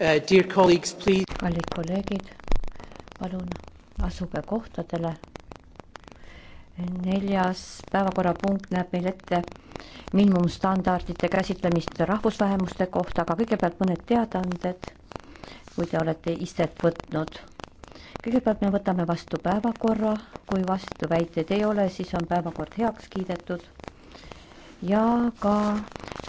Uh, kallid kolleegid, palun asuge kohtadele. neljas päevakorrapunkt näeb meil ette miinimumstandardite käsitlemist rahvusvähemuste kohta, aga kõigepealt mõned teadaanded, kui te olete istet võtnud. kõigepealt me võtame vastu päevakorra, kui vastuväiteid ei ole, siis on päevakord heaks kiidetud ja ka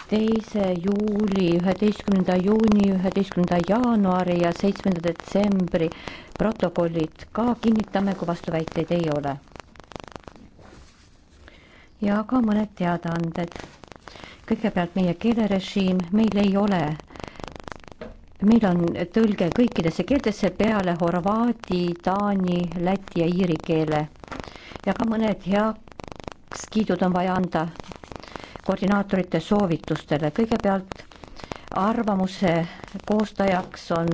teise juuli, üheteistkümnenda juuni, üheteistkümnenda jaanuari ja seitsmenda detsembri protokollid ka kinnitame, kui vastuväiteid ei ole. ja ka mõned teadaanded. kõigepealt meie keelerežiim, meil ei ole meil on tõlge kõikidesse keeltesse peale horvaadi, taani, läti ja iiri keele ja ka mõned heakskiidud on vaja anda koordinaatorite soovitustele. kõigepealt arvamuse koostajaks on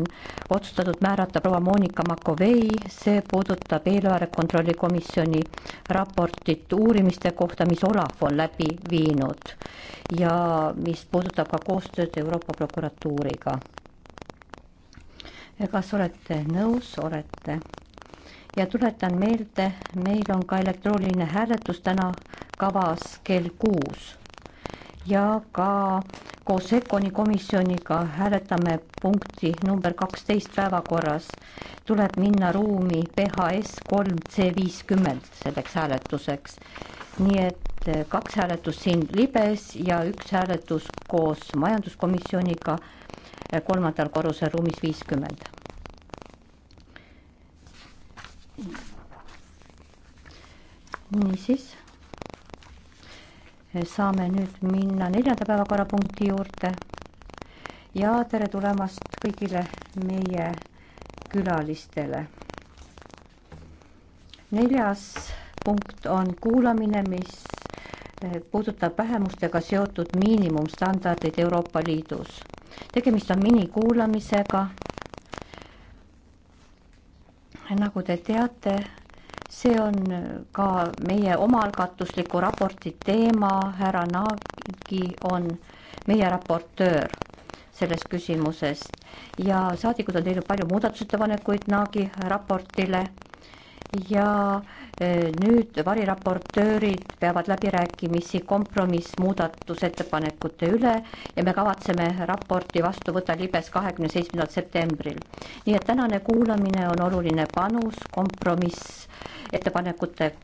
otsustatud määrata proua Monika Makovei, see puudutab eelarve kontrolli komisjoni raportit uurimiste kohta, mis Olav on läbi viinud ja mis puudutab ka koostööd Euroopa prokuratuuriga. kas olete nõus, olete? ja tuletan meelde, meil on ka elektrooniline hääletus täna kavas kell kuus ja ka koos EKONi komisjoniga hääletame punkti number kaksteist päevakorras. tuleb minna ruumi PHS kolm C viiskümmend selleks hääletuseks. nii et eh, kaks hääletust siin libes ja üks hääletus koos majanduskomisjoniga eh, kolmandal korrusel ruumis viiskümmend. niisiis saame nüüd minna neljanda päevakorrapunkti juurde ja tere tulemast kõigile meie külalistele. neljas punkt on kuulamine, mis eh, puudutab vähemustega seotud miinimumstandardeid Euroopa Liidus. tegemist on minikuulamisega. nagu te teate, see on äh, ka meie omaalgatusliku raporti teema, härra Naagi on meie raportöör selles küsimuses ja saadikud on teinud palju muudatusettepanekuid Naagi raportile ja eh, nüüd variraportöörid peavad läbirääkimisi kompromissmuudatusettepanekute üle ja me kavatseme raporti vastu võtta libes kahekümne seitsmendal septembril. nii et tänane kuulamine on oluline panus kompromissettepanekute eh,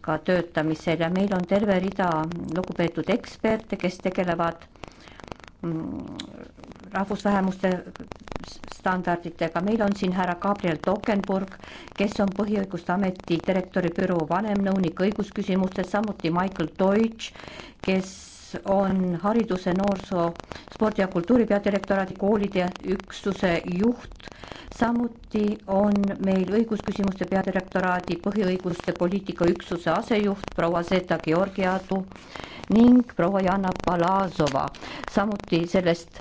ka töötamisel ja meil on terve rida lugupeetud eksperte, kes tegelevad Mm, rahvusvähemuste standarditega. meil on siin härra Gabriel Tokenburg, kes on Põhiõiguste Ameti direktori büroo vanemnõunik õigusküsimustes, samuti Michael Deutsch, kes on hariduse, noorsoo, spordi ja kultuuri peadirektoraadi koolide üksuse juht. samuti on meil õigusküsimuste peadirektoraadi põhiõiguste poliitika üksuse asejuht proua Zeta Georgiadu ning proua Jana Palazova, samuti sellest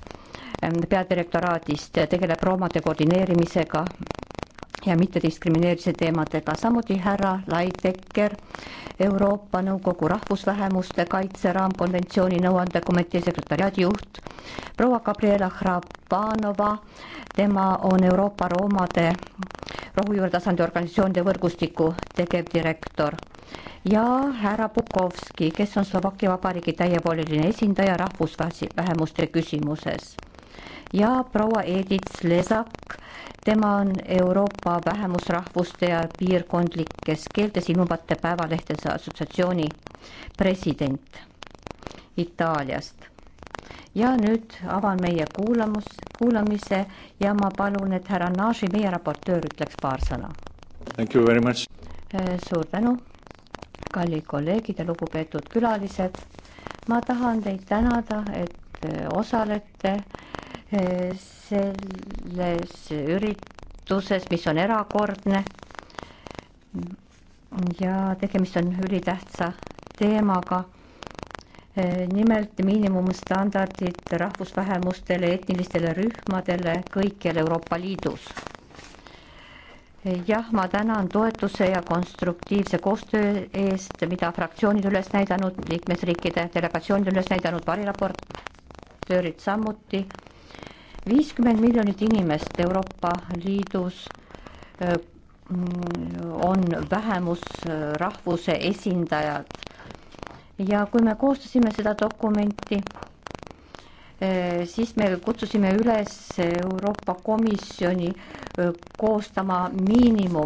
peadirektoraadist tegeleb roomade koordineerimisega ja mittediskrimineerimise teemadega, samuti härra Laidekker Euroopa Nõukogu rahvusvähemuste kaitse raamkonventsiooni nõuandekomitee sekretäriaadi juht, proua Gabriela Hrabanova, tema on Euroopa Roomade rohujuuretasandi organisatsioonide võrgustiku tegevdirektor ja härra Bukovski, kes on Slovakkia Vabariigi täievoliline esindaja rahvusvähemuste küsimuses ja proua Edith Slesak tema on Euroopa vähemusrahvuste ja piirkondlikes keeltes ilmuvate päevalehtede assotsiatsiooni president Itaaliast. ja nüüd avan meie kuulamus, kuulamise ja ma palun, et härra Naši, meie raportöör, ütleks paar sõna. Eh, suur tänu, kallid kolleegid ja lugupeetud külalised. ma tahan teid tänada, et eh, osalete selles ürituses, mis on erakordne. ja tegemist on ülitähtsa teemaga. nimelt miinimumstandardid rahvusvähemustele, etnilistele rühmadele kõikjal Euroopa Liidus jah, ma tänan toetuse ja konstruktiivse koostöö eest, mida fraktsioonid üles näidanud, liikmesriikide delegatsioonid üles näidanud, variraportöörid samuti viiskümmend miljonit inimest Euroopa Liidus mm, on vähemusrahvuse esindajad. ja kui me koostasime seda dokumenti, siis me kutsusime üles Euroopa Komisjoni koostama miinimumstandardid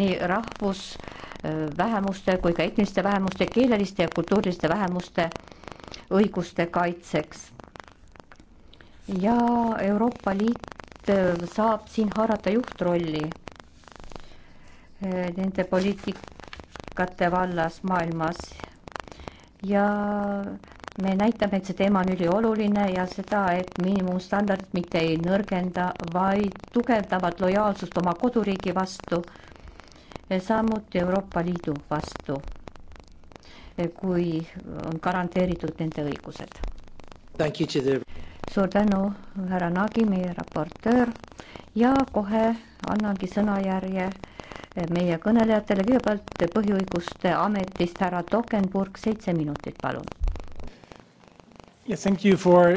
nii rahvusvähemuste kui ka etniliste vähemuste, keeleliste ja kultuuriliste vähemuste õiguste kaitseks. ja Euroopa Liit eh, saab siin haarata juhtrolli eh, nende poliitikate vallas maailmas ja me näitame, et see teema on ülioluline ja seda, et miinimumstandardid mitte ei nõrgenda, vaid tugevdavad lojaalsust oma koduriigi vastu, eh, samuti Euroopa Liidu vastu Eh, kui on garanteeritud nende õigused. suur tänu, härra Nagi, meie raportöör ja kohe annangi sõnajärje eh, meie kõnelejatele, kõigepealt Põhiõiguste Ametist härra Tokenburg, seitse minutit, palun yes,. For...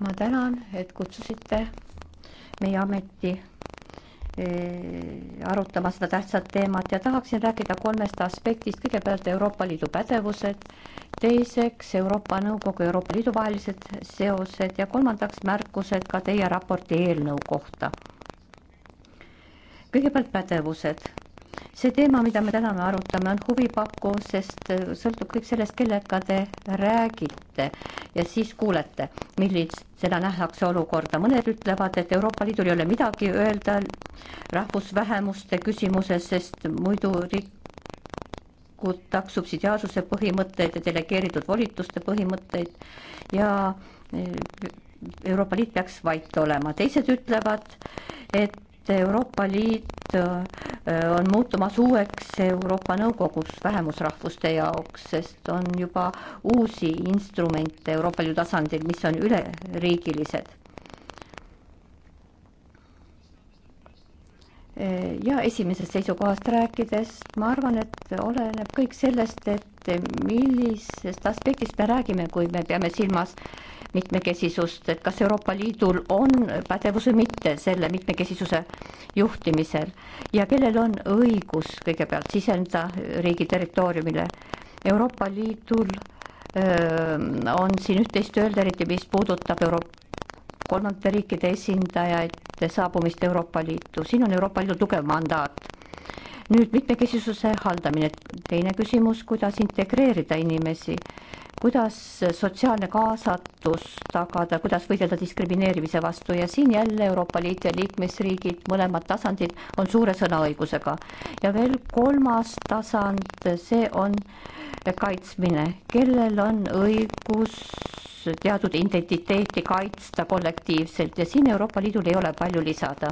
ma tänan, et kutsusite meie ameti Eh, arutama seda tähtsat teemat ja tahaksin rääkida kolmest aspektist. kõigepealt Euroopa Liidu pädevused, teiseks Euroopa Nõukogu ja Euroopa Liidu vahelised seosed ja kolmandaks märkused ka teie raporti eelnõu kohta. kõigepealt pädevused see teema, mida me täna me arutame, on huvipakkuv, sest äh, sõltub kõik sellest, kellega te räägite ja siis kuulete, millisena nähakse olukorda. mõned ütlevad, et Euroopa Liidul ei ole midagi öelda rahvusvähemuste küsimuses, sest muidu rikutaks subsidiaarsuse põhimõtteid ja delegeeritud volituste põhimõtteid ja äh, Euroopa Liit peaks vait olema. teised ütlevad, et et Euroopa Liit äh, on muutumas uueks Euroopa Nõukogus vähemusrahvuste jaoks, sest on juba uusi instrumente Euroopa Liidu tasandil, mis on üleriigilised. ja esimesest seisukohast rääkides ma arvan, et oleneb kõik sellest, et millisest aspektist me räägime, kui me peame silmas äh, mitmekesisust, et kas Euroopa Liidul on pädevus või mitte selle mitmekesisuse juhtimisel ja kellel on õigus kõigepealt siseneda riigi territooriumile. Euroopa Liidul öö, on siin üht-teist öelda, eriti mis puudutab Euroopa kolmandate riikide esindajaid saabumist Euroopa Liitu, siin on Euroopa Liidul tugev mandaat nüüd mitmekesisuse haldamine, teine küsimus, kuidas integreerida inimesi, kuidas sotsiaalne kaasatus tagada, kuidas võidelda diskrimineerimise vastu ja siin jälle Euroopa Liit ja liikmesriigid, mõlemad tasandid on suure sõnaõigusega. ja veel kolmas tasand, see on kaitsmine, kellel on õigus teatud identiteeti kaitsta kollektiivselt ja siin Euroopa Liidul ei ole palju lisada.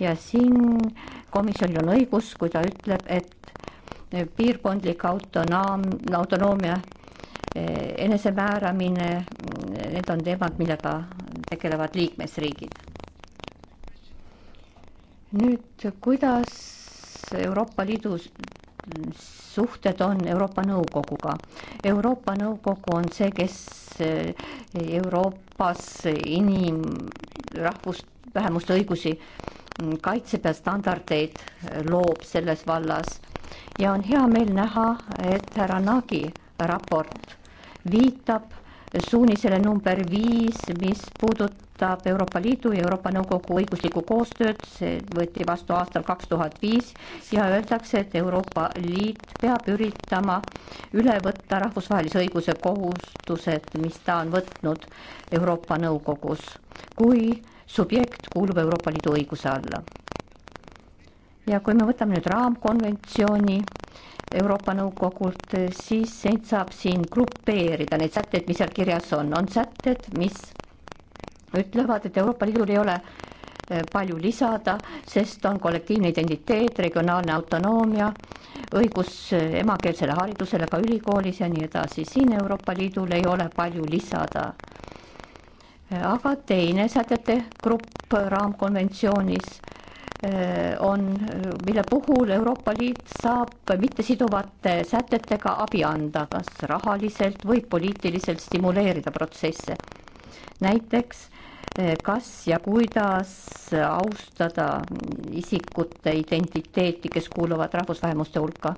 ja siin komisjonil on õigus, kui ta ütleb, et piirkondlik autonoom, autonoomia eh, enesemääramine, need on teemad, millega tegelevad liikmesriigid. nüüd, kuidas Euroopa Liidus suhted on Euroopa Nõukoguga. Euroopa Nõukogu on see, kes eh, Euroopas inim-, rahvust, vähemuste õigusi Mm, kaitsepeastandardeid loob selles vallas ja on hea meel näha, et härra Nagi raport viitab suunisele number viis, mis puudutab Euroopa Liidu ja Euroopa Nõukogu õiguslikku koostööd, see võeti vastu aastal kaks tuhat viis ja öeldakse, et Euroopa Liit peab üritama üle võtta rahvusvahelise õiguse kohustused, mis ta on võtnud Euroopa Nõukogus, kui subjekt kuulub Euroopa Liidu õiguse alla. ja kui me võtame nüüd raamkonventsiooni Euroopa Nõukogult, siis neid saab siin grupeerida, neid sätteid, mis seal kirjas on, on sätted, mis ütlevad, et Euroopa Liidul ei ole eh, palju lisada, sest on kollektiivne identiteet, regionaalne autonoomia, õigus eh, emakeelsele haridusele ka ülikoolis ja nii edasi. siin Euroopa Liidul ei ole palju lisada aga teine sätete grupp raamkonventsioonis eh, on, mille puhul Euroopa Liit saab mittesiduvate sätetega abi anda, kas rahaliselt või poliitiliselt stimuleerida protsesse. näiteks Eh, kas ja kuidas austada isikute identiteeti, kes kuuluvad rahvusvähemuste hulka.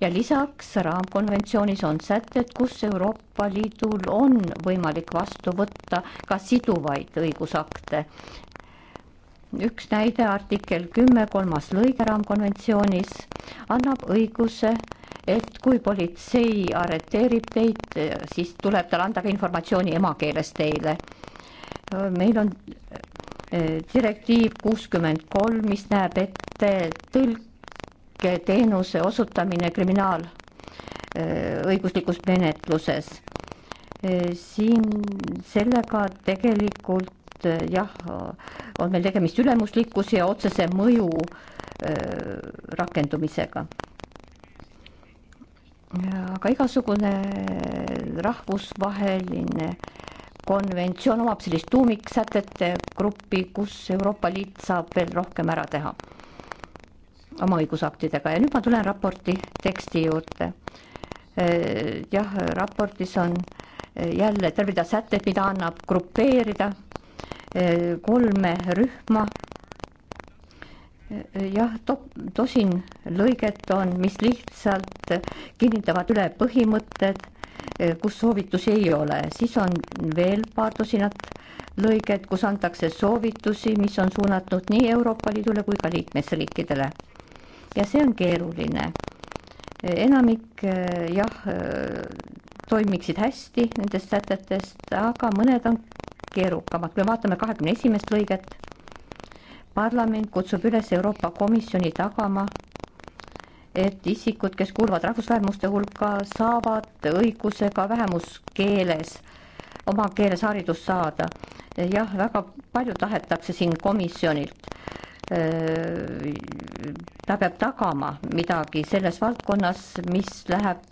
ja lisaks raamkonventsioonis on sätted, kus Euroopa Liidul on võimalik vastu võtta ka siduvaid õigusakte. üks näide, artikkel kümme, kolmas lõige raamkonventsioonis annab õiguse et kui politsei arreteerib teid, siis tuleb tal anda ka informatsiooni emakeeles teile meil on eh, direktiiv kuuskümmend kolm, mis näeb ette tõlketeenuse osutamine kriminaalõiguslikus eh, menetluses. Eh, siin sellega tegelikult jah, on meil tegemist ülemuslikkuse ja otsese mõju rakendumisega aga igasugune rahvusvaheline konventsioon omab sellist tuumiksätete gruppi, kus Euroopa Liit saab veel rohkem ära teha oma õigusaktidega ja nüüd ma tulen raporti teksti juurde. Äh, jah, raportis on äh, jälle terve rida sätteid, mida annab grupeerida äh, kolme rühma. jah, tosin lõiget on, mis lihtsalt kinnitavad üle põhimõtted Eh, kus soovitusi ei ole, siis on veel paar tosinat lõiget, kus antakse soovitusi, mis on suunatud nii Euroopa Liidule kui ka liikmesriikidele. ja see on keeruline. Eh, enamik eh, jah, toimiksid hästi nendest sätetest, aga mõned on keerukamad. kui me vaatame kahekümne esimest lõiget, parlament kutsub üles Euroopa Komisjoni tagama et isikud, kes kuuluvad rahvusvähemuste hulka, saavad õiguse ka vähemuskeeles, oma keeles haridust saada. jah, väga palju tahetakse siin komisjonilt ta peab tagama midagi selles valdkonnas, mis läheb,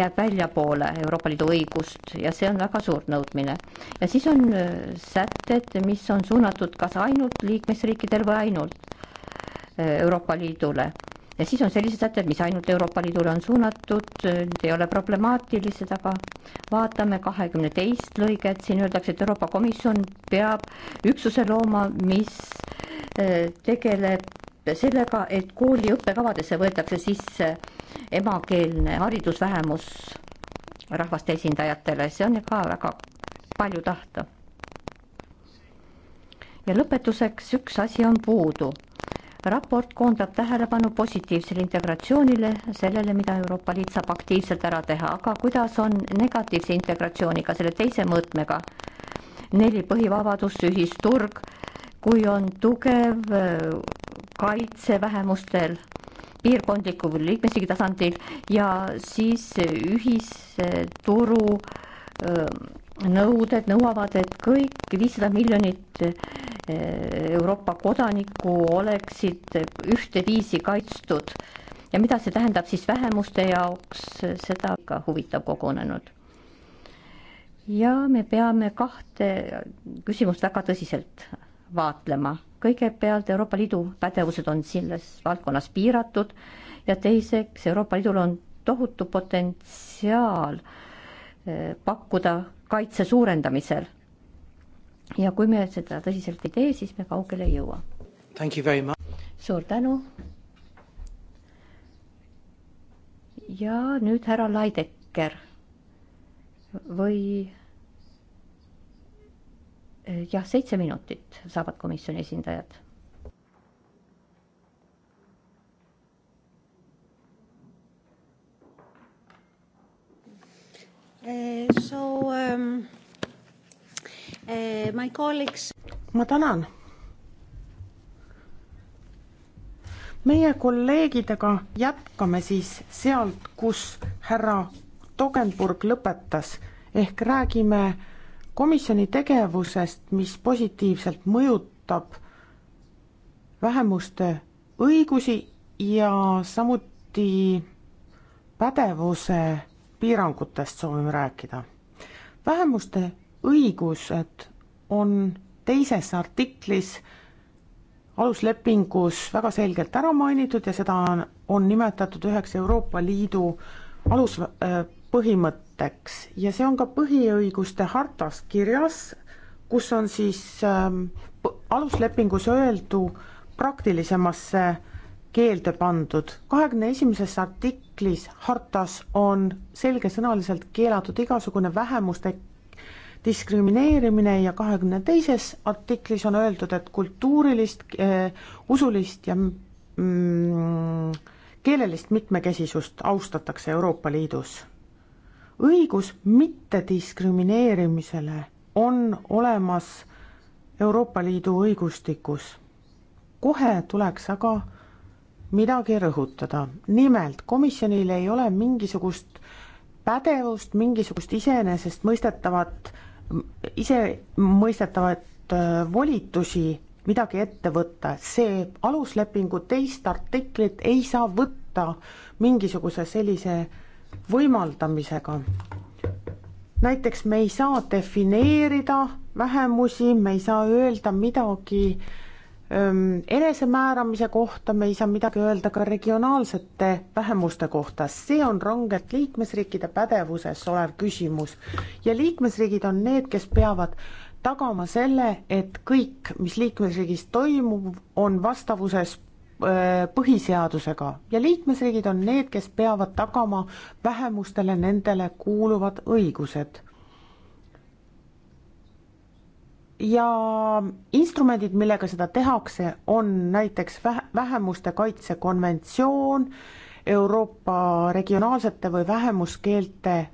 jääb väljapoole Euroopa Liidu õigust ja see on väga suur nõudmine. ja siis on sätted, mis on suunatud kas ainult liikmesriikidel või ainult Euroopa Liidule ja siis on sellised sätted, mis ainult Euroopa Liidule on suunatud, need ei ole problemaatilised, aga vaatame kahekümne teist lõiget, siin öeldakse, et Euroopa Komisjon peab üksuse looma, mis eh, tegeleb sellega, et kooli õppekavadesse võetakse sisse emakeelne haridusvähemus rahvaste esindajatele, see on ju ka väga palju tahta. ja lõpetuseks üks asi on puudu raport koondab tähelepanu positiivsele integratsioonile, sellele, mida Euroopa Liit saab aktiivselt ära teha, aga kuidas on negatiivse integratsiooniga, selle teise mõõtmega? neli põhivabadust, ühisturg, kui on tugev äh, kaitse vähemustel piirkondlikul või liikmesriigi tasandil ja siis ühisturu öö, äh, nõuded nõuavad, et kõik viissada miljonit eh, Euroopa kodanikku oleksid ühteviisi kaitstud. ja mida see tähendab siis vähemuste jaoks, seda ka huvitab kogunenud. ja me peame kahte küsimust väga tõsiselt vaatlema. kõigepealt Euroopa Liidu pädevused on selles valdkonnas piiratud ja teiseks Euroopa Liidul on tohutu potentsiaal eh, pakkuda kaitse suurendamisel. ja kui me seda tõsiselt ei tee, siis me kaugele ei jõua. suur tänu. ja nüüd härra Laidekker või jah, seitse minutit saavad komisjoni esindajad Uh, so um, uh, my colleagues. ma tänan. meie kolleegidega jätkame siis sealt, kus härra Togenburg lõpetas ehk räägime komisjoni tegevusest, mis positiivselt mõjutab vähemuste õigusi ja samuti pädevuse piirangutest soovime rääkida. vähemuste õigused on teises artiklis aluslepingus väga selgelt ära mainitud ja seda on, on nimetatud üheks Euroopa Liidu aluspõhimõtteks äh, ja see on ka põhiõiguste hartas kirjas, kus on siis ähm, aluslepingus öeldu praktilisemasse äh, keelde pandud. kahekümne esimeses artiklis hartas on selgesõnaliselt keelatud igasugune vähemuste diskrimineerimine ja kahekümne teises artiklis on öeldud, et kultuurilist eh,, usulist ja mm, keelelist mitmekesisust austatakse Euroopa Liidus. õigus mittediskrimineerimisele on olemas Euroopa Liidu õigustikus. kohe tuleks aga midagi rõhutada. nimelt, komisjonil ei ole mingisugust pädevust, mingisugust iseenesestmõistetavat, isemõistetavat äh, volitusi midagi ette võtta, see aluslepingu teist artiklit ei saa võtta mingisuguse sellise võimaldamisega. näiteks me ei saa defineerida vähemusi, me ei saa öelda midagi äh, enesemääramise kohta me ei saa midagi öelda ka regionaalsete vähemuste kohta, see on rangelt liikmesriikide pädevuses olev küsimus ja liikmesriigid on need, kes peavad tagama selle, et kõik, mis liikmesriigis toimub, on vastavuses äh, põhiseadusega ja liikmesriigid on need, kes peavad tagama vähemustele nendele kuuluvad õigused ja instrumendid, millega seda tehakse, on näiteks vähemuste kaitsekonventsioon, Euroopa regionaalsete või vähemuskeelte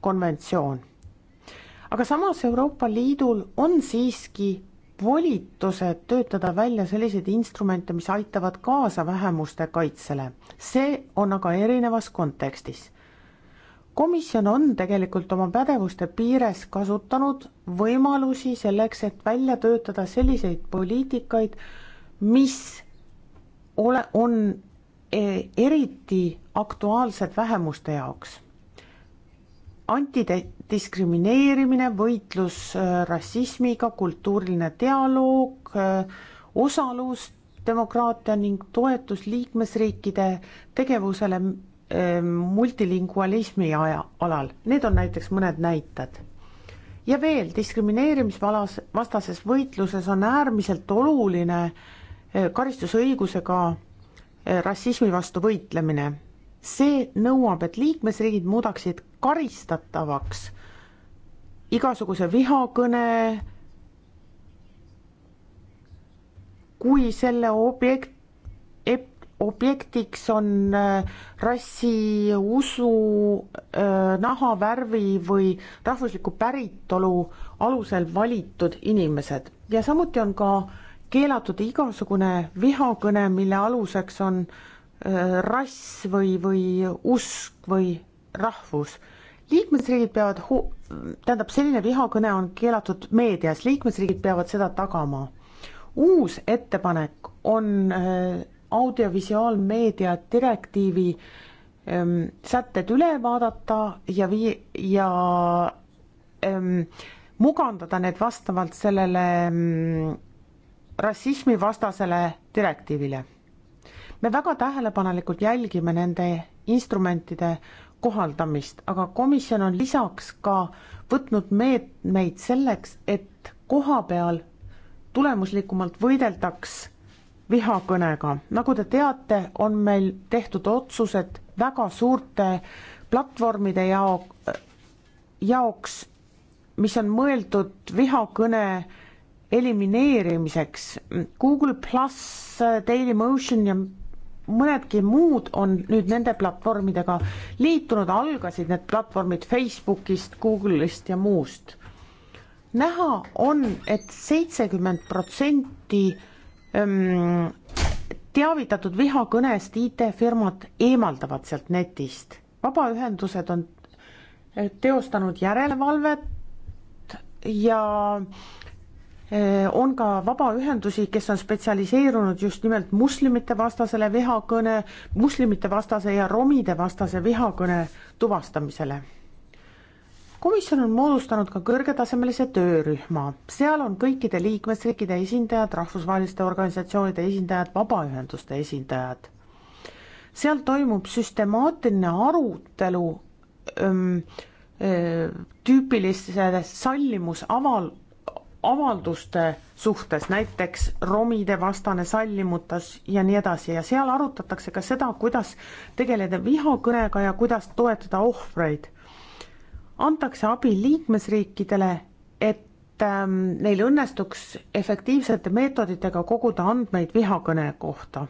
konventsioon. aga samas Euroopa Liidul on siiski volitused töötada välja selliseid instrumente, mis aitavad kaasa vähemuste kaitsele. see on aga erinevas kontekstis komisjon on tegelikult oma pädevuste piires kasutanud võimalusi selleks, et välja töötada selliseid poliitikaid, mis ole, on e, eriti aktuaalsed vähemuste jaoks. antidiskrimineerimine, võitlus e, rassismiga, kultuuriline dialoog, e, osalus, demokraatia ning toetus liikmesriikide tegevusele Ähm, multilingualismi aja, alal, need on näiteks mõned näited. ja veel, diskrimineerimisvalas, vastases võitluses on äärmiselt oluline äh, karistusõigusega äh, rassismi vastu võitlemine. see nõuab, et liikmesriigid muudaksid karistatavaks igasuguse vihakõne, kui selle objekt objektiks on äh, rassi, usu, äh, nahavärvi või rahvusliku päritolu alusel valitud inimesed ja samuti on ka keelatud igasugune vihakõne, mille aluseks on äh, rass või, või usk või rahvus. liikmesriigid peavad hu-, tähendab, selline vihakõne on keelatud meedias, liikmesriigid peavad seda tagama. uus ettepanek on äh, audiovisuaalmeedia direktiivi ähm, sätted üle vaadata ja vii- ja ähm, mugandada need vastavalt sellele ähm, rassismivastasele direktiivile. me väga tähelepanelikult jälgime nende instrumentide kohaldamist, aga komisjon on lisaks ka võtnud meetmeid selleks, et koha peal tulemuslikumalt võideldaks vihakõnega. nagu te teate, on meil tehtud otsused väga suurte platvormide jao-, jaoks, mis on mõeldud vihakõne elimineerimiseks. Google pluss, Dailymotion ja mõnedki muud on nüüd nende platvormidega liitunud, algasid need platvormid Facebookist, Google'ist ja muust. näha on et, et seitsekümmend protsenti teavitatud vihakõnest IT-firmad eemaldavad sealt netist. vabaühendused on eh, teostanud järelevalvet ja eh, on ka vabaühendusi, kes on spetsialiseerunud just nimelt muslimite vastasele vihakõne, muslimite vastase ja romide vastase vihakõne tuvastamisele komisjon on moodustanud ka kõrgetasemelise töörühma, seal on kõikide liikmesriikide esindajad, rahvusvaheliste organisatsioonide esindajad, vabaühenduste esindajad. seal toimub süstemaatiline arutelu öm, öö, tüüpiliste sallimusaval, avalduste suhtes, näiteks romide vastane sallimutas ja nii edasi ja seal arutatakse ka seda, kuidas tegeleda vihakõnega ja kuidas toetada ohvreid antakse abi liikmesriikidele, et ähm, neil õnnestuks efektiivsete meetoditega koguda andmeid vihakõne kohta.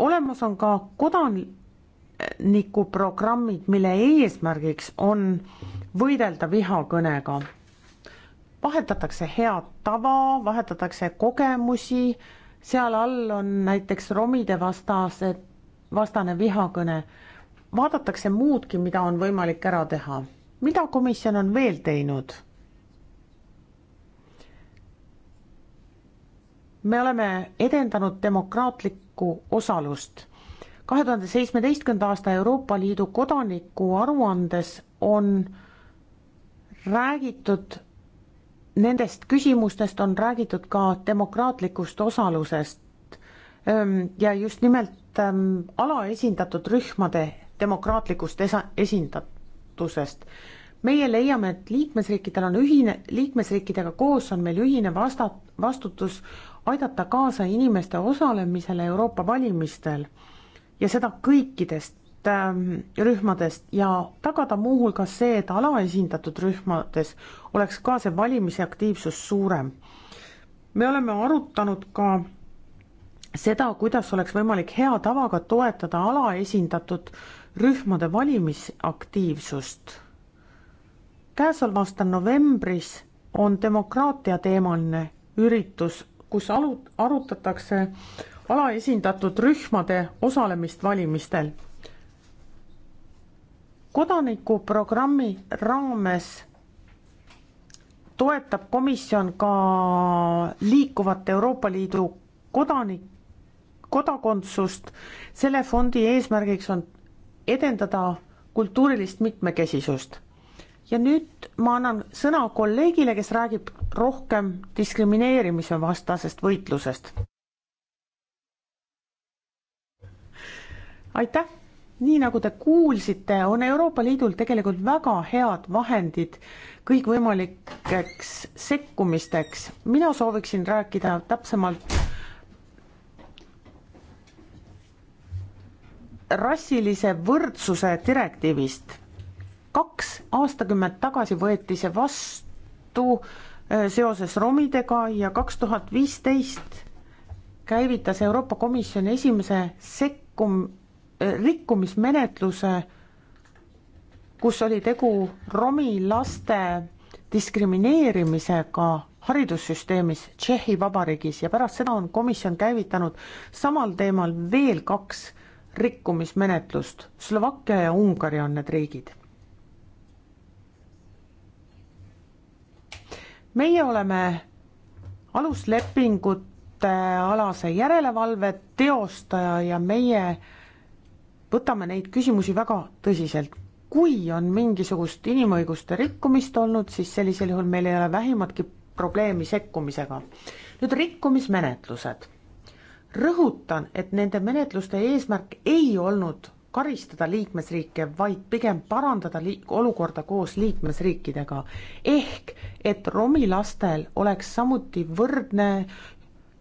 olemas on ka kodanikuprogrammid, mille eesmärgiks on võidelda vihakõnega. vahetatakse head tava, vahetatakse kogemusi, seal all on näiteks romide vastased, vastane vihakõne vaadatakse muudki, mida on võimalik ära teha. mida komisjon on veel teinud? me oleme edendanud demokraatlikku osalust. kahe tuhande seitsmeteistkümnenda aasta Euroopa Liidu kodaniku aruandes on räägitud nendest küsimustest, on räägitud ka demokraatlikust osalusest ähm, ja just nimelt ähm, alaesindatud rühmade demokraatlikust esa-, esindatusest. meie leiame, et liikmesriikidel on ühine, liikmesriikidega koos on meil ühine vasta-, vastutus aidata kaasa inimeste osalemisele Euroopa valimistel ja seda kõikidest ähm, rühmadest ja tagada muuhulgas see, et alaesindatud rühmades oleks ka see valimisaktiivsus suurem. me oleme arutanud ka seda, kuidas oleks võimalik hea tavaga toetada alaesindatud rühmade valimisaktiivsust. käesoleva aasta novembris on demokraatia teemaline üritus, kus alu-, arutatakse alaesindatud rühmade osalemist valimistel. kodanikuprogrammi raames toetab komisjon ka liikuvat Euroopa Liidu kodanik-, kodakondsust. selle fondi eesmärgiks on edendada kultuurilist mitmekesisust. ja nüüd ma annan sõna kolleegile, kes räägib rohkem diskrimineerimise vastasest võitlusest. aitäh, nii nagu te kuulsite, on Euroopa Liidul tegelikult väga head vahendid kõikvõimalikeks sekkumisteks. mina sooviksin rääkida täpsemalt rassilise võrdsuse direktiivist. kaks aastakümmet tagasi võeti see vastu äh, seoses romidega ja kaks tuhat viisteist käivitas Euroopa Komisjon esimese sekkum-, äh, rikkumismenetluse, kus oli tegu romi laste diskrimineerimisega haridussüsteemis Tšehhi Vabariigis ja pärast seda on komisjon käivitanud samal teemal veel kaks rikkumismenetlust. Slovakkia ja Ungari on need riigid. meie oleme aluslepingute alase järelevalve teostaja ja meie võtame neid küsimusi väga tõsiselt. kui on mingisugust inimõiguste rikkumist olnud, siis sellisel juhul meil ei ole vähimatki probleemi sekkumisega. nüüd rikkumismenetlused rõhutan, et nende menetluste eesmärk ei olnud karistada liikmesriike, vaid pigem parandada liik-, olukorda koos liikmesriikidega. ehk et romi lastel oleks samuti võrdne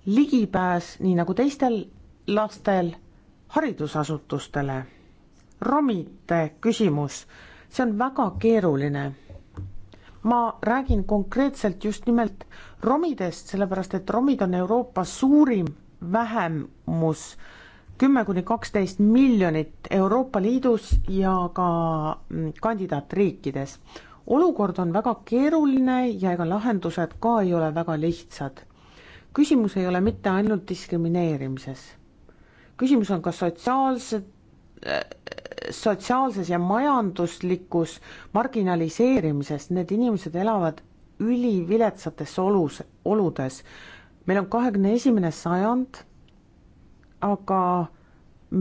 ligipääs, nii nagu teistel lastel, haridusasutustele. romide küsimus, see on väga keeruline. ma räägin konkreetselt just nimelt romidest, sellepärast et romid on Euroopa suurim vähemus kümme kuni kaksteist miljonit Euroopa Liidus ja ka mm, kandidaatriikides. olukord on väga keeruline ja ega lahendused ka ei ole väga lihtsad. küsimus ei ole mitte ainult diskrimineerimises. küsimus on ka sotsiaalse, äh, sotsiaalses ja majanduslikus marginaliseerimises, need inimesed elavad üliviletsates olus, oludes meil on kahekümne esimene sajand, aga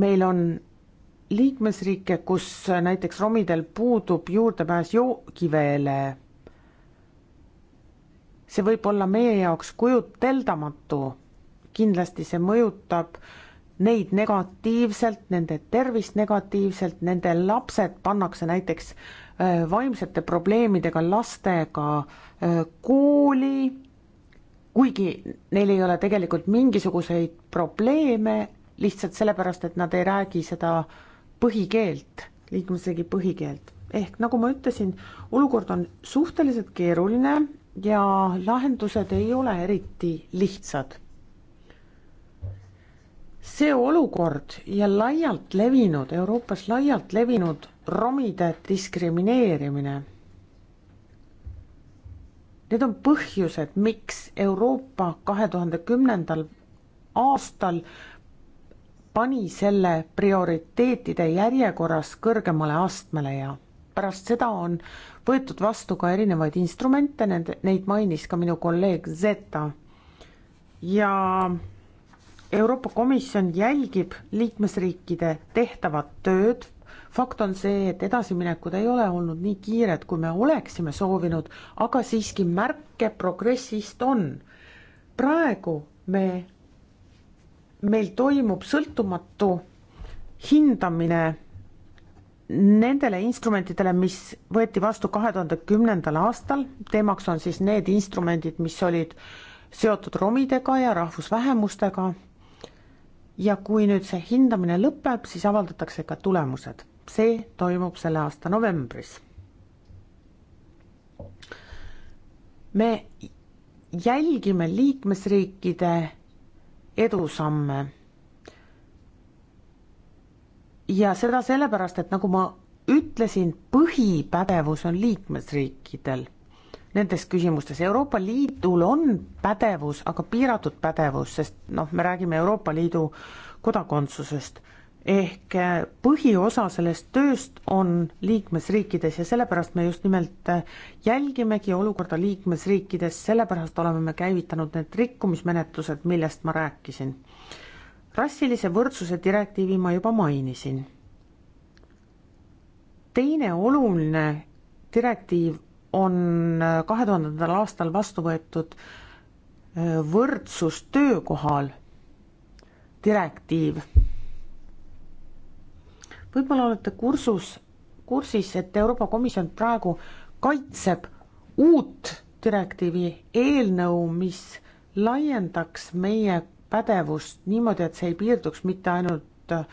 meil on liikmesriike, kus näiteks romidel puudub juurdepääs joogiveele see võib olla meie jaoks kujuteldamatu. kindlasti see mõjutab neid negatiivselt, nende tervist negatiivselt, nende lapsed pannakse näiteks äh, vaimsete probleemidega lastega äh, kooli kuigi neil ei ole tegelikult mingisuguseid probleeme, lihtsalt sellepärast, et nad ei räägi seda põhikeelt, liikmesriigi põhikeelt. ehk nagu ma ütlesin, olukord on suhteliselt keeruline ja lahendused ei ole eriti lihtsad. see olukord ja laialt levinud, Euroopas laialt levinud romide diskrimineerimine Need on põhjused, miks Euroopa kahe tuhande kümnendal aastal pani selle prioriteetide järjekorras kõrgemale astmele ja pärast seda on võetud vastu ka erinevaid instrumente, nende, neid mainis ka minu kolleeg Zeta. ja Euroopa Komisjon jälgib liikmesriikide tehtavat tööd fakt on see, et edasiminekud ei ole olnud nii kiired, kui me oleksime soovinud, aga siiski märke progressist on. praegu me, meil toimub sõltumatu hindamine nendele instrumentidele, mis võeti vastu kahe tuhande kümnendal aastal, teemaks on siis need instrumendid, mis olid seotud romidega ja rahvusvähemustega. ja kui nüüd see hindamine lõpeb, siis avaldatakse ka tulemused see toimub selle aasta novembris. me jälgime liikmesriikide edusamme. ja seda sellepärast, et nagu ma ütlesin, põhipädevus on liikmesriikidel nendes küsimustes. Euroopa Liidul on pädevus, aga piiratud pädevus, sest noh, me räägime Euroopa Liidu kodakondsusest ehk eh, põhiosa sellest tööst on liikmesriikides ja sellepärast me just nimelt eh, jälgimegi olukorda liikmesriikides, sellepärast oleme me käivitanud need rikkumismenetlused, millest ma rääkisin. rassilise võrdsuse direktiivi ma juba mainisin. teine oluline direktiiv on eh, kahe tuhandendal aastal vastu võetud võrdsus töökohal direktiiv võib-olla olete kursus, kursis, et Euroopa Komisjon praegu kaitseb uut direktiivi eelnõu, mis laiendaks meie pädevust niimoodi, et see ei piirduks mitte ainult äh,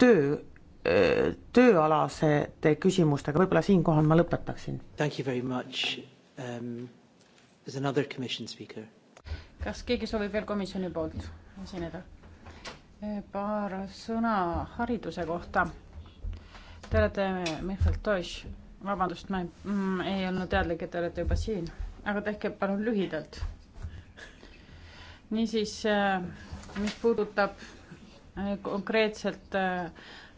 töö, äh, tööalasete küsimustega, võib-olla siinkohal ma lõpetaksin. Um, kas keegi soovib veel komisjoni poolt esineda? paar sõna hariduse kohta Te olete Mihhail Toš, vabandust, ma ei, mm, ei olnud teadlik, et te olete juba siin, aga tehke palun lühidalt. niisiis, äh, mis puudutab äh, konkreetselt äh,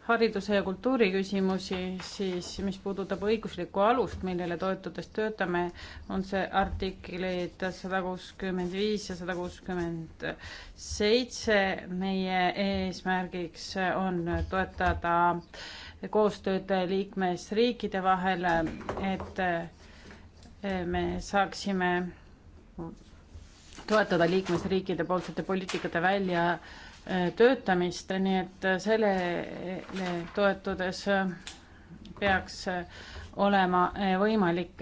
hariduse ja kultuuri küsimusi, siis mis puudutab õiguslikku alust, millele toetudes töötame, on see artiklid sada kuuskümmend viis ja sada kuuskümmend seitse. meie eesmärgiks on toetada äh, koostööd liikmesriikide vahel, et eh, me saaksime toetada liikmesriikide poolsete poliitikate väljatöötamist, eh, nii et sellele toetudes peaks olema eh, võimalik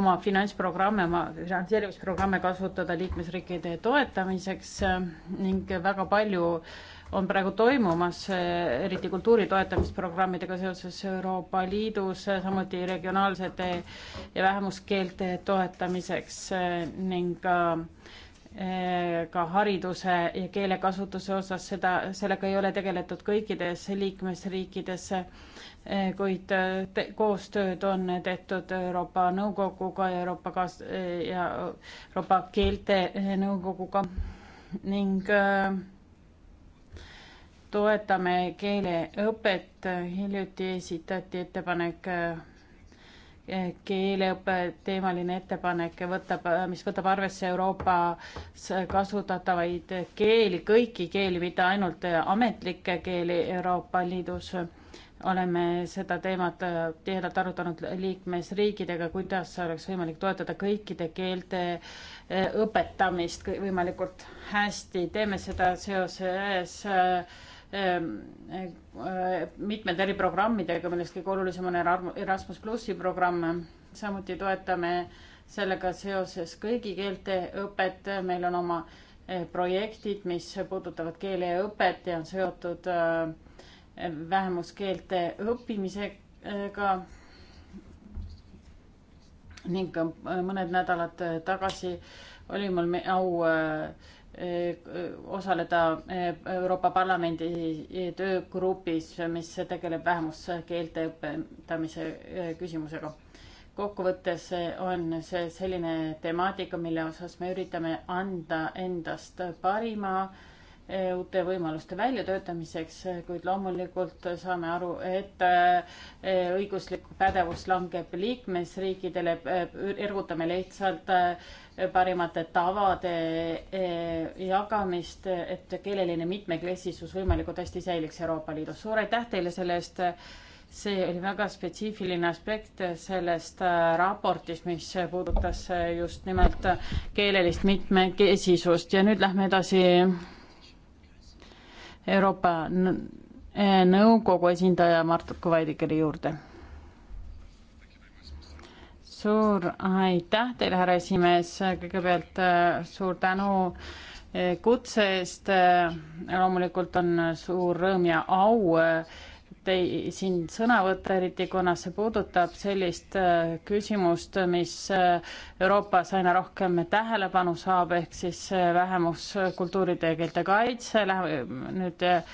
oma finantsprogramme, oma finantseerimisprogramme kasutada liikmesriikide toetamiseks ning väga palju äh, on praegu toimumas, eriti kultuuri toetamisprogrammidega seoses Euroopa Liidus, samuti regionaalsete ja vähemuskeelte toetamiseks ning ka ka hariduse ja keelekasutuse osas seda, sellega ei ole tegeletud kõikides liikmesriikides, kuid te, koostööd on tehtud Euroopa Nõukoguga ja Euroopa kas- ja Euroopa Keelte Nõukoguga ning äh, toetame keeleõpet, hiljuti esitati ettepanek, eh, keeleõppe teemaline ettepanek võtab, eh, mis võtab arvesse Euroopas kasutatavaid keeli, kõiki keeli, mitte ainult ametlikke keeli Euroopa Liidus. oleme seda teemat eh, tihedalt arutanud liikmesriikidega, kuidas oleks võimalik toetada kõikide keelte õpetamist võimalikult hästi. teeme seda seoses äh, Ehm, eh, mitmed eriprogrammidega, millest kõige olulisem on Erasmus plussi programm. samuti toetame sellega seoses kõigi keelte õpet, meil on oma eh, projektid, mis puudutavad keeleõpet ja on seotud eh, vähemuskeelte õppimisega. ning mõned nädalad tagasi oli mul au äh, Eh, osaleda eh, Euroopa Parlamendi eh, töögrupis, mis tegeleb vähemuskeelte õpetamise küsimusega. kokkuvõttes on see selline temaatika, mille osas me üritame anda endast parima Eh, uute võimaluste väljatöötamiseks, kuid loomulikult saame aru, et eh, õiguslik pädevus langeb liikmesriikidele, eh, ergutame lihtsalt parimate tavade jagamist, et keeleline mitmekesisus võimalikult hästi säiliks Euroopa Liidus. suur aitäh teile selle eest, see oli väga spetsiifiline aspekt sellest raportist, mis puudutas just nimelt keelelist mitmekesisust ja nüüd lähme edasi Euroopa e, Nõukogu esindaja Mart Kovaidikeri juurde. suur aitäh teile, härra esimees, kõigepealt e, suur tänu e, kutse eest. loomulikult on suur rõõm ja au tei-, siin sõna võtta, eriti kuna see puudutab sellist äh, küsimust, mis äh, Euroopas aina rohkem tähelepanu saab, ehk siis äh, vähemuskultuuride äh, ja keelte kaitse, lähe-, äh, nüüd äh,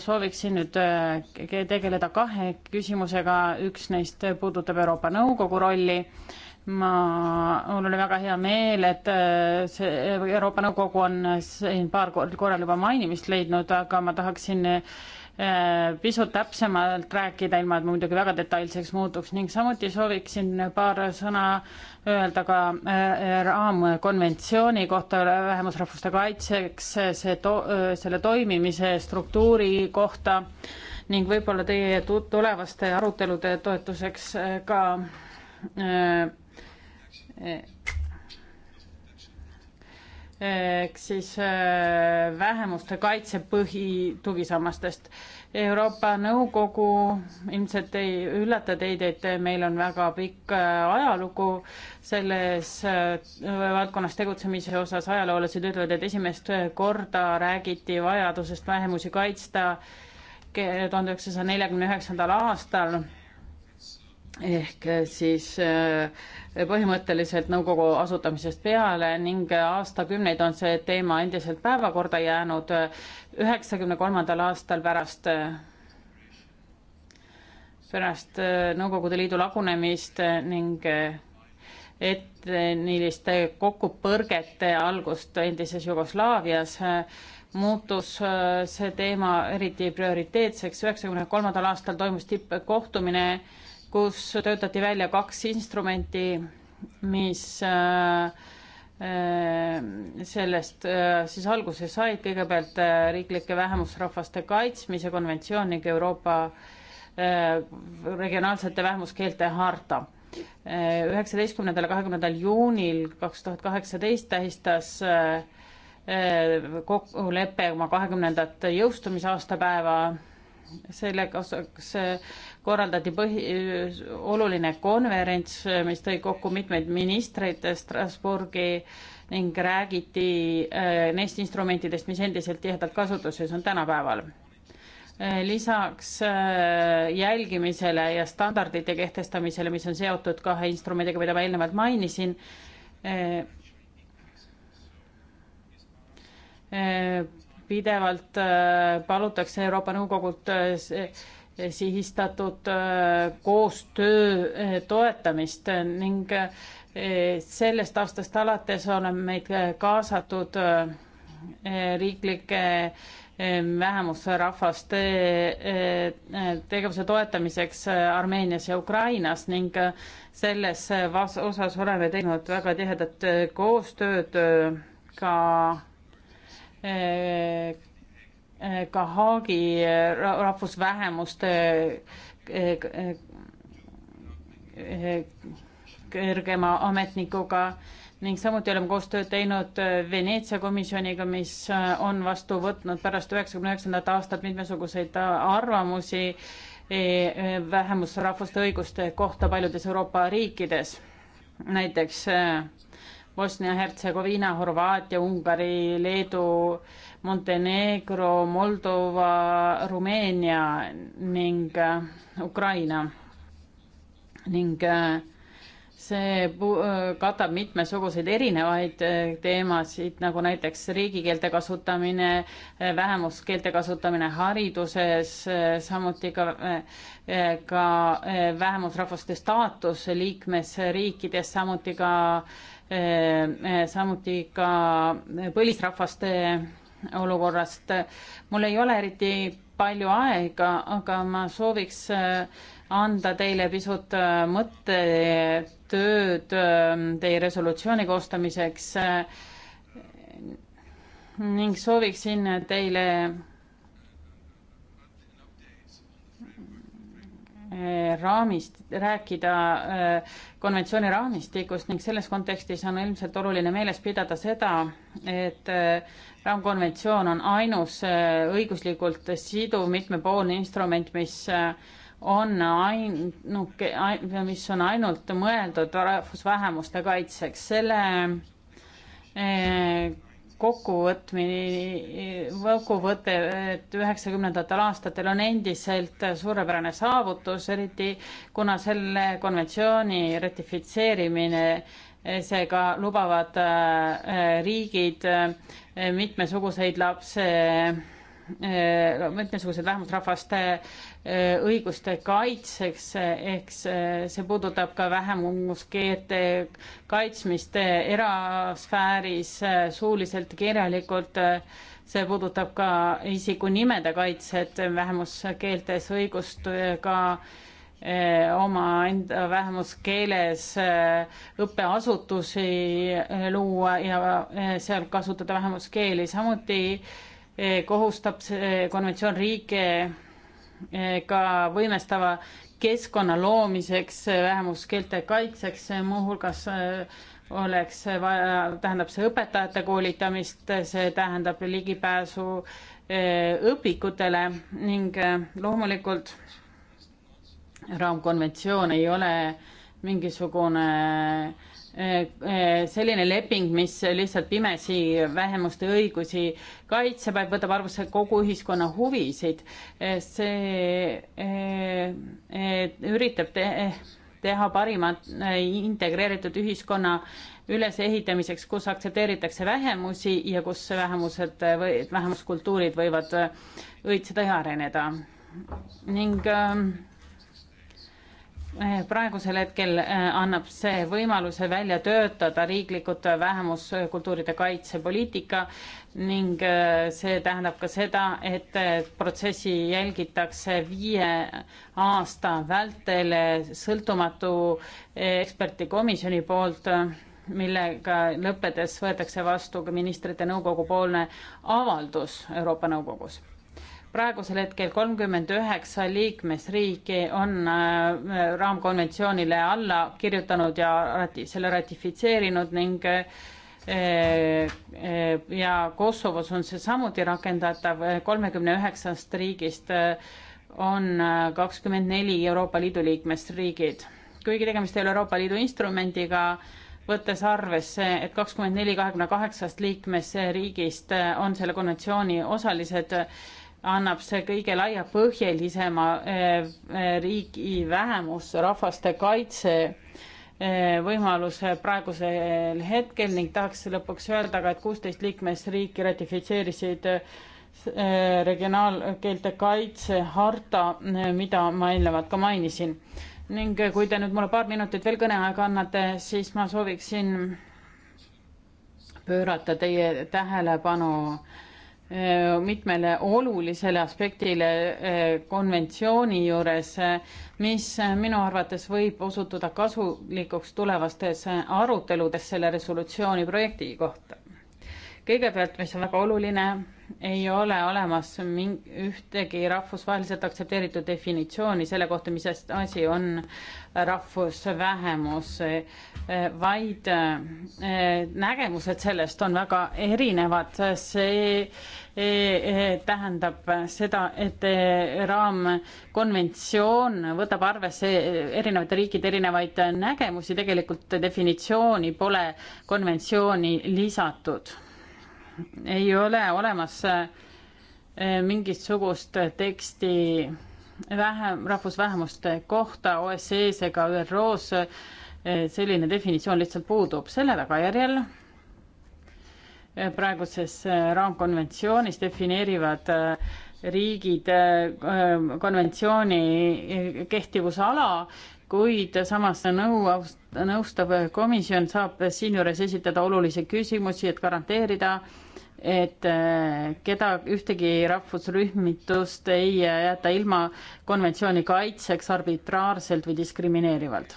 sooviksin nüüd tegeleda kahe küsimusega, üks neist puudutab Euroopa Nõukogu rolli, ma, mul oli väga hea meel, et see Euroopa Nõukogu on siin paar korral juba mainimist leidnud, aga ma tahaksin Äh, pisut täpsemalt rääkida, ilma et muidugi väga detailseks muutuks ning samuti sooviksin paar sõna öelda ka äh, raamkonventsiooni kohta vähemusrahvuste kaitseks, see to-, äh, selle toimimise struktuuri kohta ning võib-olla teie tulevaste arutelude toetuseks ka eks siis äh, vähemuste kaitse põhitugisammastest. Euroopa Nõukogu ilmselt ei üllata teid, et meil on väga pikk äh, ajalugu selles äh, valdkonnas tegutsemise osas. ajaloolased ütlevad, et esimest korda räägiti vajadusest vähemusi kaitsta tuhande üheksasaja neljakümne üheksandal aastal ehk siis äh, põhimõtteliselt nõukogu asutamisest peale ning äh, aastakümneid on see teema endiselt päevakorda jäänud. Äh, üheksakümne kolmandal aastal pärast, pärast Nõukogude Liidu lagunemist ning etniliste kokkupõrgete algust endises Jugoslaavias muutus see teema eriti prioriteetseks. üheksakümne kolmandal aastal toimus tippkohtumine kus töötati välja kaks instrumenti, mis äh, äh, sellest äh, siis alguse said, kõigepealt riiklike vähemusrahvaste kaitsmise konventsioon ning Euroopa regionaalsete vähemuskeelte harta. üheksateistkümnendal ja kahekümnendal juunil kaks tuhat kaheksateist tähistas kokkulepe oma kahekümnendat jõustumise aastapäeva, selle osaks korraldati põhi, oluline konverents, mis tõi kokku mitmeid ministreid Strasbourgi ning räägiti äh, neist instrumentidest, mis endiselt tihedalt kasutuses on tänapäeval. Äh, lisaks äh, jälgimisele ja standardite kehtestamisele, mis on seotud kahe instrumendiga, mida ma eelnevalt mainisin, pidevalt palutakse Euroopa Nõukogult sihistatud äh, koostöö äh, toetamist ning äh, sellest aastast alates oleme meid kaasatud riiklike vähemusrahvaste tegevuse toetamiseks Armeenias ja Ukrainas ning selles osas oleme teinud väga tihedat koostööd ka ka Haagi rahvusvähemuste kõrgema ametnikuga ning samuti oleme koostööd teinud Veneetsia komisjoniga, mis on vastu võtnud pärast üheksakümne üheksandat aastat mitmesuguseid arvamusi e, vähemusrahvuste õiguste kohta paljudes Euroopa riikides. näiteks e, Bosnia-Hertsegoviina, Horvaatia, Ungari, Leedu, Montenegro, Moldova, Rumeenia ning äh, Ukraina. ning äh, see äh, katab mitmesuguseid erinevaid teemasid, nagu näiteks riigikeelte kasutamine, vähemuskeelte kasutamine hariduses, samuti ka, ka vähemusrahvaste staatus liikmesriikides, samuti ka, samuti ka põlisrahvaste olukorrast. mul ei ole eriti palju aega, aga ma sooviks äh, anda teile pisut äh, mõttetööd ähm, teie resolutsiooni koostamiseks äh, ning sooviksin teile Äh, raamist, rääkida äh, konventsiooni raamistikust ning selles kontekstis on ilmselt oluline meeles pidada seda, et äh, raamkonventsioon on ainus õiguslikult siduv mitmepoolne instrument, mis on ainuke, mis on ainult mõeldud rahvusvähemuste kaitseks. selle kokkuvõtmine, kokkuvõte, et üheksakümnendatel aastatel on endiselt suurepärane saavutus, eriti kuna selle konventsiooni ratifitseerimine seega lubavad äh, riigid äh, mitmesuguseid lapse, äh, mitmesuguseid vähemusrahvaste Äh, õiguste kaitseks, ehk see puudutab ka vähemuskeelte kaitsmist erasfääris suuliselt, kirjalikult, see puudutab ka äh, äh, isikunimede kaitset vähemuskeeltes, õigust ka omaenda vähemuskeeles õppeasutusi luua ja seal kasutada vähemuskeeli, samuti kohustab see konventsioon riike Eh, ka võimestava keskkonna loomiseks, vähemuskeelte kaitseks, muuhulgas eh, oleks vaja, tähendab see õpetajate koolitamist, see tähendab ligipääsu eh, õpikutele ning loomulikult raamkonventsioon ei ole mingisugune äh, Äh, äh, selline leping, mis lihtsalt pimesi vähemuste õigusi kaitseb, vaid võtab arvesse kogu ühiskonna huvisid. Äh, see üritab te, teha parimat integreeritud ühiskonna ülesehitamiseks, kus aktsepteeritakse vähemusi ja kus vähemused või vähemuskultuurid võivad õitseda ja areneda. ning äh, Eh, praegusel hetkel eh, annab see võimaluse välja töötada riiklikud eh, vähemuskultuuride kaitsepoliitika ning see tähendab ka seda, et protsessi jälgitakse viie aasta vältel sõltumatu ekspertikomisjoni poolt, millega lõppedes võetakse vastu ka ministrite nõukogu poolne avaldus Euroopa Nõukogus praegusel hetkel kolmkümmend üheksa liikmesriiki on äh, raamkonventsioonile alla kirjutanud ja rati-, selle ratifitseerinud ning äh, äh, ja Kosovos on see samuti rakendatav, kolmekümne üheksast riigist on kakskümmend neli Euroopa Liidu liikmesriigid. kuigi tegemist ei ole Euroopa Liidu instrumendiga, võttes arvesse, et kakskümmend neli kahekümne kaheksast liikmesriigist on selle konventsiooni osalised, annab see kõige laiapõhjalisema eh, eh, riigi vähemusrahvaste kaitse eh, võimaluse praegusel hetkel ning tahaks lõpuks öelda ka, et kuusteist liikmesriiki ratifitseerisid regionaalkeelte kaitse harta, mida ma eelnevalt ka mainisin. ning kui te nüüd mulle paar minutit veel kõneaega annate, siis ma sooviksin pöörata teie tähelepanu äh, Äh, mitmele olulisele aspektile äh, konventsiooni juures, äh, mis minu arvates võib osutuda kasulikuks tulevastes aruteludes selle resolutsiooni projekti kohta. kõigepealt, mis on väga oluline, ei ole olemas ming-, ühtegi rahvusvaheliselt aktsepteeritud definitsiooni selle kohta, mis asi on rahvusvähemus, vaid eh, nägemused sellest on väga erinevad, see eh, tähendab seda, et eh, raamkonventsioon võtab arvesse erinevate riikide erinevaid nägemusi, tegelikult definitsiooni pole konventsiooni lisatud ei ole olemas eh, mingisugust teksti vähem, rahvusvähemuste kohta OSCE-s ega ÜRO-s eh, selline definitsioon lihtsalt puudub. selle tagajärjel eh, praeguses raamkonventsioonis defineerivad riigid konventsiooni kehtivusala, kuid samas nõu, nõustav komisjon saab siinjuures esitada olulisi küsimusi, et garanteerida äh, et eh, keda, ühtegi rahvusrühmitust ei eh, jäta ilma konventsiooni kaitseks arbitraarselt või diskrimineerivalt.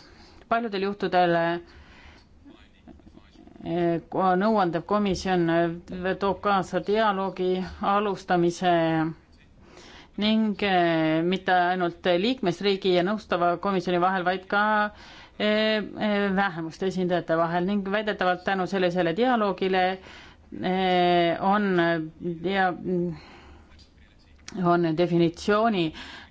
paljudel juhtudel eh, nõuandev komisjon toob kaasa dialoogi alustamise ning mitte ainult liikmesriigi ja nõustava komisjoni vahel, vaid ka vähemuste esindajate vahel ning väidetavalt tänu sellisele dialoogile on ja on definitsiooni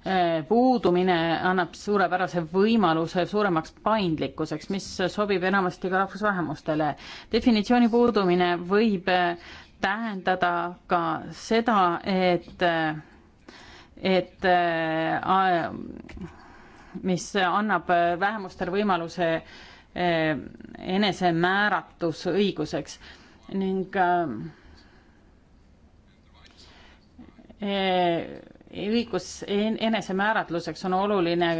eh, puudumine, annab suurepärase võimaluse suuremaks paindlikkuseks, mis sobib enamasti ka rahvusvähemustele. definitsiooni puudumine võib eh, tähendada ka seda, et, eh, et mis annab vähemustele võimaluse enesemääratusõiguseks ning äh, e-, õigus enesemääratluseks on oluline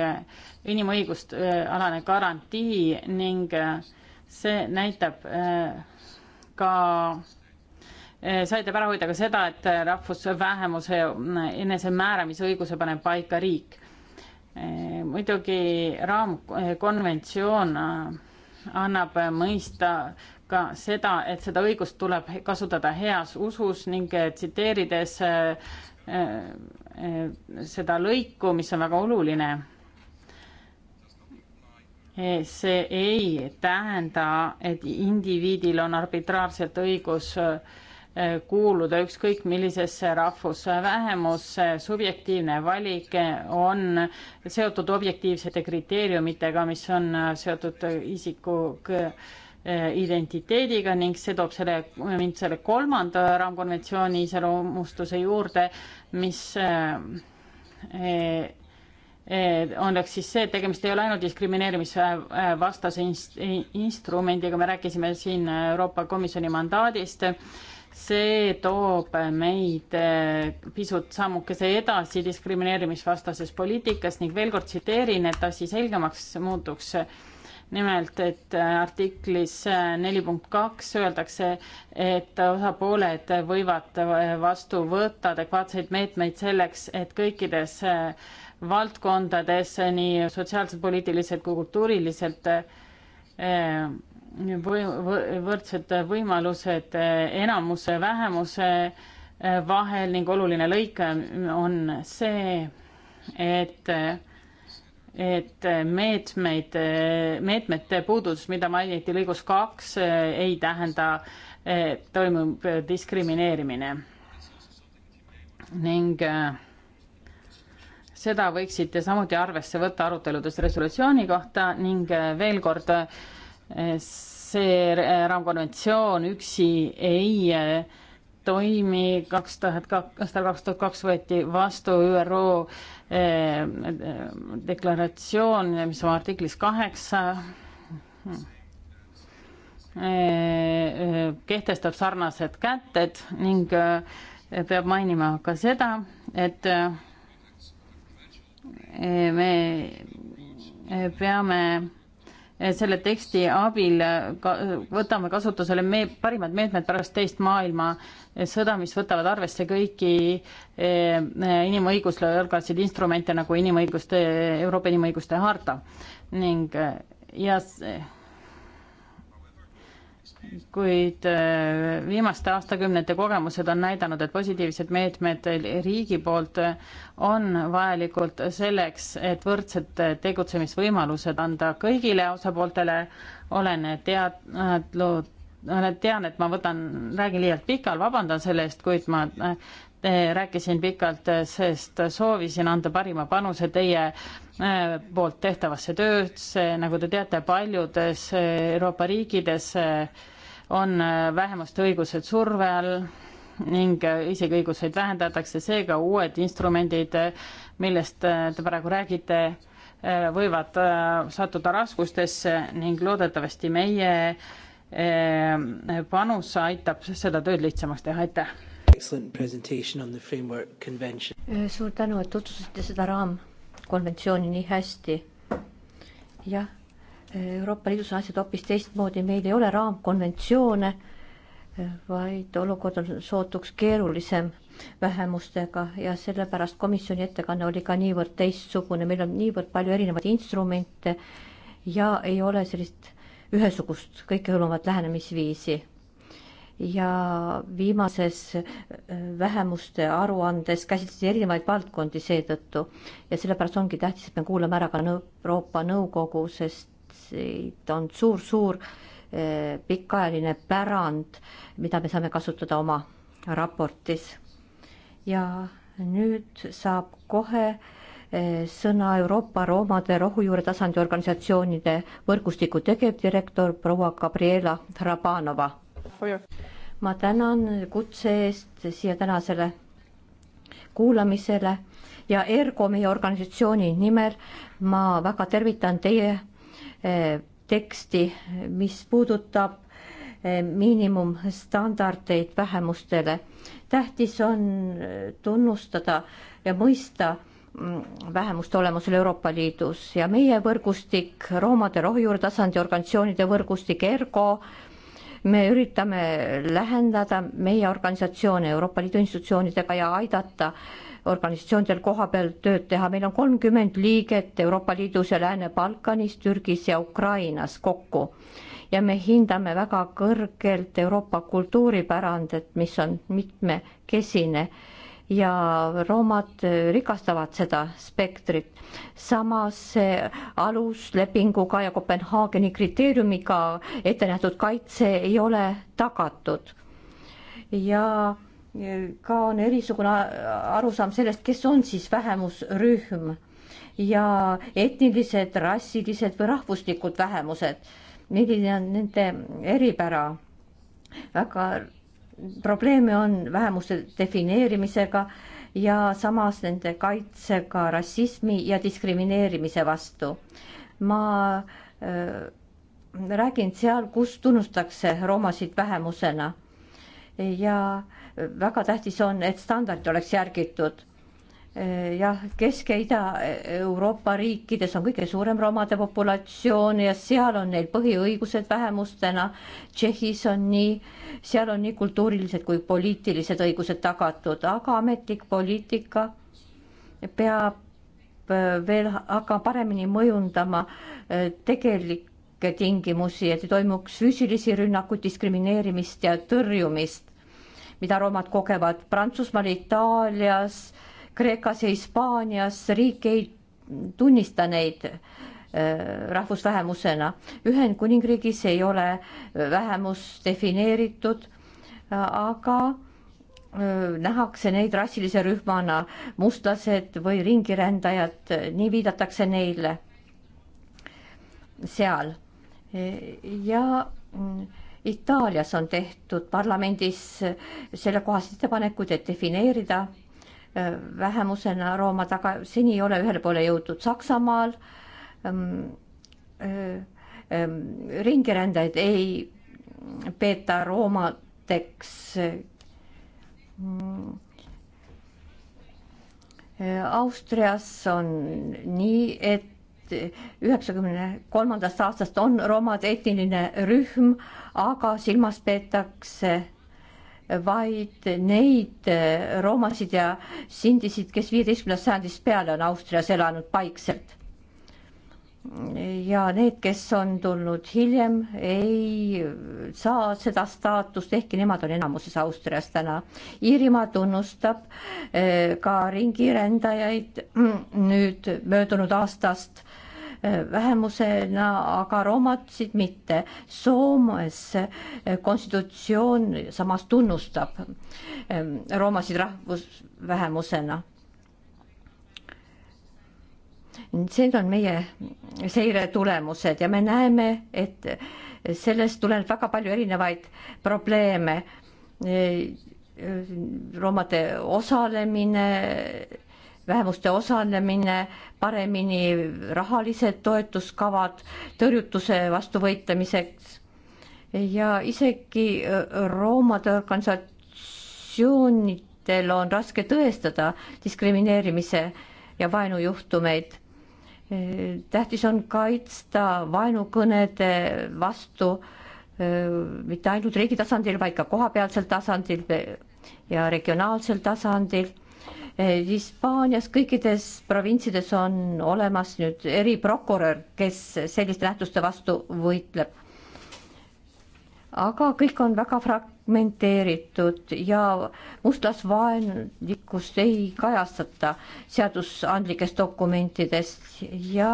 inimõiguste äh, alane garantii ning äh, see näitab ka, see aitab ära hoida ka seda, et rahvusvähemuse enesemääramisõiguse paneb paika riik. muidugi raamkonventsioon annab mõista ka seda, et seda õigust tuleb kasutada heas usus ning eh, tsiteerides eh, eh, seda lõiku, mis on väga oluline. see ei tähenda, et indiviidil on arbitraarselt õigus kuuluda ükskõik millisesse rahvusvähemusse, subjektiivne valik on seotud objektiivsete kriteeriumitega, mis on seotud isiku Äh, identiteediga ning see toob selle, mind selle kolmanda raamkonventsiooni iseloomustuse juurde, mis äh, äh, oleks siis see, et tegemist ei ole ainult diskrimineerimisvastase inst-, instrumendiga, me rääkisime siin Euroopa Komisjoni mandaadist, see toob meid pisut sammukese edasi diskrimineerimisvastases poliitikas ning veel kord tsiteerin, et asi selgemaks muutuks nimelt, et äh, artiklis äh, neli punkt kaks öeldakse, et osapooled võivad äh, vastu võtta adekvaatseid meetmeid selleks, et kõikides valdkondades nii sotsiaalselt, poliitiliselt kui kultuuriliselt või võrdsed võimalused enamuse, vähemuse vahel ning oluline lõik on see, et et meetmeid, meetmete puudus, mida mainiti lõigus kaks, ei tähenda, et toimub diskrimineerimine. ning seda võiksite samuti arvesse võtta aruteludes resolutsiooni kohta ning veel kord, see raamkonventsioon üksi ei toimi, kaks tuhat kaks, aastal kaks tuhat kaks võeti vastu ÜRO eh, deklaratsioon, mis on artiklis kaheksa, eh, kehtestab sarnased kätted ning eh, peab mainima ka seda, et me peame Eh, selle teksti abil eh, ka, võtame kasutusele me parimad meetmed pärast teist maailmasõda, eh, mis võtavad arvesse kõiki e, inimõigusele algasid instrumente nagu inimõiguste, Euroopa inimõiguste harta ning ja kuid äh, viimaste aastakümnete kogemused on näidanud, et positiivsed meetmed riigi poolt äh, on vajalikud selleks, et võrdsed äh, tegutsemisvõimalused anda kõigile osapooltele. olen teadnud, tean, et ma võtan, räägin liialt pikalt, vabandan selle eest, kuid ma rääkisin pikalt, sest soovisin anda parima panuse teie poolt tehtavasse töösse, nagu te teate, paljudes Euroopa riikides äh, on äh, vähemuste õigused surve all ning äh, isegi õiguseid vähendatakse, seega uued instrumendid, äh, millest te praegu räägite, võivad sattuda raskustesse ning loodetavasti meie panus aitab seda tööd lihtsamaks teha, aitäh! suur tänu, et tutvustasite seda raamkonventsiooni nii hästi. jah Euroopa Liidus on asjad hoopis teistmoodi, meil ei ole raamkonventsioone, vaid olukord on sootuks keerulisem vähemustega ja sellepärast komisjoni ettekanne oli ka niivõrd teistsugune, meil on niivõrd palju erinevaid instrumente ja ei ole sellist ühesugust kõikehõlmavat lähenemisviisi. ja viimases äh, vähemuste aruandes käsitleti erinevaid valdkondi seetõttu ja sellepärast ongi tähtis, et me kuulame ära ka Euroopa Nõukogu, sest siit on suur-suur eh, pikaajaline pärand, mida me saame kasutada oma raportis. ja nüüd saab kohe eh, sõna Euroopa Roomade rohujuuretasandi organisatsioonide võrgustiku tegevdirektor proua Gabriela Trabanova. ma tänan kutse eest siia tänasele kuulamisele ja ERGO meie organisatsiooni nimel ma väga tervitan teie Eh, teksti, mis puudutab eh, miinimumstandardeid vähemustele. tähtis on eh, tunnustada ja mõista mm, vähemuste olemusel Euroopa Liidus ja meie võrgustik, roomade rohujuurtasandi organisatsioonide võrgustik ERGO, me üritame lähendada meie organisatsioone Euroopa Liidu institutsioonidega ja aidata äh, organisatsioonidel kohapeal tööd teha, meil on kolmkümmend liiget Euroopa Liidus ja Lääne-Balkanis, Türgis ja Ukrainas kokku. ja me hindame väga kõrgelt Euroopa kultuuripärandit, mis on mitmekesine ja roomad rikastavad seda spektrit. samas aluslepinguga ja Kopenhaageni kriteeriumiga ette nähtud kaitse ei ole tagatud ja ka on erisugune arusaam sellest, kes on siis vähemusrühm ja etnilised, rassilised või rahvuslikud vähemused. milline on nende eripära? väga probleeme on vähemuste defineerimisega ja samas nende kaitsega rassismi ja diskrimineerimise vastu. ma äh, räägin seal, kus tunnustatakse roomasid vähemusena ja äh, väga tähtis on, et standardid oleks järgitud. Eh, jah, Kesk- ja Ida-Euroopa riikides on kõige suurem romade populatsioon ja seal on neil põhiõigused vähemustena. Tšehhis on nii, seal on nii kultuurilised kui poliitilised õigused tagatud, aga ametlik poliitika peab eh, veel hakkab paremini mõjundama eh, tegelikke tingimusi, et ei toimuks füüsilisi rünnakuid, diskrimineerimist ja tõrjumist mida roomad kogevad Prantsusmaal, Itaalias, Kreekas ja Hispaanias, riik ei tunnista neid äh, rahvusvähemusena. Ühendkuningriigis ei ole vähemus defineeritud, aga äh, nähakse neid rassilise rühmana, mustlased või ringirändajad, nii viidatakse neile seal ja mm, Itaalias on tehtud parlamendis sellekohaseid ettepanekuid, et defineerida äh, vähemusena Rooma taga, seni ei ole ühele poole jõutud Saksamaal ähm,. Äh, ähm, ringirändajaid ei peeta roomadeks ähm,. Austrias on nii, et et üheksakümne kolmandast aastast on romad etniline rühm, aga silmas peetakse vaid neid roomasid ja sindisid, kes viieteistkümnendast sajandist peale on Austrias elanud paikselt. ja need, kes on tulnud hiljem, ei saa seda staatust, ehkki nemad on enamuses Austrias täna. Iirimaa tunnustab eh, ka ringirändajaid mm, nüüd möödunud aastast Eh, vähemusena, aga romasid mitte. Soomes eh, konstitutsioon samas tunnustab eh, romasid rahvusvähemusena. siin on meie seire tulemused ja me näeme, et sellest tuleneb väga palju erinevaid probleeme romade osalemine vähemuste osalemine, paremini rahalised toetuskavad tõrjutuse vastu võitlemiseks ja isegi äh, roomade organisatsioonidel on raske tõestada diskrimineerimise ja vaenujuhtumeid. Äh, tähtis on kaitsta vaenukõnede vastu äh, mitte ainult riigi tasandil, vaid ka kohapealsel tasandil ja regionaalsel tasandil Eh, Hispaanias kõikides provintsides on olemas nüüd eriprokurör, kes selliste nähtuste vastu võitleb. aga kõik on väga fragmenteeritud ja mustlasvaenulikkust ei kajastata seadusandlikes dokumentides ja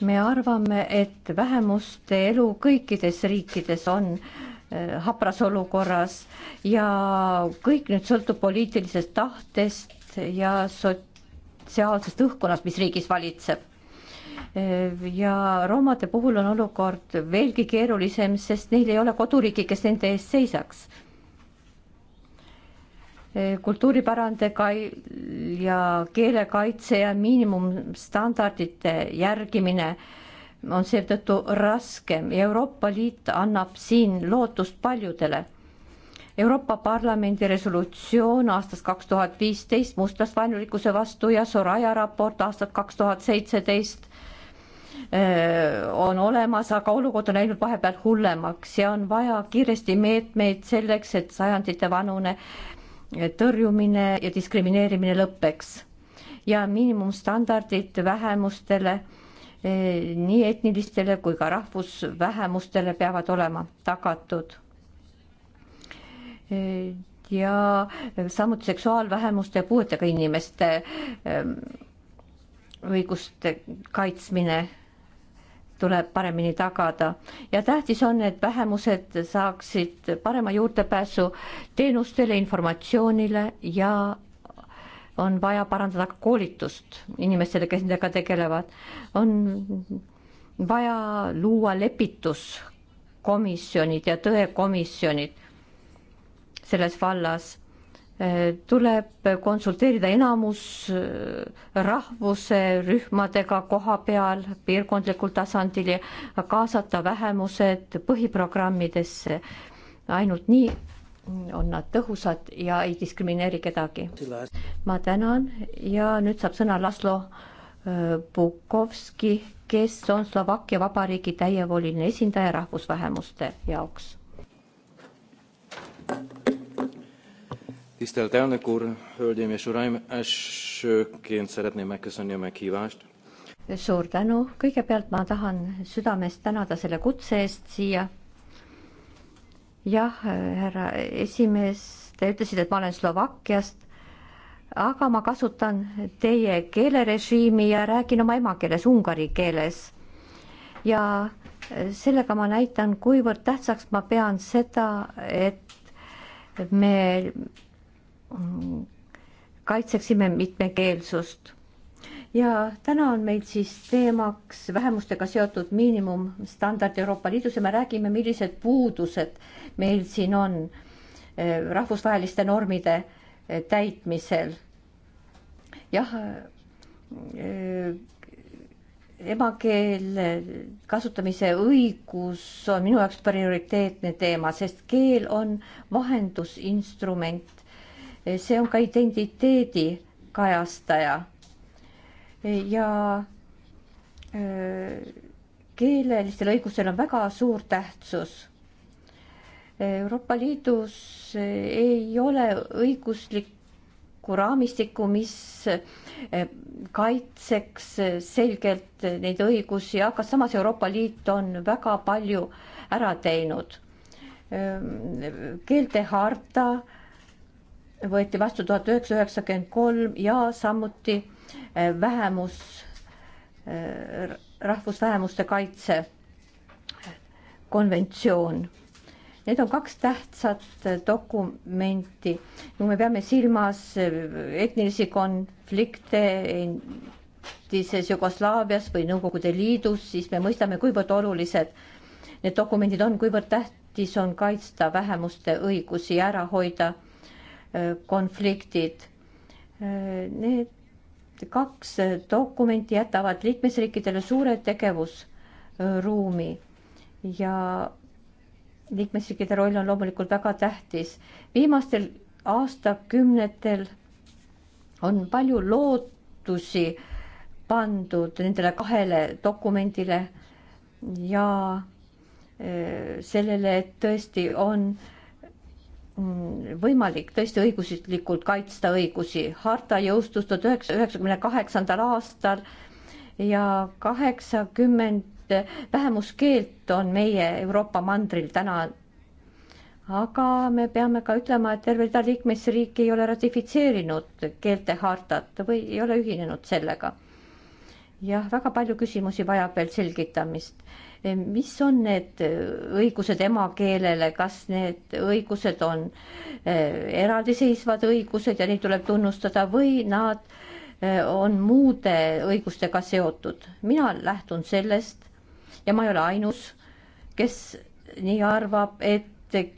me arvame, et vähemuste elu kõikides riikides on äh, Eh, hapras olukorras ja kõik nüüd sõltub poliitilisest tahtest ja sotsiaalsest õhkkonnast, mis riigis valitseb. Eh, ja roomade puhul on olukord veelgi keerulisem, sest neil ei ole koduriiki, kes nende eest seisaks. Eh, kultuuripärande kai- ja keelekaitse ja miinimumstandardite järgimine äh, on seetõttu raskem ja Euroopa Liit annab siin lootust paljudele. Euroopa Parlamendi resolutsioon aastast kaks tuhat viisteist mustlasvaenulikkuse vastu ja Soraya raport aastat kaks tuhat seitseteist on olemas, aga olukord on läinud vahepeal hullemaks ja on vaja kiiresti meetmeid selleks, et sajandite vanune tõrjumine ja diskrimineerimine lõpeks ja miinimumstandardid vähemustele Eh, nii etnilistele kui ka rahvusvähemustele peavad olema tagatud. Eh, ja samuti seksuaalvähemuste ja puuetega inimeste ehm, õiguste kaitsmine tuleb paremini tagada ja tähtis on, et vähemused saaksid parema juurdepääsu teenustele, informatsioonile ja on vaja parandada ka koolitust inimestele, kes nendega tegelevad. on vaja luua lepituskomisjonid ja tõekomisjonid selles vallas. Eh, tuleb konsulteerida enamus eh, rahvusrühmadega koha peal, piirkondlikul tasandil ja kaasata vähemused põhiprogrammidesse. ainult nii on nad tõhusad ja ei diskrimineeri kedagi. ma tänan ja nüüd saab sõna Laslo Bukovski, äh, kes on Slovakkia Vabariigi täievoliline esindaja rahvusvähemuste jaoks. tisztelt elnök úr, hölgyeim és uraim, elsőként szeretném megköszönni a meghívást. suur tänu, kõigepealt ma tahan südamest tänada selle kutse eest siia jah, härra esimees, te ütlesite, et ma olen Slovakkiast, aga ma kasutan teie keelerežiimi ja räägin oma emakeeles, ungari keeles. ja sellega ma näitan, kuivõrd tähtsaks ma pean seda, et me kaitseksime mitmekeelsust. ja täna on meil siis teemaks vähemustega seotud miinimumstandard Euroopa Liidus ja me räägime, millised puudused meil siin on eh, rahvusvaheliste normide eh, täitmisel. jah, eh, emakeele kasutamise õigus on minu jaoks prioriteetne teema, sest keel on vahendusinstrument. see on ka identiteedi kajastaja. ja keelelistel õigustel on väga suur tähtsus Euroopa Liidus ei ole õiguslikku raamistikku, mis eh, kaitseks selgelt neid õigusi, aga samas Euroopa Liit on väga palju ära teinud. Ehm, keelte harta võeti vastu tuhat üheksasada üheksakümmend kolm ja samuti eh, vähemus, eh, rahvusvähemuste kaitse konventsioon Need on kaks tähtsat dokumenti, kui me peame silmas eh, etnilisi konflikte endises Jugoslaavias või Nõukogude Liidus, siis me mõistame, kuivõrd olulised need dokumendid on, kuivõrd tähtis on kaitsta vähemuste õigusi ja ära hoida eh, konfliktid. Eh, need kaks dokumenti jätavad liikmesriikidele suure tegevusruumi ja liikmesriikide roll on loomulikult väga tähtis. viimastel aastakümnetel on palju lootusi pandud nendele kahele dokumendile ja sellele, et tõesti on mm, võimalik tõesti õiguslikult kaitsta õigusi. harta jõustus tuhat üheksasaja üheksakümne kaheksandal aastal ja kaheksakümmend seitse vähemuskeelt on meie Euroopa mandril täna aga me peame ka ütlema, et terve rida liikmesriiki ei ole ratifitseerinud keelte hartat või ei ole ühinenud sellega. jah, väga palju küsimusi vajab veel selgitamist. mis on need õigused emakeelele, kas need õigused on eh, eraldiseisvad õigused ja neid tuleb tunnustada või nad eh, on muude õigustega seotud? mina lähtun sellest, ja ma ei ole ainus, kes nii arvab, et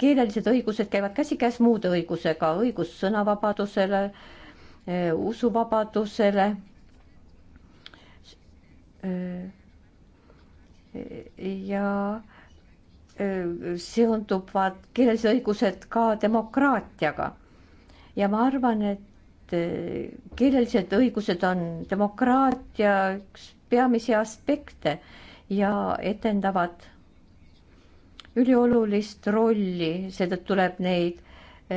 keelelised õigused käivad käsikäes muude õigusega, õigus sõnavabadusele, eh, usuvabadusele. Eh, eh, ja seonduvad keelelised õigused ka demokraatiaga. ja ma arvan, et keelelised õigused on demokraatia üks peamisi aspekte ja etendavad üliolulist rolli, seetõttu tuleb neid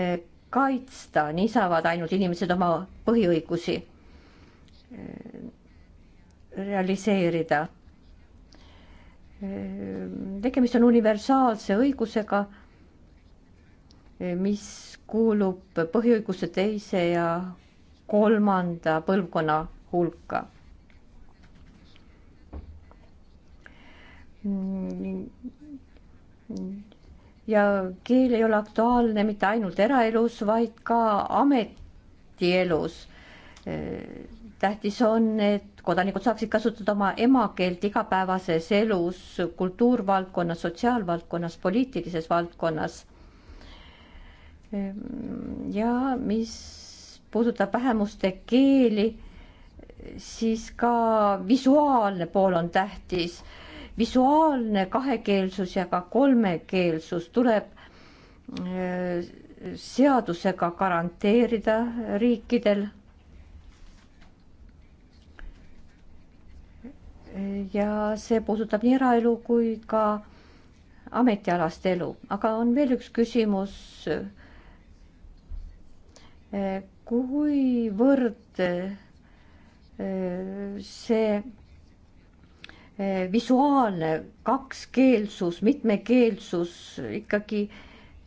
eh, kaitsta, nii saavad ainult inimesed oma põhiõigusi eh, realiseerida. Eh, tegemist on universaalse õigusega, mis kuulub põhiõiguste teise ja kolmanda põlvkonna hulka ja keel ei ole aktuaalne mitte ainult eraelus, vaid ka ametielus. tähtis on, et kodanikud saaksid kasutada oma emakeelt igapäevases elus, kultuurvaldkonnas, sotsiaalvaldkonnas, poliitilises valdkonnas. ja mis puudutab vähemuste keeli, siis ka visuaalne pool on tähtis visuaalne kahekeelsus ja ka kolmekeelsus tuleb äh, seadusega garanteerida riikidel. ja see puudutab nii eraelu kui ka ametialast elu, aga on veel üks küsimus. Äh, kuivõrd äh, see Eh, visuaalne kakskeelsus, mitmekeelsus ikkagi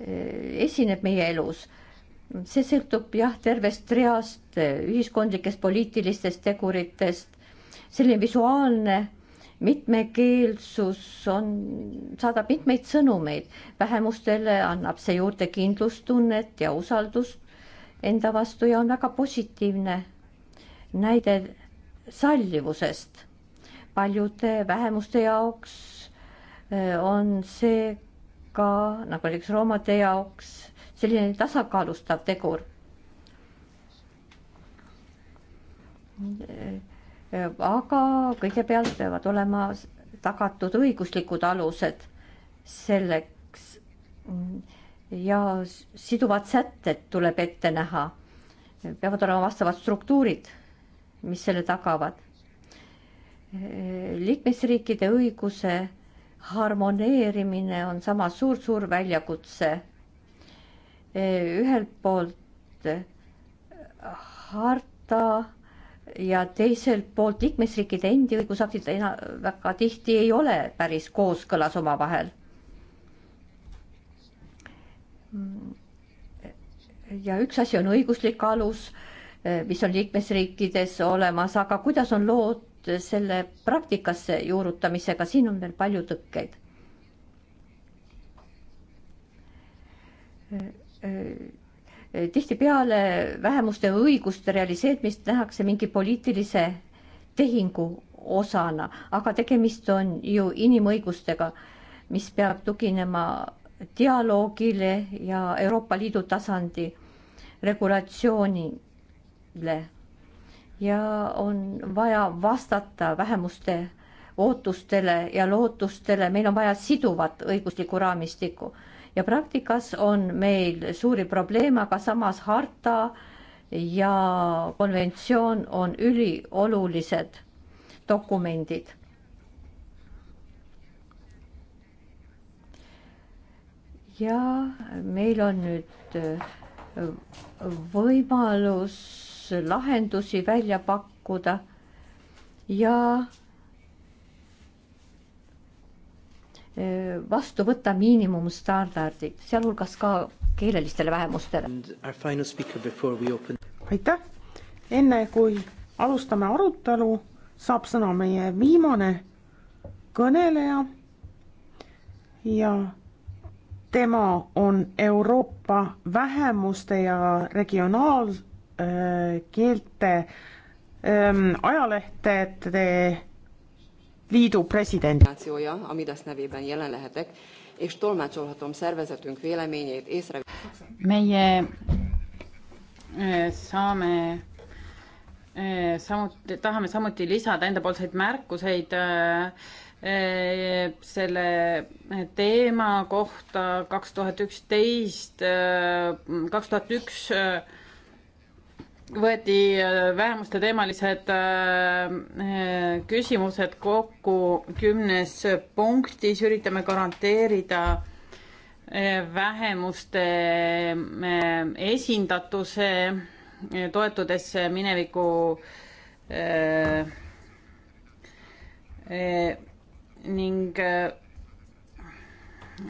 eh, esineb meie elus. see sõltub jah, tervest reast eh, ühiskondlikest poliitilistest teguritest. selline visuaalne mitmekeelsus on, saadab mitmeid sõnumeid. vähemustele annab see juurde kindlustunnet ja usaldust enda vastu ja on väga positiivne näide sallivusest paljude vähemuste jaoks eh, on see ka nagu näiteks roomade jaoks selline tasakaalustav tegur. Eh, aga kõigepealt peavad olema tagatud õiguslikud alused selleks ja siduvad sätted tuleb ette näha. peavad olema vastavad struktuurid, mis selle tagavad liikmesriikide õiguse harmoneerimine on samas suur-suur väljakutse. ühelt poolt harta ja teiselt poolt liikmesriikide endi õigusaktid väga tihti ei ole päris kooskõlas omavahel. ja üks asi on õiguslik alus, mis on liikmesriikides olemas, aga kuidas on lood selle praktikasse juurutamisega, siin on veel palju tõkkeid. tihtipeale vähemuste õiguste realiseerimist nähakse mingi poliitilise tehingu osana, aga tegemist on ju inimõigustega, mis peab tuginema dialoogile ja Euroopa Liidu tasandi regulatsioonile ja on vaja vastata vähemuste ootustele ja lootustele, meil on vaja siduvat õiguslikku raamistikku ja praktikas on meil suuri probleeme, aga samas harta ja konventsioon on üliolulised dokumendid. ja meil on nüüd võimalus lahendusi välja pakkuda ja eh, vastu võtta miinimumstandardid, sealhulgas ka keelelistele vähemustele. aitäh, enne kui alustame arutelu, saab sõna meie viimane kõneleja ja tema on Euroopa Vähemuste ja Regionaal- Äh, keelte ähm, ajalehtede liidu president. meie äh, saame äh, samuti, tahame samuti lisada endapoolseid märkuseid selle teema kohta kaks tuhat üksteist, kaks tuhat üks võeti äh, vähemuste teemalised äh, äh, küsimused kokku kümnes punktis, üritame garanteerida vähemuste esindatuse, toetudes mineviku ning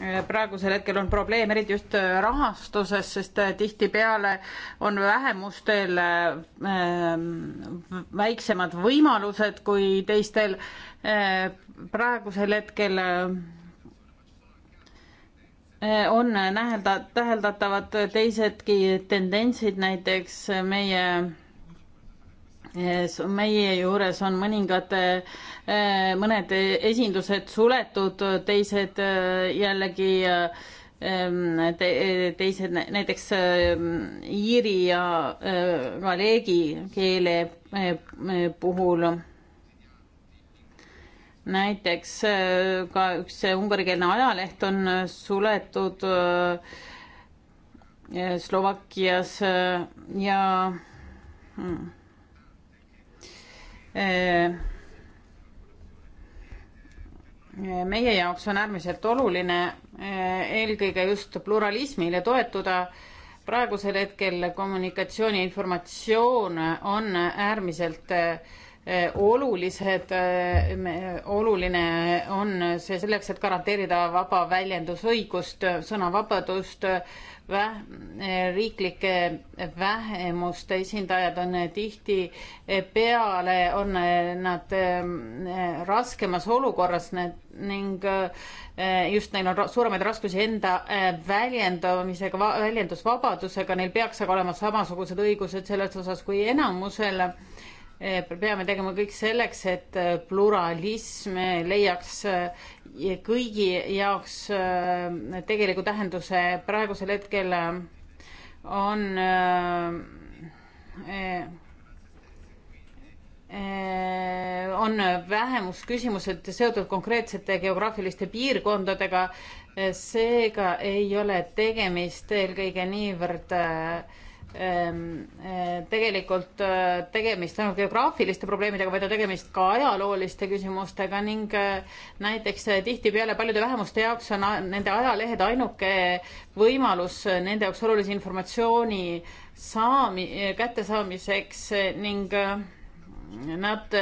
Äh, praegusel hetkel on probleem eriti just äh, rahastuses, sest äh, tihtipeale on vähemustel ähm, väiksemad võimalused kui teistel. praegusel hetkel on nähelda, täheldatavad teisedki tendentsid, näiteks meie meie juures on mõningad, eh, mõned esindused suletud, teised eh, jällegi eh, te, teised näiteks iiri ja galeegi keele puhul. näiteks ka üks ungarikeelne ajaleht on suletud Slovakkias ja hmm. Äh, meie jaoks on äärmiselt oluline äh, eelkõige just pluralismile toetuda. praegusel hetkel kommunikatsiooni informatsioon on äärmiselt äh, olulised, oluline on see selleks, et garanteerida vaba väljendusõigust, sõnavabadust, väh-, riiklike vähemuste esindajad on tihti peale, on nad ähm, raskemas olukorras need, ning äh, just neil on suuremaid raskusi enda äh, väljendamisega, väljendusvabadusega, neil peaks aga olema samasugused õigused selles osas kui enamusel Eh, peame tegema kõik selleks, et eh, pluralism eh, leiaks kõigi jaoks tegeliku tähenduse. praegusel hetkel on on vähemusküsimused seotud konkreetsete geograafiliste piirkondadega, seega ei ole tegemist eelkõige niivõrd äh, Ehm, eh, tegelikult eh, tegemist ainult geograafiliste probleemidega, vaid on tegemist ka ajalooliste küsimustega ning eh, näiteks tihtipeale paljude vähemuste jaoks on nende ajalehed ainuke võimalus nende jaoks olulise informatsiooni saami-, kättesaamiseks ning nad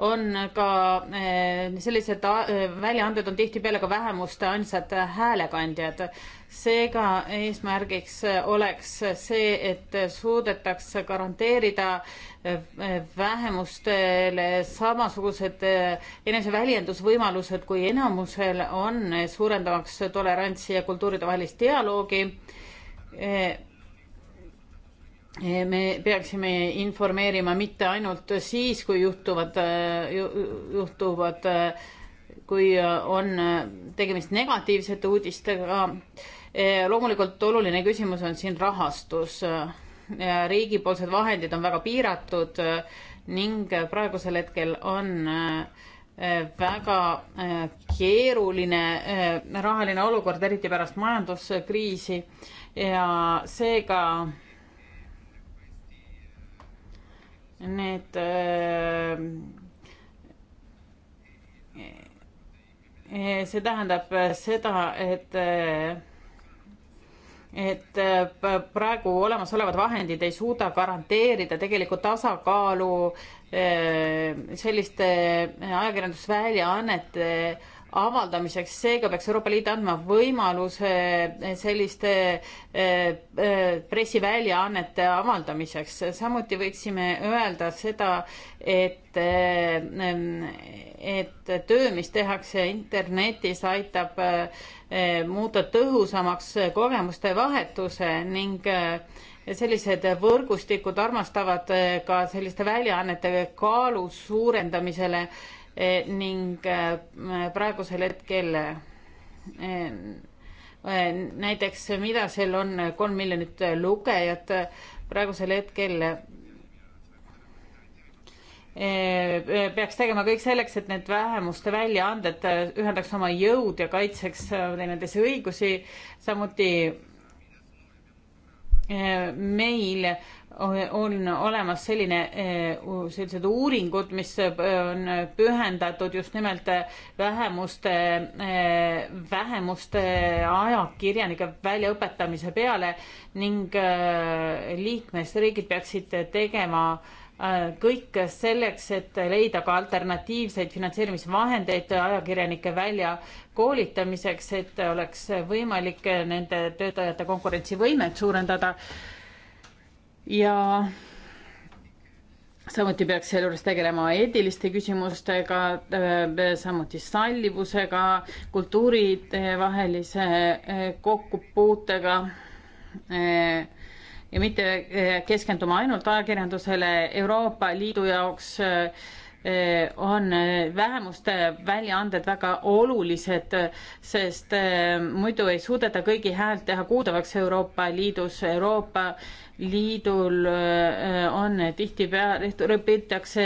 on ka eh, sellised eh, väljaanded on tihtipeale ka vähemuste ainsad häälekandjad. seega eesmärgiks oleks see, et suudetakse garanteerida eh, vähemustele samasugused eneseväljendusvõimalused kui enamusel on, suurendamaks tolerantsi ja kultuuride vahelist dialoogi Eh, me peaksime informeerima mitte ainult siis, kui juhtuvad, eh, juhtuvad, eh, kui on tegemist negatiivsete uudistega. loomulikult oluline küsimus on siin rahastus. riigipoolsed vahendid on väga piiratud ning praegusel hetkel on väga keeruline rahaline olukord, eriti pärast majanduskriisi ja seega need äh, see tähendab seda, et et praegu olemasolevad vahendid ei suuda garanteerida tegelikult tasakaalu äh, selliste ajakirjandusväljaannete avaldamiseks, seega peaks Euroopa Liit andma võimaluse eh, selliste eh, eh, pressiväljaannete avaldamiseks. samuti võiksime öelda seda, et, et töö, mis tehakse internetis, aitab muuta tõhusamaks kogemuste vahetuse ning sellised võrgustikud armastavad ka selliste väljaannete kaalu suurendamisele Eh, ning eh, praegusel hetkel eh, näiteks mida seal on kolm miljonit lugejat praegusel hetkel peaks tegema kõik selleks, et need vähemuste väljaanded ühendaks oma jõud ja kaitseks teineteise õigusi, samuti meil on olemas selline, eh, sellised uuringud, mis eh, on pühendatud just nimelt eh, vähemuste, vähemuste ajakirjanike väljaõpetamise peale ning liikmesriigid peaksid tegema äh, Äh, kõik selleks, et leida ka alternatiivseid finantseerimisvahendeid ajakirjanike väljakoolitamiseks, et oleks võimalik nende töötajate konkurentsivõimet suurendada. ja samuti peaks sealjuures tegelema eetiliste küsimustega, äh, samuti sallivusega, kultuuridevahelise äh, kokkupuutega ja mitte eh, keskenduma ainult ajakirjandusele Euroopa Liidu jaoks eh, on eh, vähemuste väljaanded väga olulised, sest muidu ei suudeta kõigi häält teha kuuldavaks Euroopa Liidus. Euroopa Liidul on tihtipeale, rõpitakse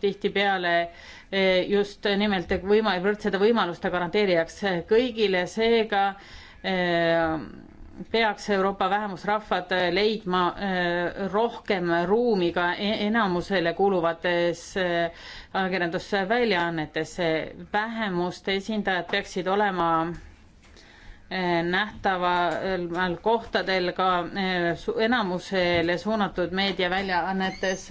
tihtipeale just nimelt võima-, võrdsete võimaluste garanteerijaks kõigile, seega peaks Euroopa vähemusrahvad leidma eh, rohkem ruumi ka e-, enamusele kuuluvates eh, ajakirjandusväljaannetes. vähemuste esindajad peaksid olema eh, nähtaval kohtadel ka enamusele suunatud meediaväljaannetes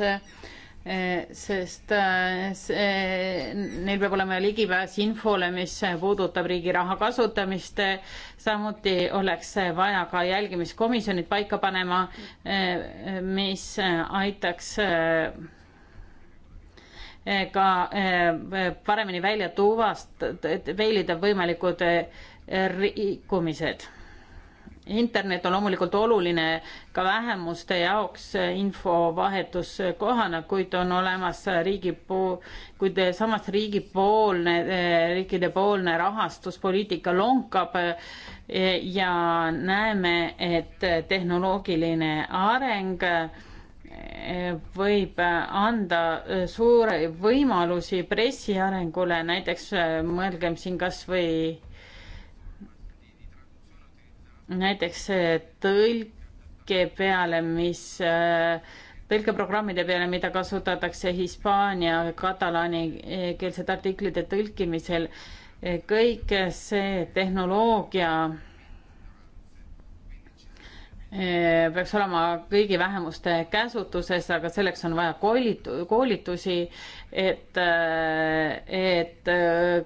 sest äh, see, neil peab olema ligipääs infole, mis puudutab riigi raha kasutamist. samuti oleks vaja ka jälgimiskomisjonid paika panema, äh, mis aitaks äh, ka paremini välja tuvast-, veilida võimalikud rikkumised internet on loomulikult oluline ka vähemuste jaoks infovahetuskohana, kuid on olemas riigi poo-, kuid samas riigipoolne, riikidepoolne rahastuspoliitika lonkab e, ja näeme, et tehnoloogiline areng e, võib anda suure võimalusi pressi arengule, näiteks mõelgem siin kas või näiteks tõlke peale, mis, äh, tõlkeprogrammide peale, mida kasutatakse Hispaania katalaanikeelsete artiklite tõlkimisel. Äh, kõik see tehnoloogia äh, peaks olema kõigi vähemuste käsutuses, aga selleks on vaja koolitu-, koolitusi, et, et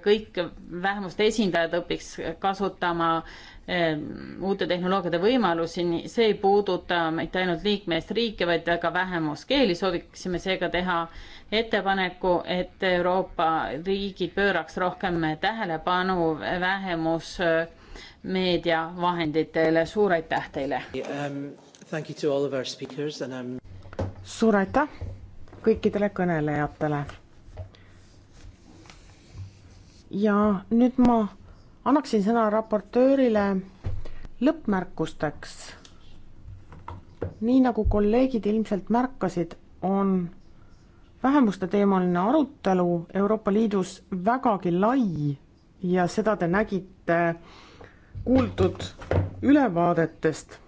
kõik vähemuste esindajad õpiks kasutama äh, Ehm, uute tehnoloogiate võimalusi, see ei puuduta mitte ainult liikmesriike, vaid ka vähemuskeeli, sooviksime seega teha ettepaneku, et Euroopa riigid pööraks rohkem tähelepanu vähemusmeedia vahenditele, suur aitäh teile um,! um suur aitäh kõikidele kõnelejatele! ja nüüd ma annaksin sõna raportöörile lõppmärkusteks. nii nagu kolleegid ilmselt märkasid, on vähemuste teemaline arutelu Euroopa Liidus vägagi lai ja seda te nägite kuuldud ülevaadetest.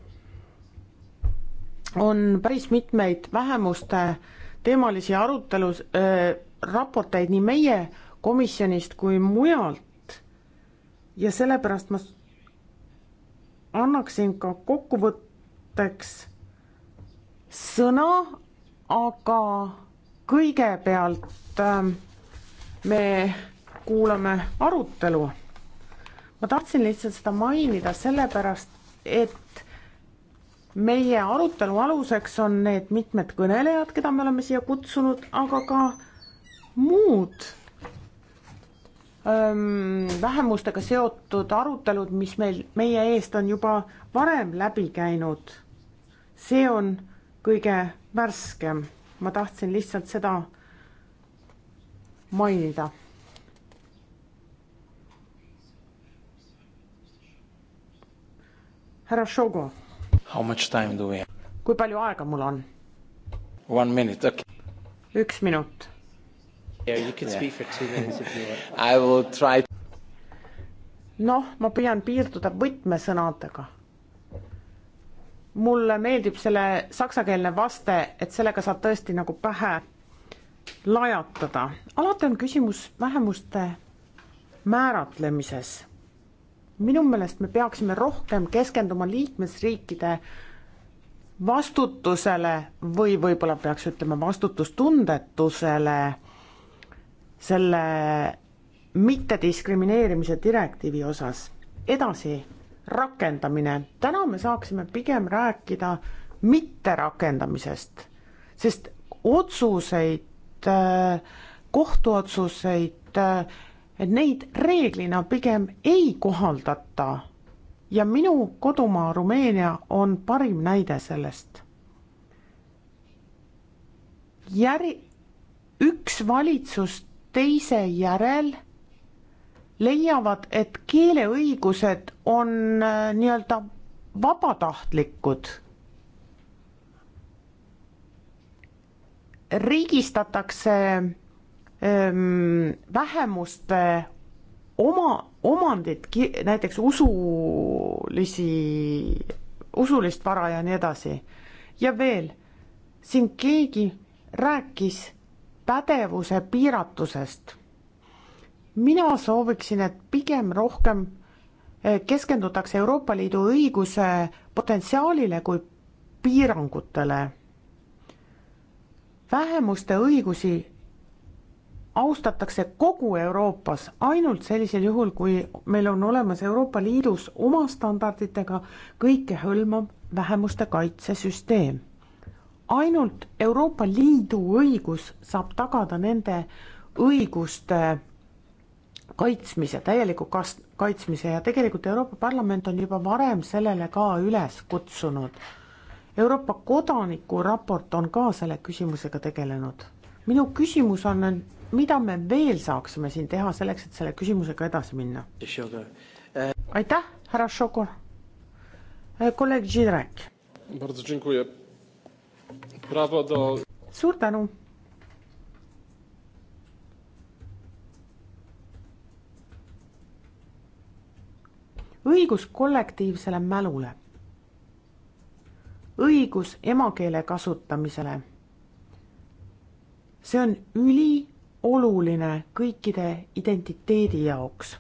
on päris mitmeid vähemuste teemalisi arutelus äh,, raporteid nii meie komisjonist kui mujalt ja sellepärast ma annaksin ka kokkuvõtteks sõna, aga kõigepealt ähm, me kuulame arutelu. ma tahtsin lihtsalt seda mainida sellepärast, et meie arutelu aluseks on need mitmed kõnelejad, keda me oleme siia kutsunud, aga ka muud vähemustega seotud arutelud, mis meil, meie eest on juba varem läbi käinud. see on kõige värskem, ma tahtsin lihtsalt seda mainida. härra Šogo. kui palju aega mul on? üks minut noh, ma püüan piirduda võtmesõnadega. mulle meeldib selle saksakeelne vaste, et sellega saab tõesti nagu pähe lajatada. alati on küsimus vähemuste määratlemises. minu meelest me peaksime rohkem keskenduma liikmesriikide vastutusele või võib-olla peaks ütlema vastutustundetusele selle mittediskrimineerimise direktiivi osas. edasi, rakendamine. täna me saaksime pigem rääkida mitterakendamisest, sest otsuseid, äh, kohtuotsuseid, et äh, neid reeglina pigem ei kohaldata. ja minu kodumaa Rumeenia on parim näide sellest. Järi-, üks valitsus teise järel leiavad, et keeleõigused on äh, nii-öelda vabatahtlikud. riigistatakse ähm, vähemuste oma, omandit, näiteks usulisi, usulist vara ja nii edasi. ja veel, siin keegi rääkis pädevuse piiratusest. mina sooviksin, et pigem rohkem eh, keskendutakse Euroopa Liidu õiguse potentsiaalile kui piirangutele. vähemuste õigusi austatakse kogu Euroopas ainult sellisel juhul, kui meil on olemas Euroopa Liidus oma standarditega kõikehõlmav vähemuste kaitsesüsteem ainult Euroopa Liidu õigus saab tagada nende õiguste kaitsmise, täieliku kas-, kaitsmise ja tegelikult Euroopa Parlament on juba varem sellele ka üles kutsunud. Euroopa kodanikuraporti on ka selle küsimusega tegelenud. minu küsimus on, mida me veel saaksime siin teha selleks, et selle küsimusega edasi minna? aitäh, härra Šokor. kolleeg Žirek suur tänu. õigus kollektiivsele mälule. õigus emakeele kasutamisele. see on ülioluline kõikide identiteedi jaoks.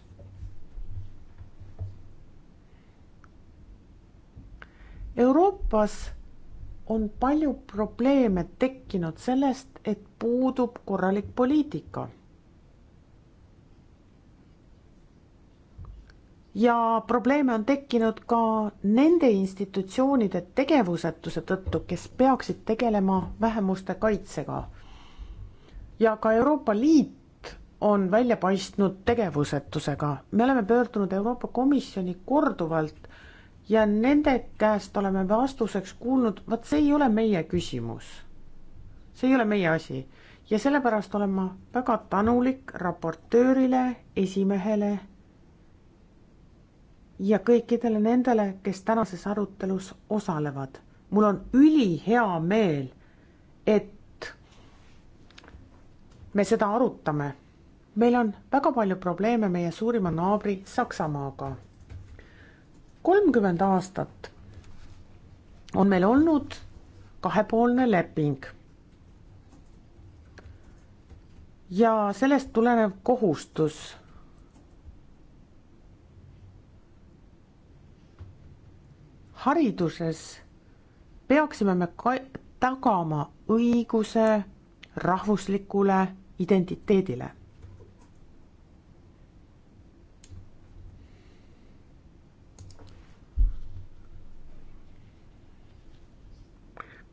Euroopas on palju probleeme tekkinud sellest, et puudub korralik poliitika. ja probleeme on tekkinud ka nende institutsioonide tegevusetuse tõttu, kes peaksid tegelema vähemuste kaitsega. ja ka Euroopa Liit on välja paistnud tegevusetusega. me oleme pöördunud Euroopa Komisjoni korduvalt ja nende käest oleme vastuseks kuulnud, vot see ei ole meie küsimus. see ei ole meie asi ja sellepärast olen ma väga tänulik raportöörile, esimehele ja kõikidele nendele, kes tänases arutelus osalevad. mul on ülihea meel, et me seda arutame. meil on väga palju probleeme meie suurima naabri Saksamaaga kolmkümmend aastat on meil olnud kahepoolne leping. ja sellest tulenev kohustus hariduses peaksime me ka tagama õiguse rahvuslikule identiteedile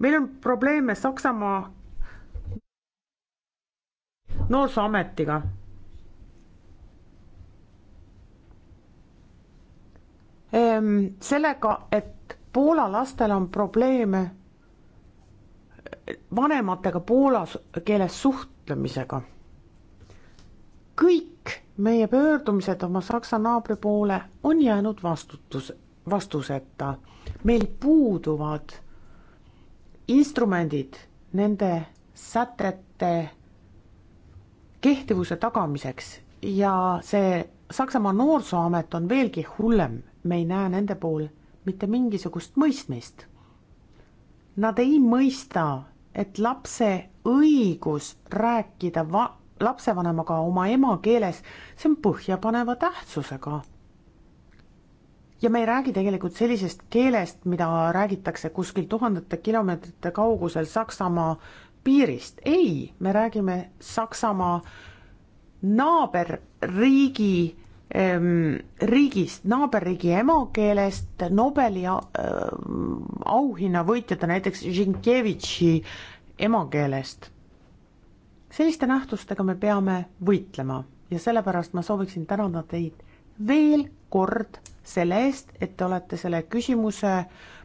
meil on probleeme Saksamaa noorsooametiga. Ehm, sellega, et Poola lastel on probleeme vanematega poola keeles suhtlemisega. kõik meie pöördumised oma saksa naabri poole on jäänud vastutus, vastuseta. meil puuduvad instrumendid nende sätete kehtivuse tagamiseks ja see Saksamaa Noorsooamet on veelgi hullem, me ei näe nende pool mitte mingisugust mõistmist. Nad ei mõista, et lapse õigus rääkida va-, lapsevanemaga oma emakeeles, see on põhjapaneva tähtsusega ja me ei räägi tegelikult sellisest keelest, mida räägitakse kuskil tuhandete kilomeetrite kaugusel Saksamaa piirist, ei, me räägime Saksamaa naaberriigi ähm, riigist, naaberriigi emakeelest, Nobeli äh, auhinna võitjate näiteks Zinkevitši emakeelest. selliste nähtustega me peame võitlema ja sellepärast ma sooviksin tänada teid veel kord selle eest, et te olete selle küsimuse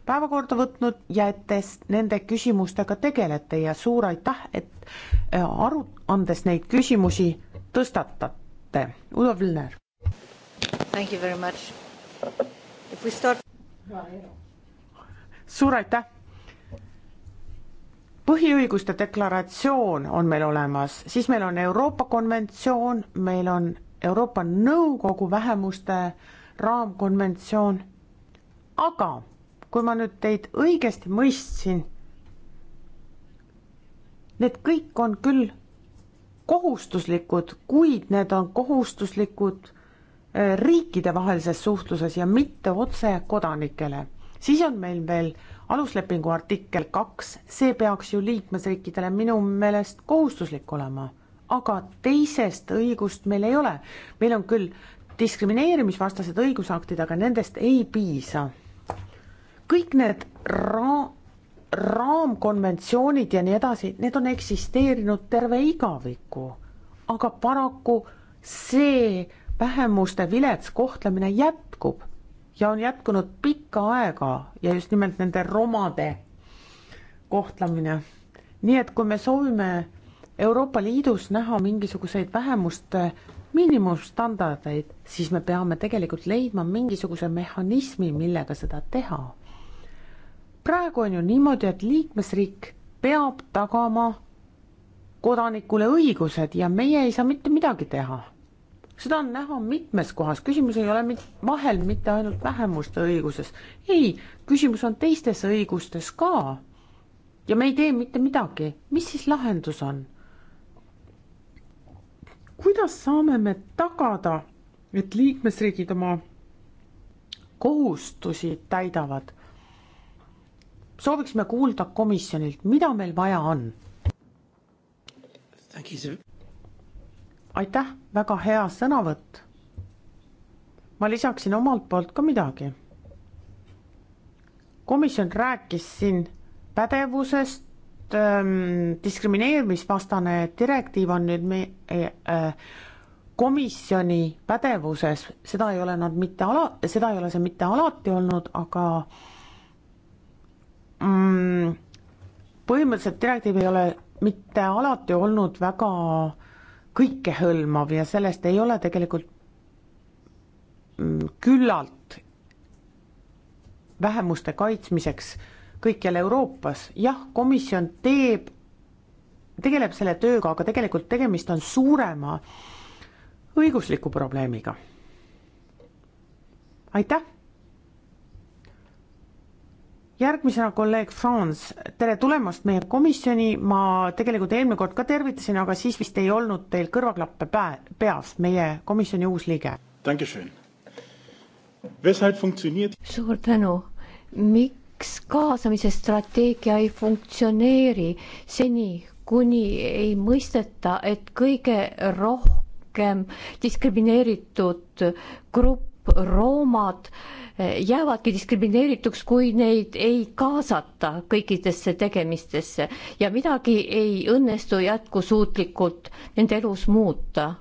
päevakorda võtnud ja et te nende küsimustega tegelete ja suur aitäh, et äh, aru andes neid küsimusi tõstatate. Udo Vilner. Thank you very much. If we start. suur aitäh. põhiõiguste deklaratsioon on meil olemas, siis meil on Euroopa konventsioon, meil on Euroopa Nõukogu vähemuste äh, raamkonventsioon. aga kui ma nüüd teid õigesti mõistsin, need kõik on küll kohustuslikud, kuid need on kohustuslikud äh, riikidevahelises suhtluses ja mitte otse kodanikele. siis on meil veel aluslepingu artikkel kaks, see peaks ju liikmesriikidele minu meelest kohustuslik olema, aga teisest õigust meil ei ole. meil on küll diskrimineerimisvastased õigusaktid, aga nendest ei piisa. kõik need ra-, raamkonventsioonid ja nii edasi, need on eksisteerinud terve igaviku, aga paraku see vähemuste vilets kohtlemine jätkub ja on jätkunud pikka aega ja just nimelt nende romade kohtlemine. nii et kui me soovime Euroopa Liidus näha mingisuguseid vähemuste miinimumstandardeid, siis me peame tegelikult leidma mingisuguse mehhanismi, millega seda teha. praegu on ju niimoodi, et liikmesriik peab tagama kodanikule õigused ja meie ei saa mitte midagi teha. seda on näha mitmes kohas, küsimus ei ole mit-, vahel mitte ainult vähemuste õiguses, ei, küsimus on teistes õigustes ka. ja me ei tee mitte midagi, mis siis lahendus on? kuidas saame me tagada, et liikmesriigid oma kohustusi täidavad? sooviksime kuulda komisjonilt, mida meil vaja on? aitäh, väga hea sõnavõtt. ma lisaksin omalt poolt ka midagi. komisjon rääkis siin pädevusest, Ähm, diskrimineerimisvastane direktiiv on nüüd meie äh, komisjoni pädevuses, seda ei ole nad mitte ala, seda ei ole see mitte alati olnud, aga mm, põhimõtteliselt direktiiv ei ole mitte alati olnud väga kõikehõlmav ja sellest ei ole tegelikult mm, küllalt vähemuste kaitsmiseks äh, kõikjal Euroopas, jah, komisjon teeb, tegeleb selle tööga, aga tegelikult tegemist on suurema õigusliku probleemiga. aitäh! järgmisena kolleeg Franz, tere tulemast meie komisjoni, ma tegelikult eelmine kord ka tervitasin, aga siis vist ei olnud teil kõrvaklappe pää-, peas, meie komisjoni uus liige. suur tänu, miks miks kaasamise strateegia ei funktsioneeri seni, kuni ei mõisteta, et kõige rohkem diskrimineeritud grupp roomad eh, jäävadki diskrimineerituks, kui neid ei kaasata kõikidesse tegemistesse ja midagi ei õnnestu jätkusuutlikult nende elus muuta.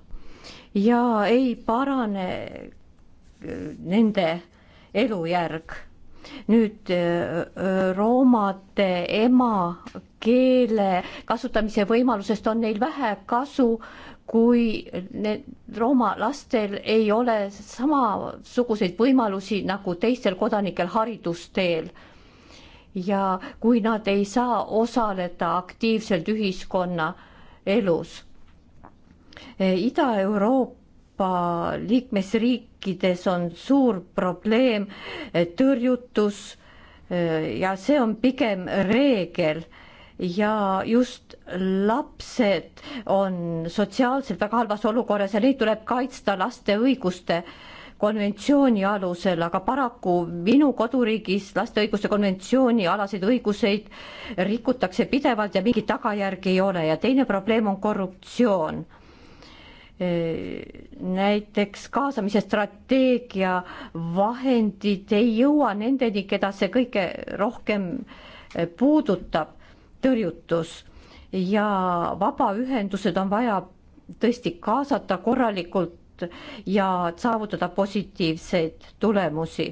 ja ei parane eh, nende elujärg nüüd äh, äh, roomade emakeele kasutamise võimalusest on neil vähe kasu, kui need rooma lastel ei ole samasuguseid võimalusi nagu teistel kodanikel haridusteel. ja kui nad ei saa osaleda aktiivselt ühiskonnaelus. Äh, Ida-Euroopa liikmesriik riikides on suur probleem eh, tõrjutus eh, ja see on pigem reegel ja just lapsed on sotsiaalselt väga halvas olukorras ja neid tuleb kaitsta laste õiguste konventsiooni alusel, aga paraku minu koduriigis laste õiguste konventsiooni alaseid õiguseid rikutakse pidevalt ja mingit tagajärgi ei ole ja teine probleem on korruptsioon näiteks kaasamise strateegia vahendid ei jõua nendeni, keda see kõige rohkem e, puudutab, tõrjutus ja vabaühendused on vaja tõesti kaasata korralikult ja saavutada positiivseid tulemusi.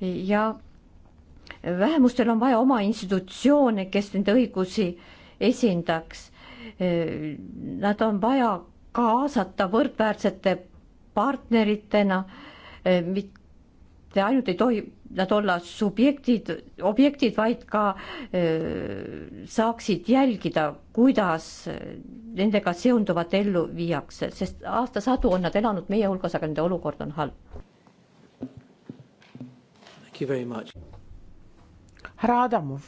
ja vähemustel on vaja oma institutsioone, kes nende õigusi esindaks. Nad on vaja kaasata võrdväärsete partneritena, eh, mitte ainult ei tohi nad olla subjektid, objektid, vaid ka eh, saaksid jälgida, kuidas nendega seonduvat ellu viiakse, sest aastasadu on nad elanud meie hulgas, aga nende olukord on halb. härra Adamov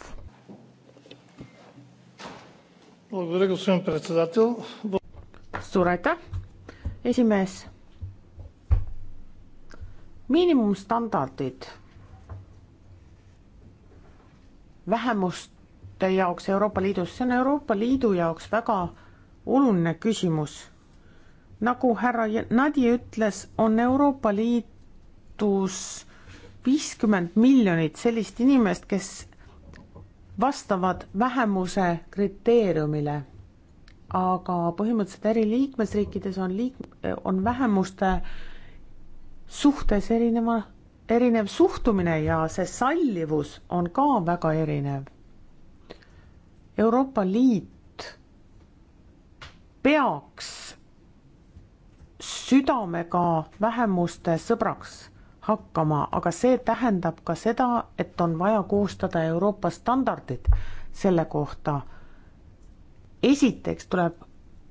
suur aitäh, esimees. miinimumstandardid vähemuste jaoks Euroopa Liidus, see on Euroopa Liidu jaoks väga oluline küsimus. nagu härra Nadi ütles, on Euroopa Liidus viiskümmend miljonit sellist inimest, kes vastavad vähemuse kriteeriumile aga põhimõtteliselt eri liikmesriikides on liik-, on vähemuste suhtes erineva, erinev suhtumine ja see sallivus on ka väga erinev. Euroopa Liit peaks südamega vähemuste sõbraks hakkama, aga see tähendab ka seda, et on vaja koostada Euroopa standardid selle kohta esiteks tuleb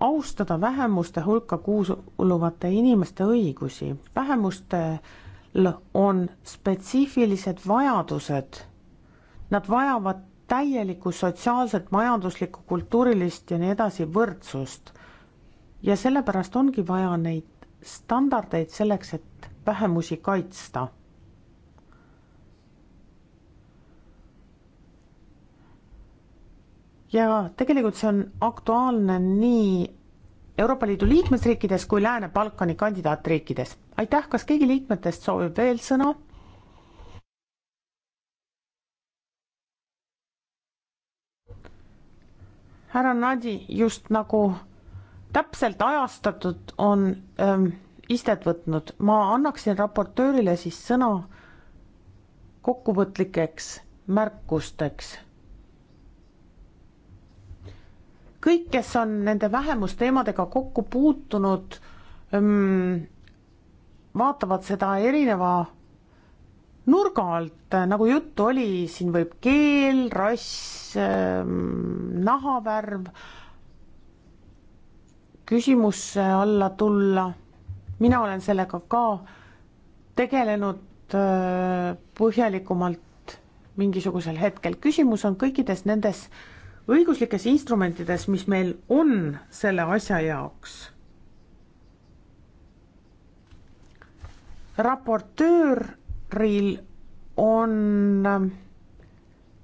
austada vähemuste hulka kuuluvate inimeste õigusi. vähemustel on spetsiifilised vajadused. Nad vajavad täielikku sotsiaalset, majanduslikku, kultuurilist ja nii edasi võrdsust. ja sellepärast ongi vaja neid standardeid selleks, et vähemusi kaitsta ja tegelikult see on aktuaalne nii Euroopa Liidu liikmesriikides kui Lääne-Balkani kandidaatriikides. aitäh, kas keegi liikmetest soovib veel sõna? härra Nadi just nagu täpselt ajastatud on ähm, istet võtnud, ma annaksin raportöörile siis sõna kokkuvõtlikeks märkusteks kõik, kes on nende vähemusteemadega kokku puutunud, mm, vaatavad seda erineva nurga alt, nagu juttu oli, siin võib keel, rass, mm, nahavärv küsimusse alla tulla. mina olen sellega ka tegelenud äh, põhjalikumalt mingisugusel hetkel. küsimus on kõikides nendes äh, õiguslikes instrumentides, mis meil on selle asja jaoks. raportööril on ähm,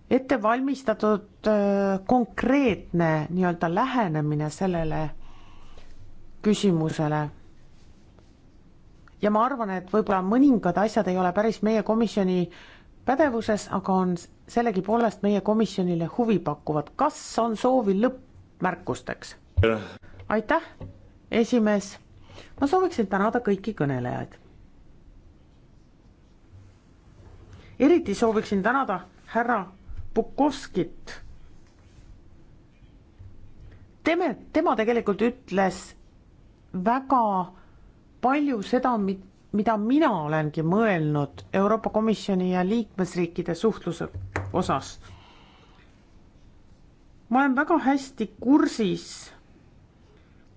ette valmistatud äh, konkreetne nii-öelda lähenemine sellele küsimusele. ja ma arvan, et võib-olla mõningad asjad ei ole päris meie komisjoni äh, pädevuses, aga on sellegipoolest meie komisjonile huvipakkuvad. kas on soovi lõppmärkusteks? aitäh, esimees. ma sooviksin tänada kõiki kõnelejaid. eriti sooviksin tänada härra Bukovskit. Teme, tema tegelikult ütles väga palju seda, mida mida mina olengi mõelnud Euroopa Komisjoni ja liikmesriikide suhtluse osas. ma olen väga hästi kursis,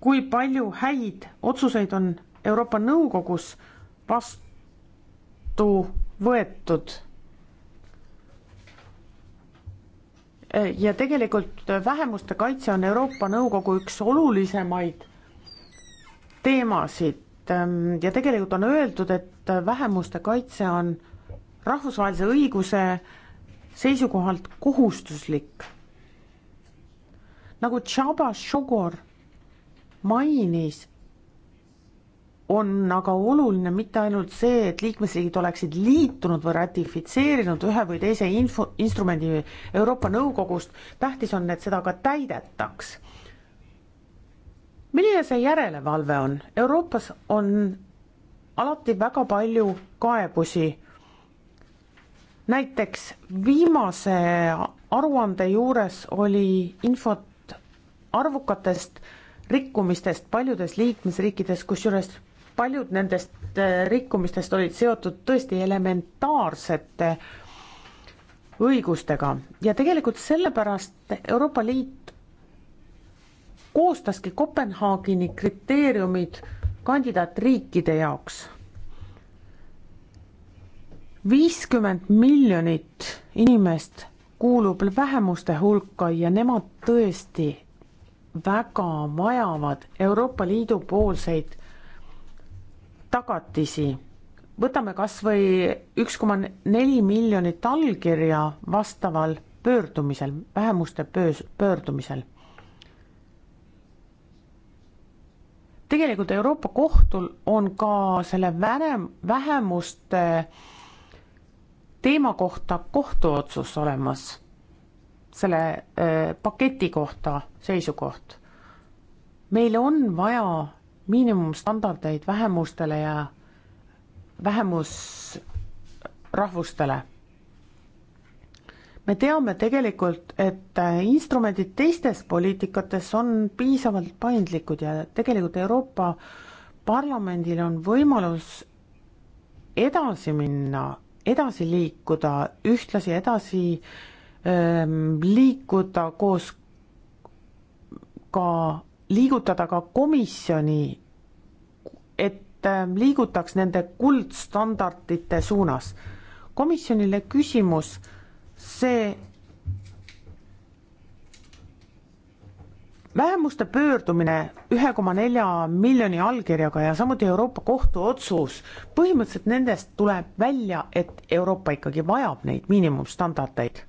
kui palju häid otsuseid on Euroopa Nõukogus vastu võetud. ja tegelikult vähemuste kaitse on Euroopa Nõukogu üks olulisemaid teemasid Ähm, ja tegelikult on öeldud, et vähemuste kaitse on rahvusvahelise õiguse seisukohalt kohustuslik. nagu Tšaba Šogor mainis, on aga oluline mitte ainult see, et liikmesriigid oleksid liitunud või ratifitseerinud ühe või teise info, instrumendi Euroopa Nõukogust, tähtis on, et seda ka täidetaks milline see järelevalve on? Euroopas on alati väga palju kaebusi. näiteks viimase aruande juures oli infot arvukatest rikkumistest paljudes liikmesriikides, kusjuures paljud nendest äh, rikkumistest olid seotud tõesti elementaarsete õigustega ja tegelikult sellepärast Euroopa Liit koostaski Kopenhaageni kriteeriumid kandidaatriikide jaoks. viiskümmend miljonit inimest kuulub vähemuste hulka ja nemad tõesti väga vajavad Euroopa Liidu poolseid tagatisi. võtame kas või üks koma neli miljonit allkirja vastaval pöördumisel, vähemuste pöös, pöördumisel tegelikult Euroopa Kohtul on ka selle vähem, vähemuste teema kohta kohtuotsus olemas, selle öö, äh, paketi kohta seisukoht. meil on vaja miinimumstandardeid vähemustele ja vähemusrahvustele me teame tegelikult, et äh, instrumendid teistes poliitikates on piisavalt paindlikud ja tegelikult Euroopa Parlamendil on võimalus edasi minna, edasi liikuda, ühtlasi edasi öö, ähm, liikuda koos ka, liigutada ka komisjoni, et äh, liigutaks nende kuldstandardite suunas. komisjonile küsimus see vähemuste pöördumine ühe koma nelja miljoni allkirjaga ja samuti Euroopa Kohtu otsus, põhimõtteliselt nendest tuleb välja, et Euroopa ikkagi vajab neid miinimumstandardeid.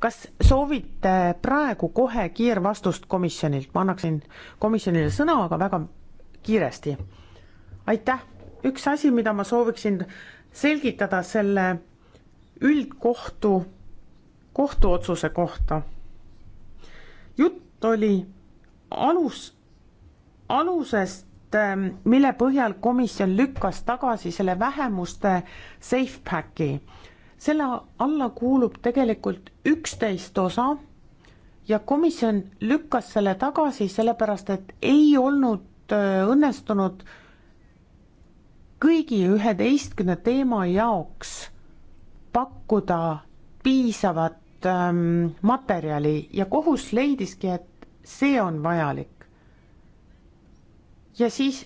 kas soovite praegu kohe kiirvastust komisjonilt, ma annaksin komisjonile sõna, aga väga kiiresti. aitäh, üks asi, mida ma sooviksin selgitada selle üldkohtu kohtuotsuse kohta. jutt oli alus, alusest, ähm, mille põhjal komisjon lükkas tagasi selle vähemuste safe pack'i. selle alla kuulub tegelikult üksteist osa ja komisjon lükkas selle tagasi sellepärast, et ei olnud äh, õnnestunud kõigi üheteistkümne teema jaoks pakkuda piisavat ähm, materjali ja kohus leidiski, et see on vajalik. ja siis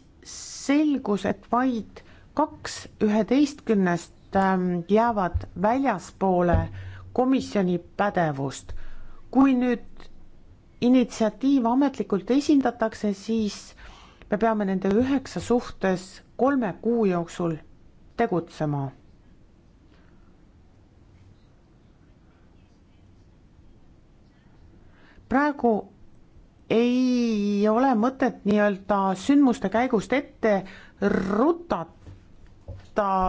selgus, et vaid kaks üheteistkümnest ähm, jäävad väljaspoole komisjoni pädevust. kui nüüd initsiatiiv ametlikult esindatakse, siis me peame nende üheksa suhtes kolme kuu jooksul tegutsema praegu ei ole mõtet nii-öelda sündmuste käigust ette rutata,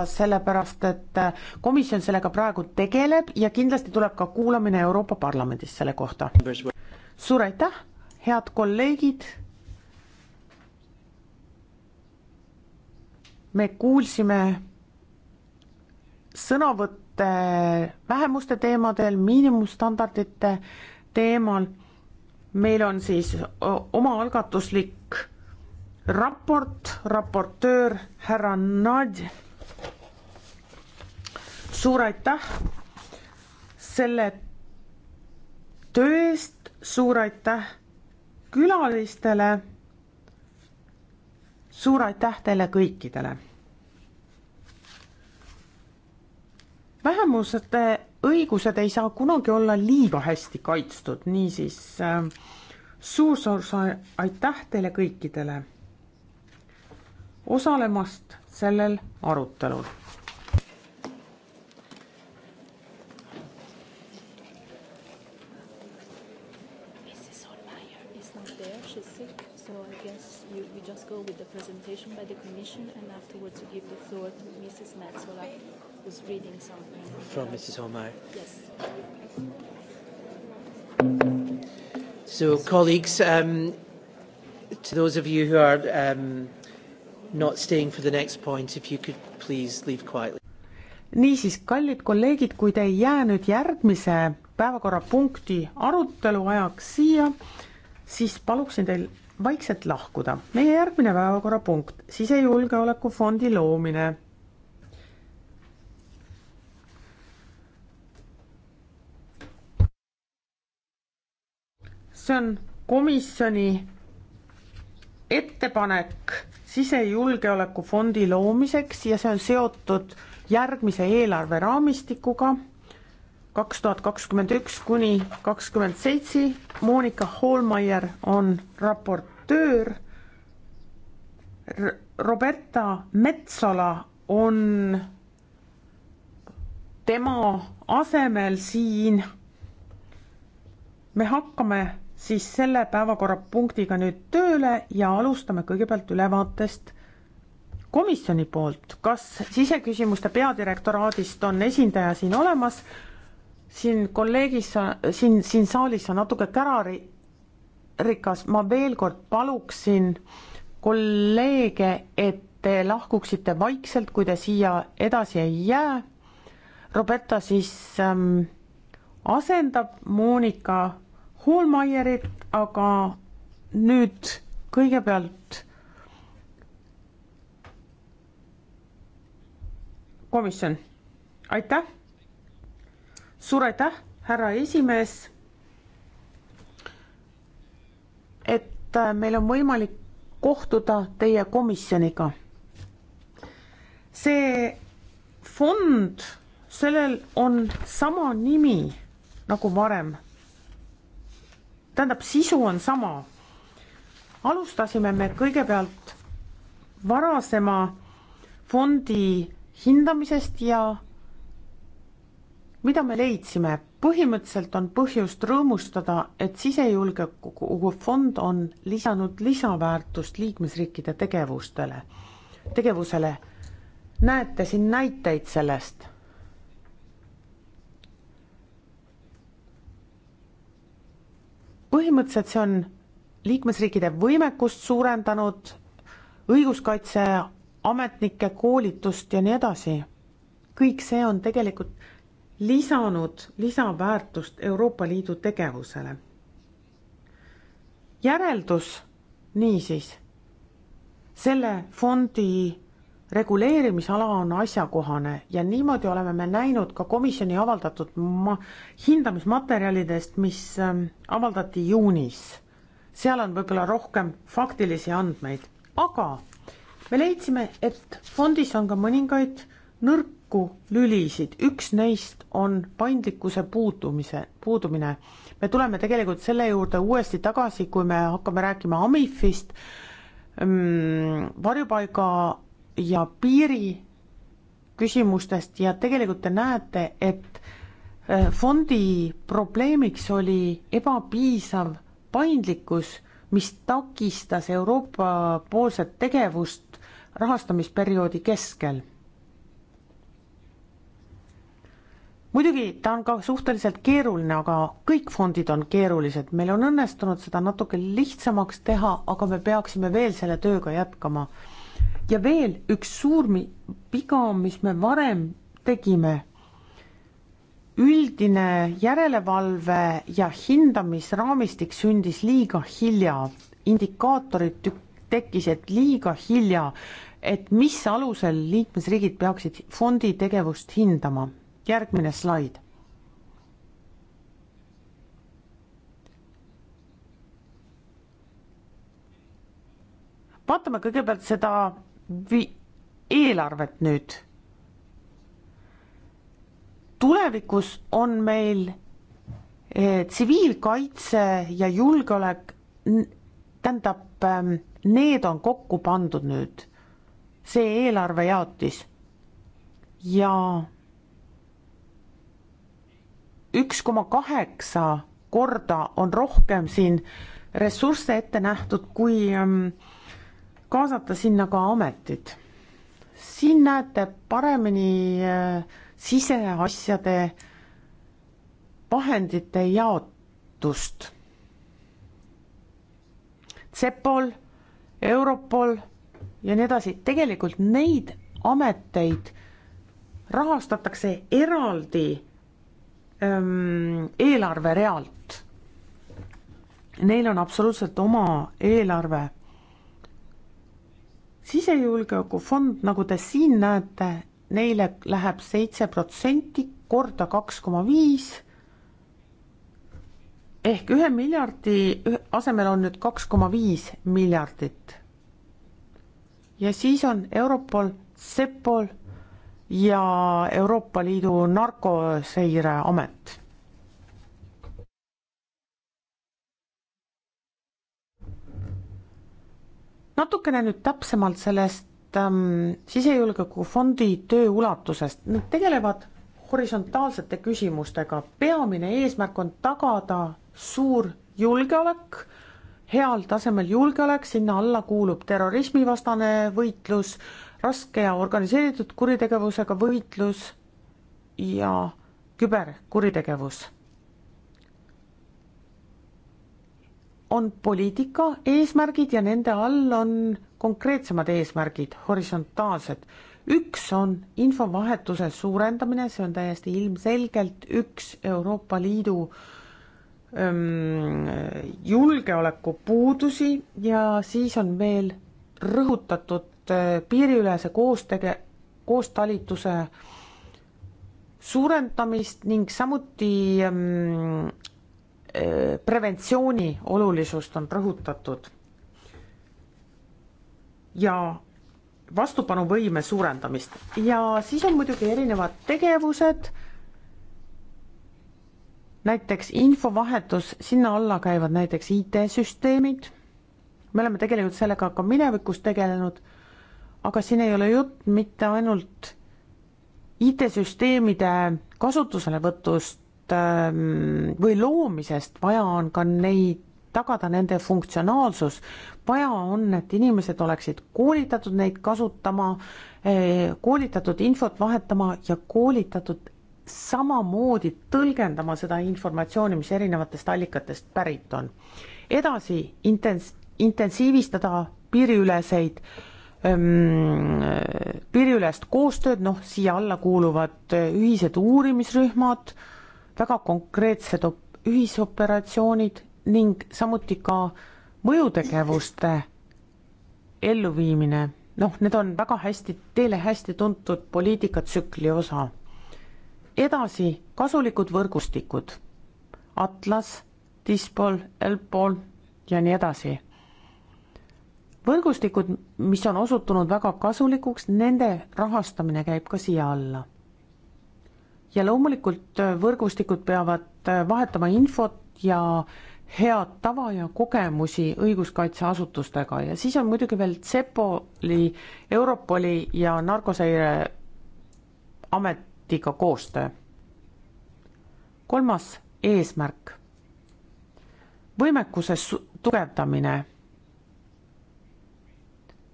sellepärast et komisjon sellega praegu tegeleb ja kindlasti tuleb ka kuulamine Euroopa Parlamendis selle kohta. suur aitäh, head kolleegid. me kuulsime sõnavõtte vähemuste teemadel, miinimumstandardite teemal meil on siis omaalgatuslik raport, raportöör härra Nad. suur aitäh selle töö eest, suur aitäh külalistele. suur aitäh teile kõikidele. vähemuste õigused ei saa kunagi olla liiga hästi kaitstud, niisiis suur-suur ähm, aitäh teile kõikidele osalemast sellel arutelul. go with the presentation by the Commission and afterwards to give the floor to Mrs. Metzola was reading something. From Mrs. Holmeyer. Yes. So, colleagues, um, to those of you who are um, not staying for the next point, if you could please leave quietly. niisiis, kallid kolleegid, kui te ei jää nüüd järgmise päevakorrapunkti arutelu ajaks siia, siis paluksin teil vaikselt lahkuda. meie järgmine päevakorrapunkt, sisejulgeolekufondi loomine see on komisjoni ettepanek sisejulgeolekufondi loomiseks ja see on seotud järgmise eelarveraamistikuga kaks tuhat kakskümmend üks kuni kakskümmend seitse. Monika Hoolmeier on raportöör. Roberta Metsola on tema asemel siin. me hakkame siis selle päevakorrapunktiga nüüd tööle ja alustame kõigepealt ülevaatest komisjoni poolt. kas siseküsimuste peadirektoraadist on esindaja siin olemas? siin kolleegis, siin, siin saalis on natuke kärarikas, ma veel kord paluksin kolleege, et te lahkuksite vaikselt, kui te siia edasi ei jää. Roberta siis ähm, asendab Monika Hoolmeierit, aga nüüd kõigepealt komisjon, aitäh. suur aitäh, härra esimees. et äh, meil on võimalik kohtuda teie komisjoniga. see fond, sellel on sama nimi nagu varem tähendab, sisu on sama. alustasime me kõigepealt varasema fondi hindamisest ja mida me leidsime? põhimõtteliselt on põhjust rõõmustada, et sisejulgeolekufond on lisanud lisaväärtust liikmesriikide tegevustele, tegevusele. näete siin näiteid sellest põhimõtteliselt see on liikmesriikide võimekust suurendanud, õiguskaitseametnike koolitust ja nii edasi. kõik see on tegelikult lisanud lisaväärtust Euroopa Liidu tegevusele. järeldus niisiis, selle fondi reguleerimisala on asjakohane ja niimoodi oleme me näinud ka komisjoni avaldatud ma-, hindamismaterjalidest, mis ähm, avaldati juunis. seal on võib-olla rohkem faktilisi andmeid, aga me leidsime, et fondis on ka mõningaid nõrku lülisid, üks neist on paindlikkuse puudumise, puudumine. me tuleme tegelikult selle juurde uuesti tagasi, kui me hakkame rääkima Amifist, mm, varjupaiga ja piiri küsimustest ja tegelikult te näete, et äh, fondi probleemiks oli ebapiisav paindlikkus, mis takistas Euroopa poolset tegevust rahastamisperioodi keskel. muidugi ta on ka suhteliselt keeruline, aga kõik fondid on keerulised, meil on õnnestunud seda natuke lihtsamaks teha, aga me peaksime veel selle tööga jätkama ja veel üks suur viga, mis me varem tegime. üldine järelevalve ja hindamisraamistik sündis liiga hilja, indikaatorid tekkisid liiga hilja, et mis alusel liikmesriigid peaksid fondi tegevust hindama. järgmine slaid vaatame kõigepealt seda vi-, eelarvet nüüd. tulevikus on meil eh, tsiviilkaitse ja julgeolek, tähendab, ähm, need on kokku pandud nüüd, see eelarve jaotis ja üks koma kaheksa korda on rohkem siin ressursse ette nähtud, kui ähm, kaasata sinna ka ametid. siin näete paremini äh, siseasjade vahendite jaotust. CEPOL, Europol ja nii edasi, tegelikult neid ameteid rahastatakse eraldi ähm, eelarverealt. Neil on absoluutselt oma eelarve sisejulgeolekufond, nagu te siin näete, neile läheb seitse protsenti korda kaks koma viis ehk ühe miljardi asemel on nüüd kaks koma viis miljardit. ja siis on Europol, Sepol ja Euroopa Liidu narkoseireamet natukene nüüd täpsemalt sellest ähm, sisejulgeolekufondi töö ulatusest, nad tegelevad horisontaalsete küsimustega, peamine eesmärk on tagada suur julgeolek, heal tasemel julgeolek, sinna alla kuulub terrorismivastane võitlus, raske ja organiseeritud kuritegevusega võitlus ja küberkuritegevus on poliitika eesmärgid ja nende all on konkreetsemad eesmärgid, horisontaalsed. üks on infovahetuse suurendamine, see on täiesti ilmselgelt üks Euroopa Liidu ähm, julgeoleku puudusi ja siis on veel rõhutatud äh, piiriülese koostege-, koostalituse suurendamist ning samuti ähm, Eh, preventsiooni olulisust on rõhutatud ja vastupanuvõime suurendamist ja siis on muidugi erinevad tegevused, näiteks infovahetus, sinna alla käivad näiteks IT-süsteemid, me oleme tegelikult sellega ka minevikus tegelenud, aga siin ei ole jutt mitte ainult IT-süsteemide kasutuselevõtust, Ähm, või loomisest, vaja on ka neid, tagada nende funktsionaalsus, vaja on, et inimesed oleksid koolitatud neid kasutama, eh, koolitatud infot vahetama ja koolitatud samamoodi tõlgendama seda informatsiooni, mis erinevatest allikatest pärit on. edasi intens-, intensiivistada piiriüleseid ähm, piiriülest koostööd, noh, siia alla kuuluvad äh, ühised uurimisrühmad, väga konkreetsed ühisoperatsioonid ning samuti ka mõjutegevuste elluviimine, noh, need on väga hästi, teile hästi tuntud poliitikatsükli osa. edasi, kasulikud võrgustikud, Atlas, Dispol, Elpol ja nii edasi. võrgustikud, mis on osutunud väga kasulikuks, nende rahastamine käib ka siia alla ja loomulikult äh, võrgustikud peavad äh, vahetama infot ja head tava ja kogemusi õiguskaitseasutustega ja siis on muidugi veel CEPOL-i, Europoli ja Narkoseire Ametiga koostöö. kolmas eesmärk, võimekuse tugevdamine.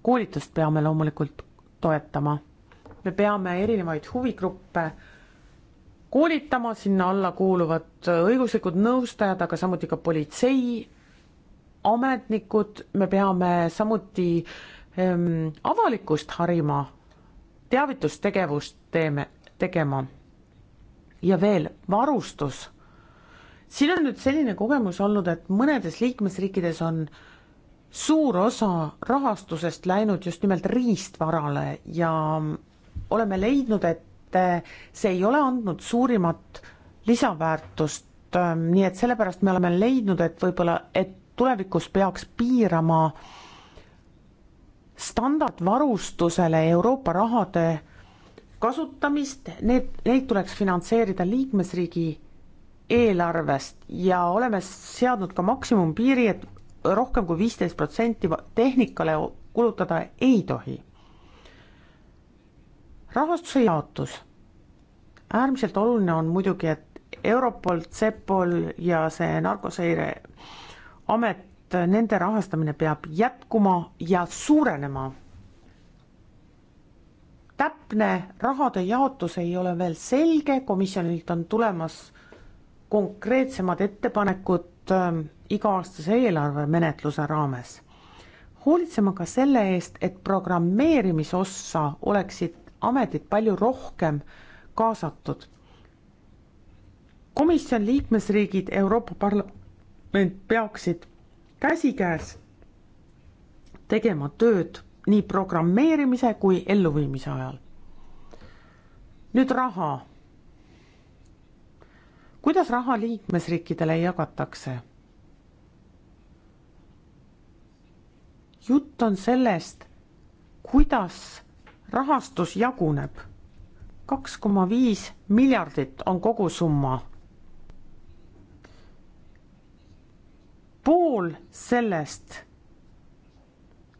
koolitust peame loomulikult toetama. me peame erinevaid huvigruppe koolitama, sinna alla kuuluvad õiguslikud nõustajad, aga samuti ka politsei, ametnikud, me peame samuti ähm, avalikkust harima, teavitustegevust teeme, tegema. ja veel varustus. siin on nüüd selline kogemus olnud, et mõnedes liikmesriikides on suur osa rahastusest läinud just nimelt riistvarale ja oleme leidnud, et et äh, see ei ole andnud suurimat lisaväärtust, ähm, nii et sellepärast me oleme leidnud, et võib-olla, et tulevikus peaks piirama standardvarustusele Euroopa rahade kasutamist, need, neid tuleks finantseerida liikmesriigi eelarvest ja oleme seadnud ka maksimumpiiri, et rohkem kui viisteist protsenti tehnikale kulutada ei tohi rahastuse jaotus. äärmiselt oluline on muidugi, et Europol, CEPOL ja see narkoseire amet, nende rahastamine peab jätkuma ja suurenema täpne rahade jaotus ei ole veel selge, komisjonilt on tulemas konkreetsemad ettepanekud äh, iga-aastase eelarvemenetluse raames. hoolitsema ka selle eest, et programmeerimisossa oleksid ametid palju rohkem kaasatud. komisjon, liikmesriigid, Euroopa Parlament peaksid käsikäes tegema tööd nii programmeerimise kui elluviimise ajal. nüüd raha. kuidas raha liikmesriikidele jagatakse? jutt on sellest, kuidas rahastus jaguneb. kaks koma viis miljardit on kogusumma. pool sellest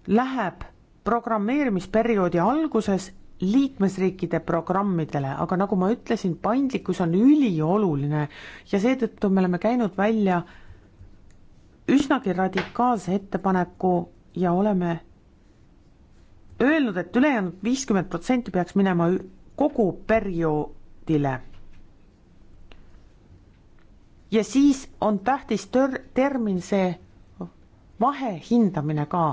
läheb programmeerimisperioodi alguses liikmesriikide programmidele, aga nagu ma ütlesin, paindlikkus on ülioluline ja seetõttu me oleme käinud välja üsnagi radikaalse ettepaneku ja oleme öelnud, et ülejäänud viiskümmend protsenti peaks minema kogu perioodile. ja siis on tähtis tör-, termin see vahe hindamine ka.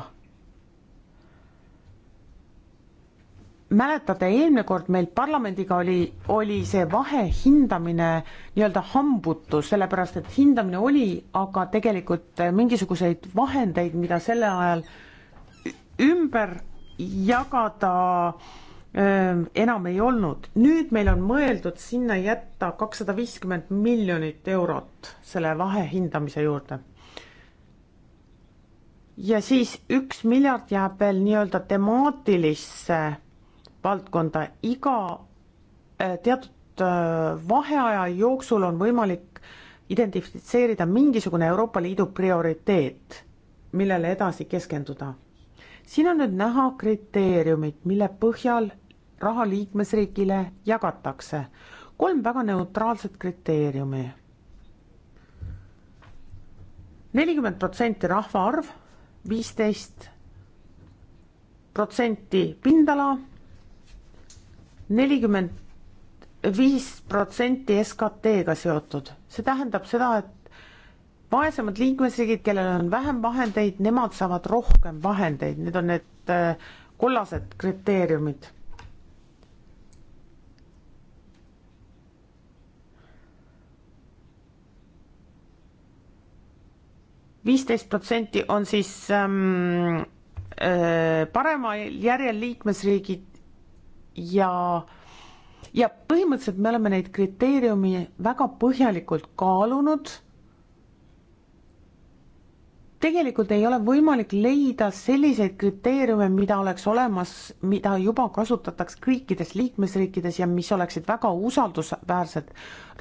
mäletate, eelmine kord meil parlamendiga oli, oli see vahe hindamine nii-öelda hambutu, sellepärast et hindamine oli, aga tegelikult mingisuguseid vahendeid, mida selle ajal ümber jagada ähm, enam ei olnud. nüüd meil on mõeldud sinna jätta kakssada viiskümmend miljonit eurot selle vahe hindamise juurde. ja siis üks miljard jääb veel nii-öelda temaatilisse valdkonda, iga äh, teatud äh, vaheaja jooksul on võimalik identifitseerida mingisugune Euroopa Liidu prioriteet, millele edasi keskenduda siin on nüüd näha kriteeriumid, mille põhjal raha liikmesriigile jagatakse. kolm väga neutraalset kriteeriumi. nelikümmend protsenti rahvaarv, viisteist protsenti pindala, nelikümmend viis protsenti SKT-ga seotud, see tähendab seda, et vaesemad liikmesriigid, kellel on vähem vahendeid, nemad saavad rohkem vahendeid, need on need äh, kollased kriteeriumid. viisteist protsenti on siis ähm, äh, paremal järjel liikmesriigid ja ja põhimõtteliselt me oleme neid kriteeriumi väga põhjalikult kaalunud tegelikult ei ole võimalik leida selliseid kriteeriume, mida oleks olemas, mida juba kasutatakse kõikides liikmesriikides ja mis oleksid väga usaldusväärsed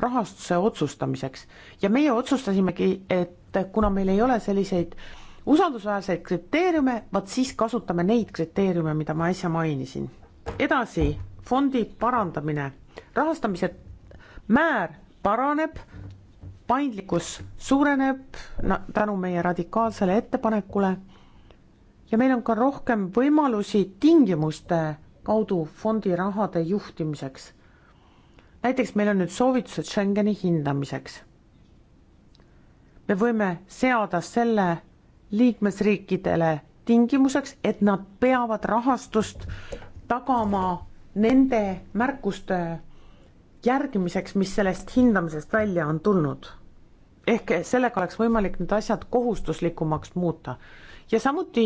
rahastuse otsustamiseks. ja meie otsustasimegi, et kuna meil ei ole selliseid usaldusväärseid kriteeriume, vaat siis kasutame neid kriteeriume, mida ma äsja mainisin. edasi, fondi parandamine, rahastamise määr paraneb paindlikkus suureneb tänu meie radikaalsele ettepanekule ja meil on ka rohkem võimalusi tingimuste kaudu fondi rahade juhtimiseks. näiteks meil on nüüd soovitused Schengeni hindamiseks. me võime seada selle liikmesriikidele tingimuseks, et nad peavad rahastust tagama nende märkuste järgimiseks, mis sellest hindamisest välja on tulnud ehk sellega oleks võimalik need asjad kohustuslikumaks muuta. ja samuti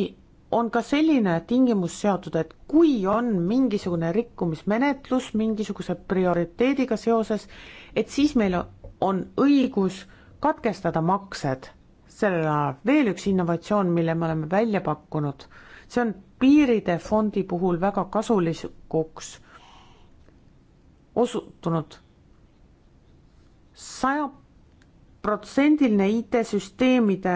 on ka selline tingimus seatud, et kui on mingisugune rikkumismenetlus mingisuguse prioriteediga seoses, et siis meil on õigus katkestada maksed sellel ajal. veel üks innovatsioon, mille me oleme välja pakkunud, see on piiride fondi puhul väga kasulikuks osutunud saja protsendiline IT-süsteemide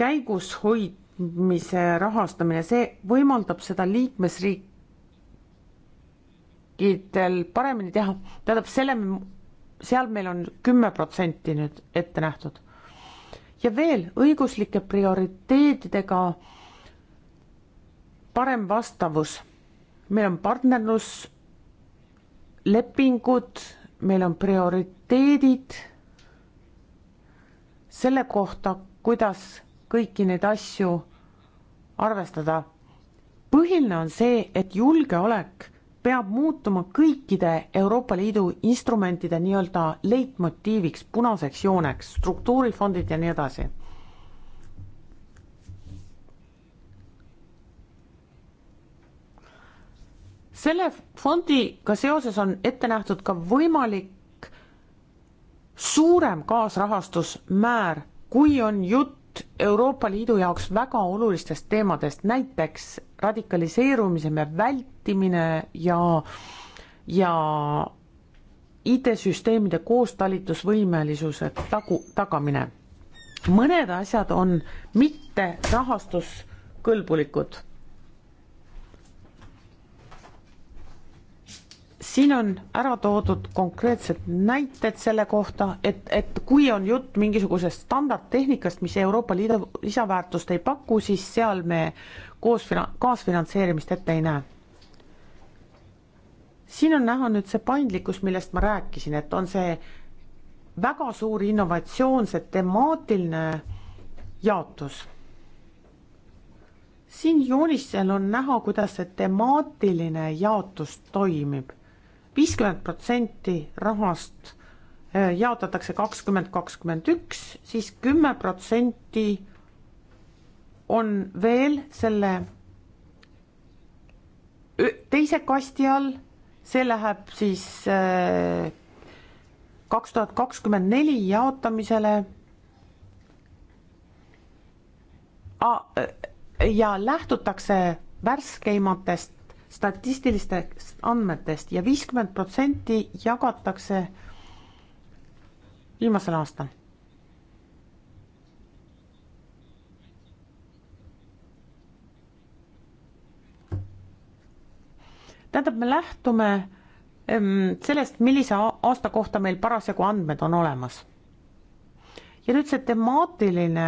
käigus hoidmise rahastamine, see võimaldab seda liikmesriikidel paremini teha, tähendab selle, seal meil on kümme protsenti nüüd ette nähtud. ja veel õiguslike prioriteetidega parem vastavus. meil on partnerluslepingud, meil on prioriteedid selle kohta, kuidas kõiki neid asju arvestada. põhiline on see, et julgeolek peab muutuma kõikide Euroopa Liidu instrumentide nii-öelda leitmotiiviks, punaseks jooneks, struktuurifondid ja nii edasi. selle fondiga seoses on ette nähtud ka võimalik suurem kaasrahastusmäär, kui on jutt Euroopa Liidu jaoks väga olulistest teemadest, näiteks radikaliseerumise vältimine ja, ja IT-süsteemide koostalitusvõimelisuse tagu, tagamine. mõned asjad on mitte rahastuskõlbulikud siin on ära toodud konkreetsed näited selle kohta, et, et kui on jutt mingisugusest standardtehnikast, mis Euroopa Liidu lisaväärtust ei paku, siis seal me koos fina-, kaasfinantseerimist ette ei näe. siin on näha nüüd see paindlikkus, millest ma rääkisin, et on see väga suur innovatsioon, see temaatiline jaotus. siin joonisel on näha, kuidas see temaatiline jaotus toimib viiskümmend protsenti rahast äh, jaotatakse kakskümmend, kakskümmend üks, siis kümme protsenti on veel selle teise kasti all, see läheb siis äh, kaks tuhat kakskümmend neli jaotamisele. Äh, ja lähtutakse värskeimatest statistilistest andmetest ja viiskümmend protsenti jagatakse viimasel aastal. tähendab, me lähtume sellest, millise aasta kohta meil parasjagu andmed on olemas. ja nüüd see temaatiline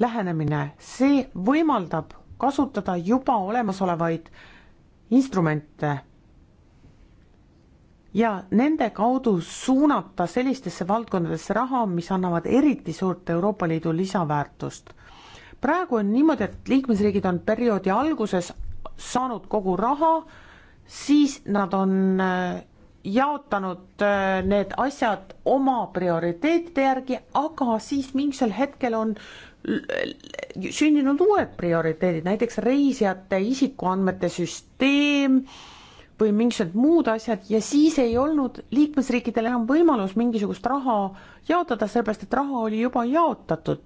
lähenemine, see võimaldab kasutada juba olemasolevaid instrumente ja nende kaudu suunata sellistesse valdkondadesse raha, mis annavad eriti suurt Euroopa Liidu lisaväärtust. praegu on niimoodi, et liikmesriigid on perioodi alguses saanud kogu raha, siis nad on äh, jaotanud äh, need asjad oma prioriteetide järgi, aga siis mingisugusel hetkel on sündinud uued prioriteedid, näiteks reisijate isikuandmete süsteem või mingisugused muud asjad ja siis ei olnud liikmesriikidel enam võimalus mingisugust raha jaotada, sellepärast et raha oli juba jaotatud.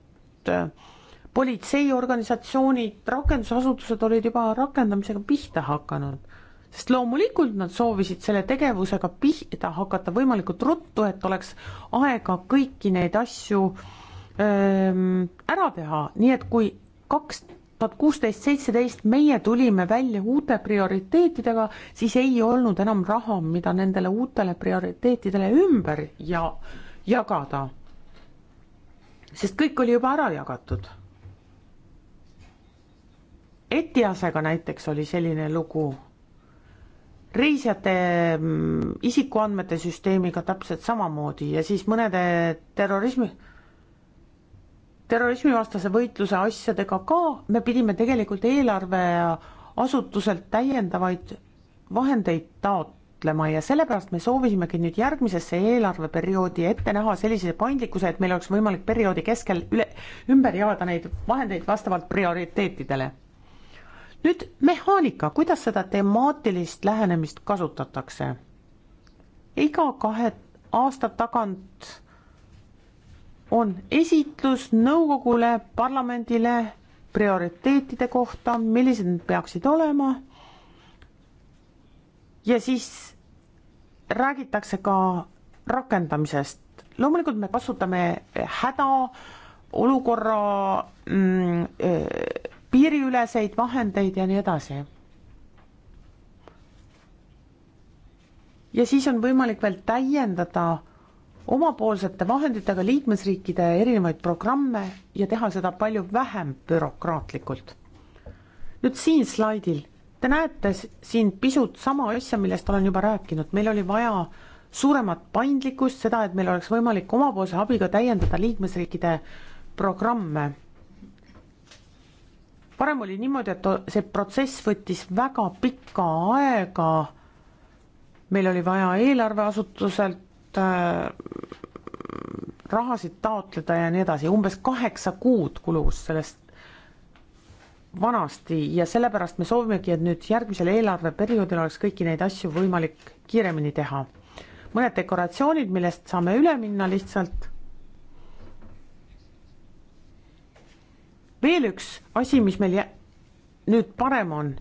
politseiorganisatsioonid, rakendusasutused olid juba rakendamisega pihta hakanud, sest loomulikult nad soovisid selle tegevusega pihta hakata võimalikult ruttu, et oleks aega kõiki neid asju äh, ära teha, nii et kui kaks tuhat kuusteist, seitseteist meie tulime välja uute prioriteetidega, siis ei olnud enam raha, mida nendele uutele prioriteetidele ümber ja jagada. sest kõik oli juba ära jagatud. Etiasega näiteks oli selline lugu. reisijate mm, isikuandmete süsteemiga täpselt samamoodi ja siis mõnede terrorismi terrorismivastase võitluse asjadega ka, me pidime tegelikult eelarveasutuselt täiendavaid vahendeid taotlema ja sellepärast me soovisimegi nüüd järgmisesse eelarveperioodi ette näha sellise paindlikkuse, et meil oleks võimalik perioodi keskel üle, ümber jagada neid vahendeid vastavalt prioriteetidele. nüüd mehaanika, kuidas seda temaatilist lähenemist kasutatakse? iga kahe aasta tagant on esitlus nõukogule, parlamendile prioriteetide kohta, millised need peaksid olema. ja siis räägitakse ka rakendamisest. loomulikult me kasutame hädaolukorra mm, eh, piiriüleseid vahendeid ja nii edasi. ja siis on võimalik veel täiendada omapoolsete vahenditega liikmesriikide erinevaid programme ja teha seda palju vähem bürokraatlikult. nüüd siin slaidil te näete siin pisut sama asja, millest olen juba rääkinud, meil oli vaja suuremat paindlikkust, seda, et meil oleks võimalik omapoolse abiga täiendada liikmesriikide programme. varem oli niimoodi, et see protsess võttis väga pikka aega meil oli vaja eelarveasutuselt Äh, rahasid taotleda ja nii edasi, umbes kaheksa kuud kulus sellest vanasti ja sellepärast me soovimegi, et nüüd järgmisel eelarveperioodil oleks kõiki neid asju võimalik kiiremini teha. mõned dekoratsioonid, millest saame üle minna lihtsalt. veel üks asi, mis meil nüüd parem on,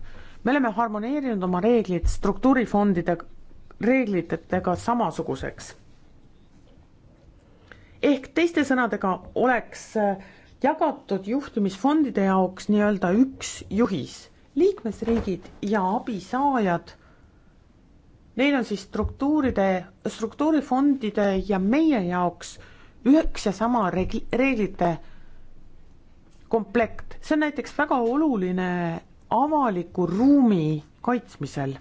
me oleme harmoneerinud oma reeglid struktuurifondide reeglitega samasuguseks ehk teiste sõnadega oleks äh, jagatud juhtimisfondide jaoks nii-öelda üks juhis. liikmesriigid ja abisaajad, neil on siis struktuuride, struktuurifondide ja meie jaoks üheks ja sama regi-, reeglite komplekt, see on näiteks väga oluline avaliku ruumi kaitsmisel.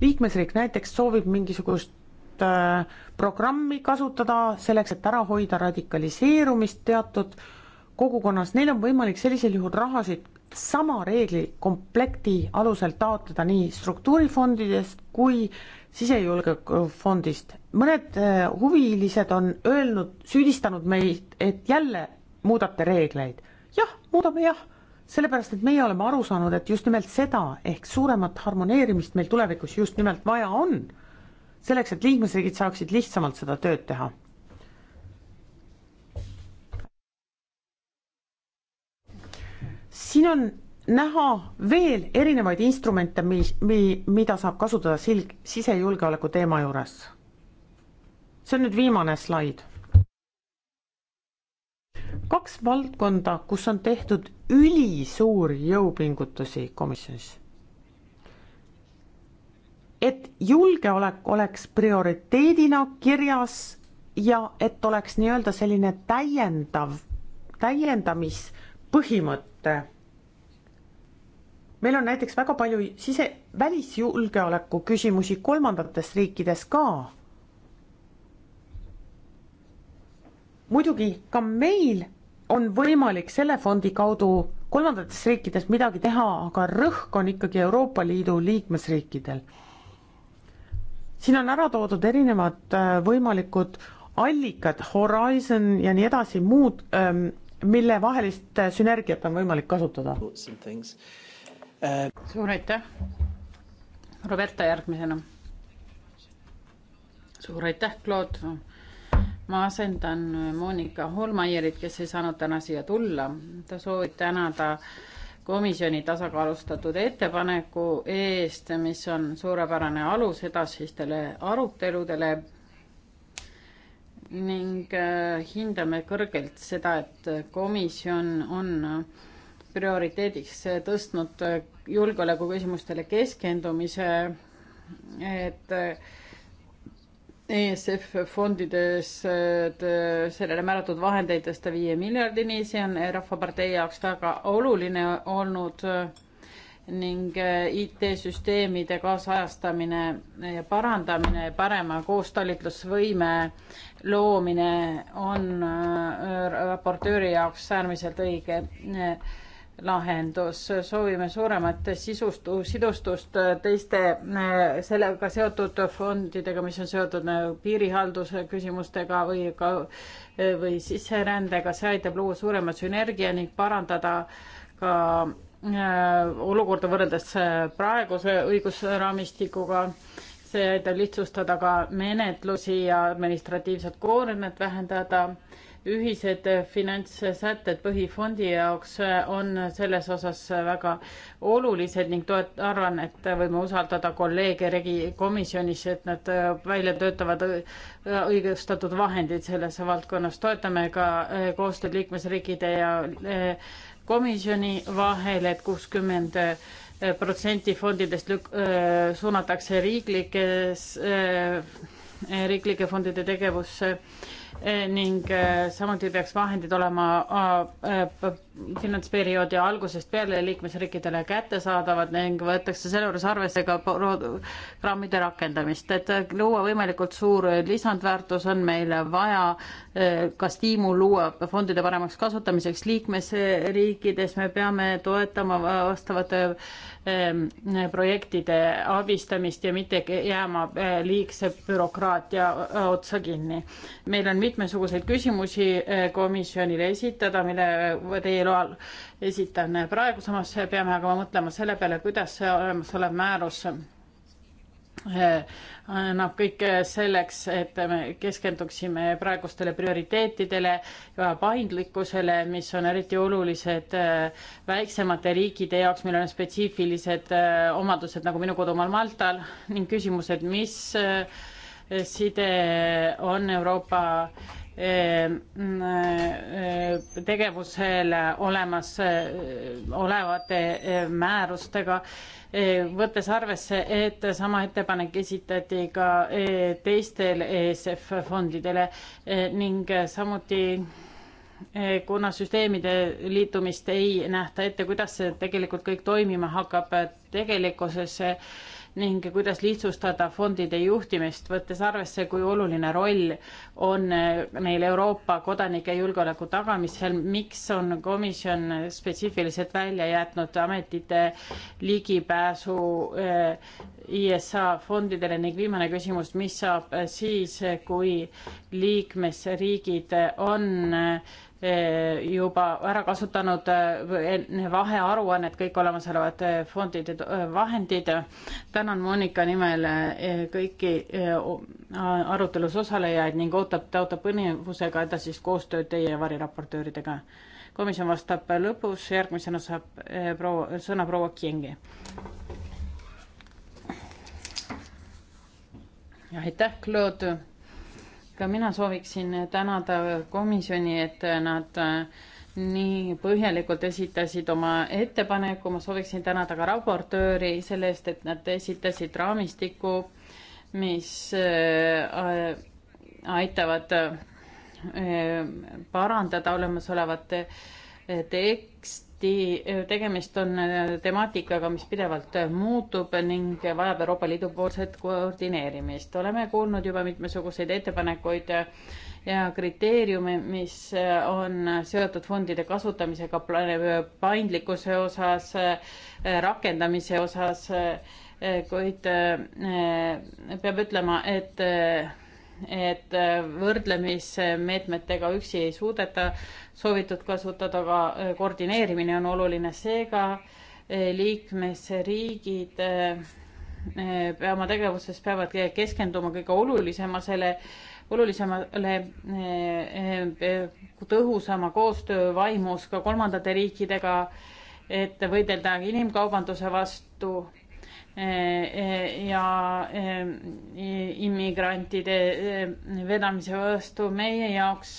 liikmesriik näiteks soovib mingisugust Äh, programmi kasutada selleks, et ära hoida radikaliseerumist teatud kogukonnas, neil on võimalik sellisel juhul rahasid sama reegli komplekti alusel taotleda nii struktuurifondidest kui sisejulgeolekufondist. mõned äh, huvilised on öelnud, süüdistanud meid, et jälle muudate reegleid. jah, muudame jah, sellepärast et meie oleme aru saanud, et just nimelt seda ehk suuremat harmoneerimist meil tulevikus just nimelt vaja on selleks, et liikmesriigid saaksid lihtsamalt seda tööd teha. siin on näha veel erinevaid instrumente, mis, mi-, mida saab kasutada sil-, sisejulgeoleku teema juures. see on nüüd viimane slaid. kaks valdkonda, kus on tehtud ülisuuri jõupingutusi komisjonis et julgeolek oleks prioriteedina kirjas ja et oleks nii-öelda selline täiendav, täiendamispõhimõte. meil on näiteks väga palju sise, välisjulgeoleku küsimusi kolmandates riikides ka. muidugi ka meil on võimalik selle fondi kaudu kolmandates riikides midagi teha, aga rõhk on ikkagi Euroopa Liidu liikmesriikidel siin on ära toodud erinevad äh, võimalikud allikad, Horizon ja nii edasi, muud, ähm, mille vahelist äh, sünergiat on võimalik kasutada. Äh, suur aitäh. Roberta järgmisena. suur aitäh, Claude. ma asendan Monika Holmaierit, kes ei saanud täna siia tulla. ta soovib tänada äh, komisjoni tasakaalustatud ettepaneku eest, mis on suurepärane alus edasistele aruteludele ning äh, hindame kõrgelt seda, et komisjon on prioriteediks tõstnud julgeolekuküsimustele keskendumise, et ESF fondides äh, sellele määratud vahendeid tõsta viie miljardini, see on Rahvapartei jaoks väga oluline olnud äh, ning äh, IT-süsteemide kaasajastamine ja parandamine, parema koostalitlusvõime loomine on raportööri jaoks äärmiselt õige lahendus, soovime suuremat sisustu-, sidustust teiste eh, sellega seotud fondidega, mis on seotud eh, piirihalduse küsimustega või ka, eh, või sisserändega, see aitab luua suurema sünergia ning parandada ka olukorda võrreldes praeguse õigusraamistikuga. see aitab lihtsustada ka menetlusi ja administratiivset koormat vähendada ühised finantssätted põhifondi jaoks äh, on selles osas väga olulised ning toet-, arvan, et võime usaldada kolleege regi-, komisjonis, et nad äh, välja töötavad äh, õigustatud vahendeid selles valdkonnas. toetame ka koostööd liikmesriikide ja komisjoni vahel, et kuuskümmend protsenti fondidest lük-, suunatakse riiklikes, riiklike fondide tegevusse Eh, ning eh, samuti peaks vahendid olema ah, eh, finantsperioodi algusest peale liikmesriikidele kättesaadavad ning võetakse selle juures arvesse ka programmide rakendamist, et luua võimalikult suur lisandväärtus, on meil vaja eh, ka stiimul luua fondide paremaks kasutamiseks liikmesriikides, me peame toetama vastavate eh, projektide abistamist ja mitte jääma eh, liigse bürokraatia otsa kinni. meil on mitmesuguseid küsimusi komisjonile esitada, mille teie teie loal esitan. praegu samas peame aga mõtlema selle peale, kuidas see olemasolev määrus eh, annab kõik selleks, et me keskenduksime praegustele prioriteetidele ja paindlikkusele, mis on eriti olulised eh, väiksemate riikide jaoks, millel on spetsiifilised eh, omadused nagu minu kodumaal Maltal ning küsimused, mis side on Euroopa Ehm, ehm, tegevusel olemas ehm, olevate määrustega, võttes arvesse, et sama ettepanek esitati ka teistel ESF fondidele ning samuti kuna süsteemide liitumist ei nähta ette, kuidas see tegelikult kõik toimima hakkab tegelikkuses ning kuidas lihtsustada fondide juhtimist, võttes arvesse, kui oluline roll on neil eh, Euroopa kodanike julgeoleku tagamisel, miks on komisjon spetsiifiliselt välja jätnud ametite ligipääsu eh, ISA fondidele ning viimane küsimus, mis saab eh, siis, kui liikmesriigid on juba ära kasutanud eh, vahearuannet, kõik olemasolevad eh, fondid ja eh, vahendid. tänan Monika nimel kõiki arutelus osalejaid ning ootab, ta ootab põnevusega edasist koostööd teie variraportööridega. komisjon vastab lõpus, järgmisena saab proua, sõna proua Kiengi. aitäh, Claude ka mina sooviksin tänada komisjoni, et nad äh, nii põhjalikult esitasid oma ettepaneku, ma sooviksin tänada ka raportööri selle eest, et nad esitasid raamistiku, mis äh, aitavad äh, parandada olemasolevat tekst, kindlasti eh, tegemist on eh, temaatikaga, mis pidevalt eh, muutub ning vajab Euroopa Liidu poolset koordineerimist. oleme kuulnud juba mitmesuguseid ettepanekuid ja kriteeriume, mis on seotud fondide kasutamisega paindlikkuse osas, rakendamise osas, kuid peab ütlema, et et võrdlemismeetmetega üksi ei suudeta soovitud kasutada, aga äh, koordineerimine on oluline, seega äh, liikmesriigid äh, oma tegevuses peavad keskenduma kõige olulisemasele, olulisemale tõhusama koostöö vaimus ka kolmandate riikidega, et võidelda inimkaubanduse vastu Eh, eh, ja eh, immigrantide vedamise vastu. meie jaoks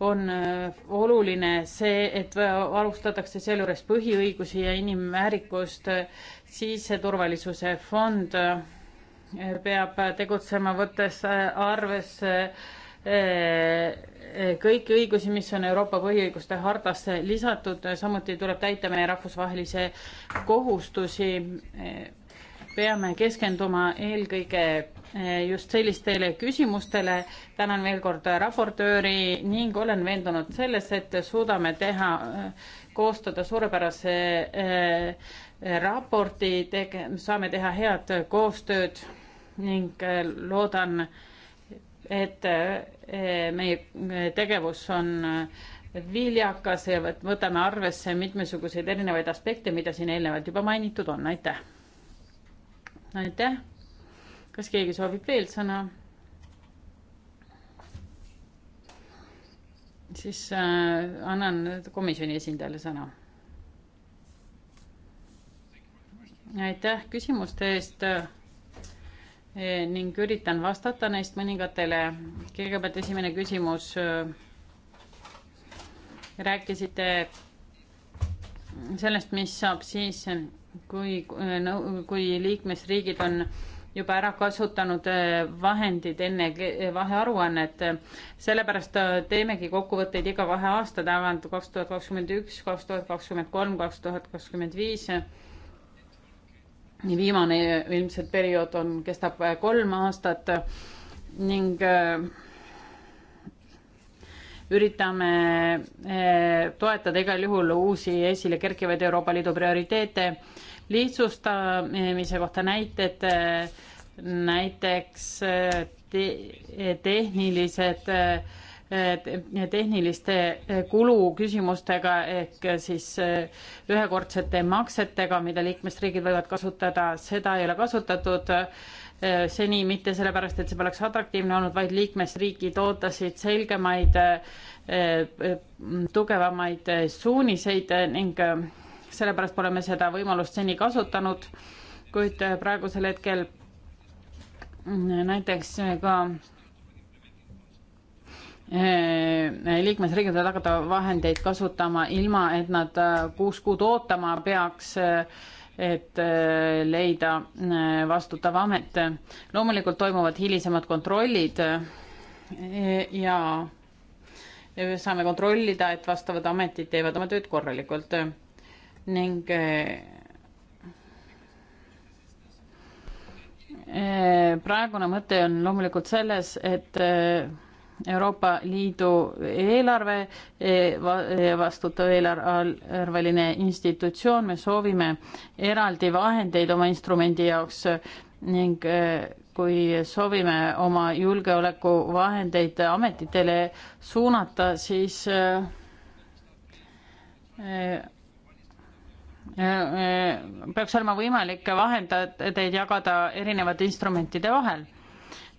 on oluline see, et alustatakse sealjuures põhiõigusi ja inimväärikust. siseturvalisuse fond peab tegutsema, võttes arvesse kõiki õigusi, mis on Euroopa põhiõiguste hartasse lisatud, samuti tuleb täita meie rahvusvahelisi kohustusi peame keskenduma eelkõige eh, just sellistele küsimustele. tänan veel kord raportööri ning olen veendunud selles, et suudame teha, eh, koostada suurepärase eh, raporti, saame teha head koostööd ning loodan, et meie tegevus on viljakas ja võtame arvesse mitmesuguseid erinevaid aspekte, mida siin eelnevalt juba mainitud on, aitäh! aitäh. kas keegi soovib veel sõna? siis äh, annan komisjoni esindajale sõna. aitäh küsimuste eest äh, ning üritan vastata neist mõningatele. kõigepealt esimene küsimus äh,. rääkisite sellest, mis saab siis kui, äh, kui liikmesriigid on juba ära kasutanud äh, vahendid enne vahearuannet. sellepärast äh, teemegi kokkuvõtteid iga kahe aasta tagant, kaks tuhat kakskümmend üks, kaks tuhat kakskümmend kolm, kaks tuhat kakskümmend viis. viimane ilmselt periood on, kestab kolm aastat ning äh, üritame eh, toetada igal juhul uusi esile kerkivaid Euroopa Liidu prioriteete, lihtsustamise kohta näited, eh, näiteks eh, te, tehnilised, tehniliste kuluküsimustega ehk siis ühekordsete maksetega, mida liikmesriigid võivad kasutada, seda ei ole kasutatud Äh, seni mitte sellepärast, et see poleks atraktiivne olnud, vaid liikmesriigid ootasid selgemaid, äh, äh, tugevamaid suuniseid ning sellepärast pole me seda võimalust seni kasutanud. kuid praegusel hetkel mm, näiteks ka liikmesriigid võivad hakata vahendeid kasutama ilma, et nad kuus kuud ootama peaks et äh, leida äh, vastutav amet. loomulikult toimuvad hilisemad kontrollid äh, ja saame kontrollida, et vastavad ametid teevad oma tööd korralikult ning praegune mõte on loomulikult selles, et Euroopa Liidu eelarve, e, e, vastutav eelarveline institutsioon, me soovime eraldi vahendeid oma instrumendi jaoks ning e, kui soovime oma julgeolekuvahendeid ametitele suunata, siis peaks olema võimalik vahendeid jagada erinevate instrumentide vahel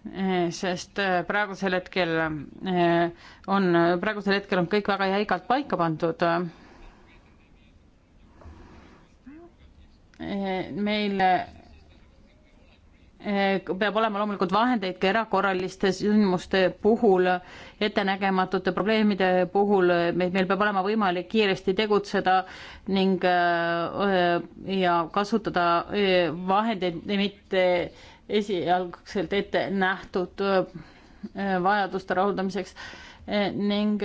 Eh, sest eh, praegusel hetkel eh, on, praegusel hetkel on kõik väga jäigalt paika pandud. meil peab olema loomulikult vahendeid ka erakorraliste sündmuste puhul, ettenägematute probleemide puhul, meil peab olema võimalik kiiresti tegutseda ning ja kasutada vahendeid mitte esialgselt ette nähtud äh, äh, vajaduste rahuldamiseks äh, ning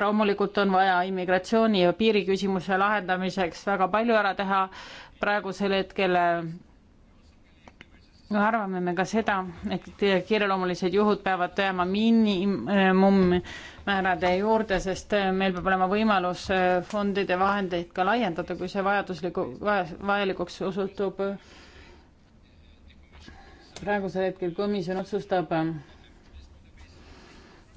loomulikult on vaja immigratsiooni ja piiriküsimuse lahendamiseks väga palju ära teha. praegusel hetkel no arvame me ka seda, et kiireloomulised juhud peavad jääma miinimummäärade juurde, sest meil peab olema võimalus fondide vahendeid ka laiendada, kui see vajadusliku, vajalikuks osutub äh, praegusel hetkel komisjon otsustab,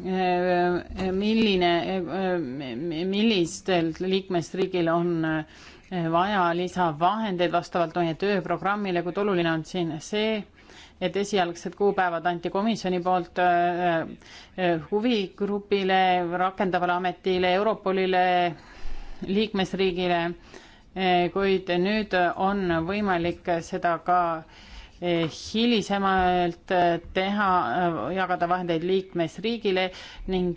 äh, milline, äh, millistel liikmesriigil on äh, vaja lisavahendeid vastavalt meie tööprogrammile, kuid oluline on siin see, et esialgsed kuupäevad anti komisjoni poolt huvigrupile, rakendavale ametile, Europolile, liikmesriigile, kuid nüüd on võimalik seda ka äh, Eh, hilisemalt eh, teha, eh, jagada vahendeid liikmesriigile ning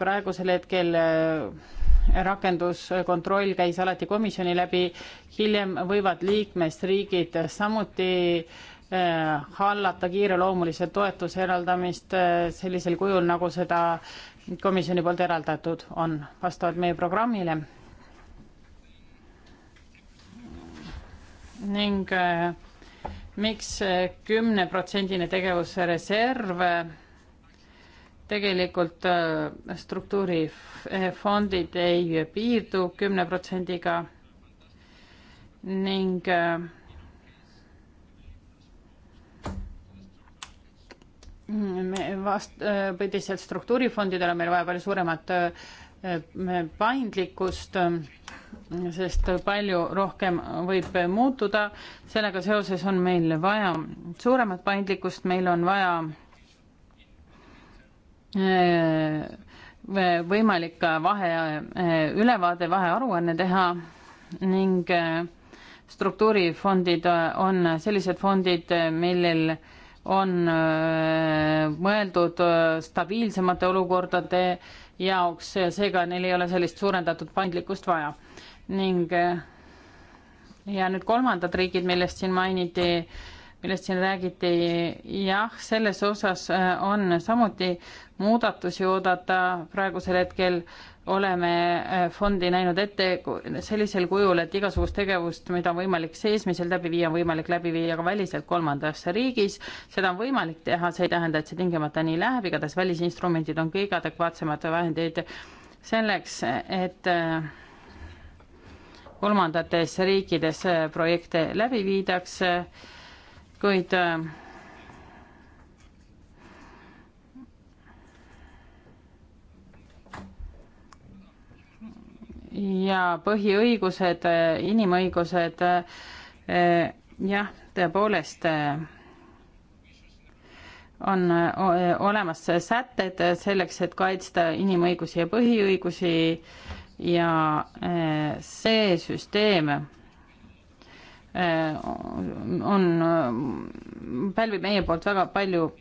praegusel hetkel rakenduskontroll käis alati komisjoni läbi, hiljem võivad liikmesriigid samuti hallata kiireloomulise toetuse eraldamist sellisel kujul, nagu seda komisjoni poolt eraldatud on vastavalt meie programmile. ning äh, miks kümneprotsendine tegevusreserv tegelikult äh, struktuurifondid ei piirdu kümne protsendiga ning äh, me vast-, põhiliselt äh, struktuurifondidel on meil vaja palju suuremat paindlikkust sest palju rohkem võib muutuda. sellega seoses on meil vaja suuremat paindlikkust, meil on vaja eh, võimalik vahe, eh, ülevaade, vahearuanne teha ning eh, struktuurifondid on sellised fondid, millel on mõeldud stabiilsemate olukordade jaoks ja seega neil ei ole sellist suurendatud paindlikkust vaja ning eh, ja nüüd kolmandad riigid, millest siin mainiti, millest siin räägiti, jah, selles osas eh, on samuti muudatusi oodata, praegusel hetkel oleme eh, fondi näinud ette sellisel kujul, et igasugust tegevust, mida on võimalik seesmiselt läbi viia, on võimalik läbi viia ka väliselt kolmandas riigis, seda on võimalik teha, see ei tähenda, et see tingimata nii läheb, igatahes välisinstrumendid on kõige adekvaatsemad vahendid selleks, et äh, kolmandates riikides projekte läbi viidakse, kuid äh, ja põhiõigused, inimõigused, äh, jah, tõepoolest äh, on olemas sätted selleks, et kaitsta inimõigusi ja põhiõigusi ja eh, see süsteem eh, on, pälvib meie poolt väga palju eh,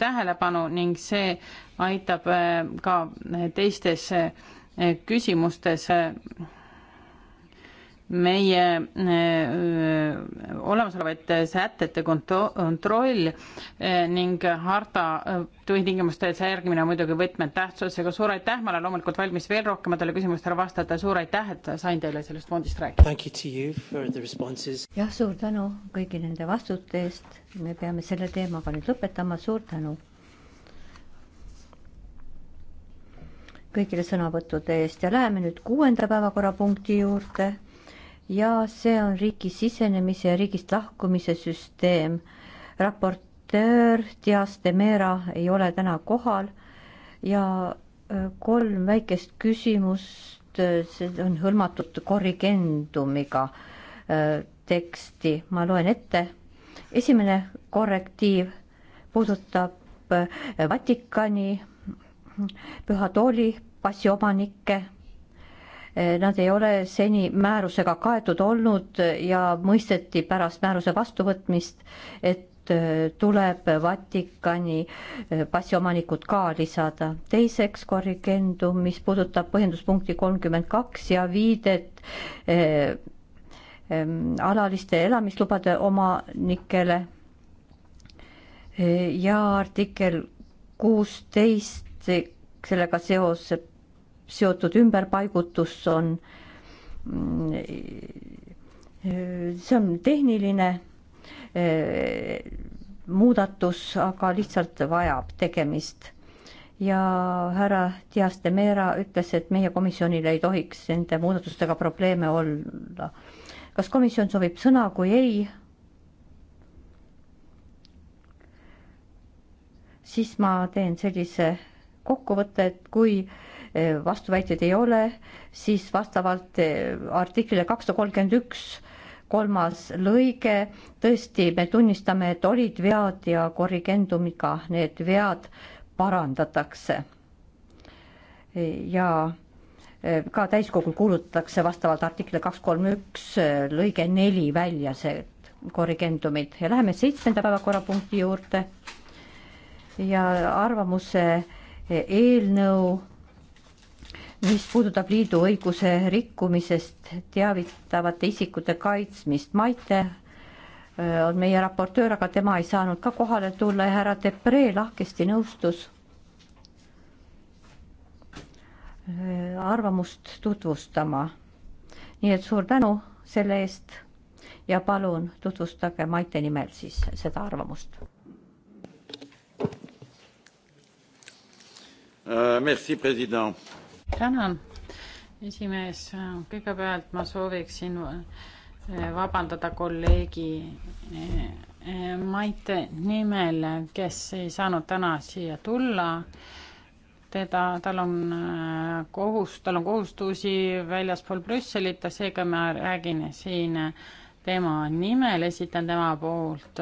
tähelepanu ning see aitab ka teistes küsimustes meie äh, olemasolevaid sätete konto-, kontroll äh, ning harta põhitingimuste äh, järgimine on muidugi võtmetähtsusega. suur aitäh, ma olen loomulikult valmis veel rohkematele küsimustele vastata, suur aitäh, et sain teile sellest fondist rääkida. jah, suur tänu kõigi nende vastute eest, me peame selle teemaga nüüd lõpetama, suur tänu. kõigile sõnavõttude eest ja läheme nüüd kuuenda päevakorrapunkti juurde ja see on riigi sisenemise ja riigist lahkumise süsteem. raportöör Dias de Mera ei ole täna kohal ja äh, kolm väikest küsimust, äh, see on hõlmatud korrigendumiga äh, teksti, ma loen ette. esimene korrektiiv puudutab Vatikani püha tooli passi omanikke Eh, nad ei ole seni määrusega kaetud olnud ja mõisteti pärast määruse vastuvõtmist, et eh, tuleb Vatikani eh, passiomanikud ka lisada. teiseks korrigendum, mis puudutab põhjenduspunkti kolmkümmend kaks ja viidet eh, eh, alaliste elamislubade omanikele eh, ja artikkel kuusteist sellega seoses seotud ümberpaigutus on, see on tehniline eh, muudatus, aga lihtsalt vajab tegemist. ja härra Dias de Mera ütles, et meie komisjonil ei tohiks nende muudatustega probleeme olla. kas komisjon soovib sõna, kui ei, siis ma teen sellise kokkuvõtte, et kui äh, Äh, vastuväiteid ei ole, siis vastavalt äh, artiklile kakssada kolmkümmend üks kolmas lõige, tõesti, me tunnistame, et olid vead ja korrigendumiga need vead parandatakse. ja äh, ka täiskogul kuulutatakse vastavalt artiklile kaks kolm üks lõige neli välja see korrigendumid ja läheme seitsmenda päevakorrapunkti juurde. ja arvamuse eelnõu mis puudutab liidu õiguse rikkumisest teavitavate isikute kaitsmist. Maite äh, on meie raportöör, aga tema ei saanud ka kohale tulla ja härra Depree lahkesti nõustus äh, arvamust tutvustama. nii et suur tänu selle eest ja palun tutvustage Maite nimel siis seda arvamust. Euh, merci, president tänan, esimees. kõigepealt ma sooviksin eh, vabandada kolleegi eh, Maite nimel, kes ei saanud täna siia tulla. teda, tal on eh, kohus, tal on kohustusi väljaspool Brüsselit ja seega ma räägin siin tema nimel, esitan tema poolt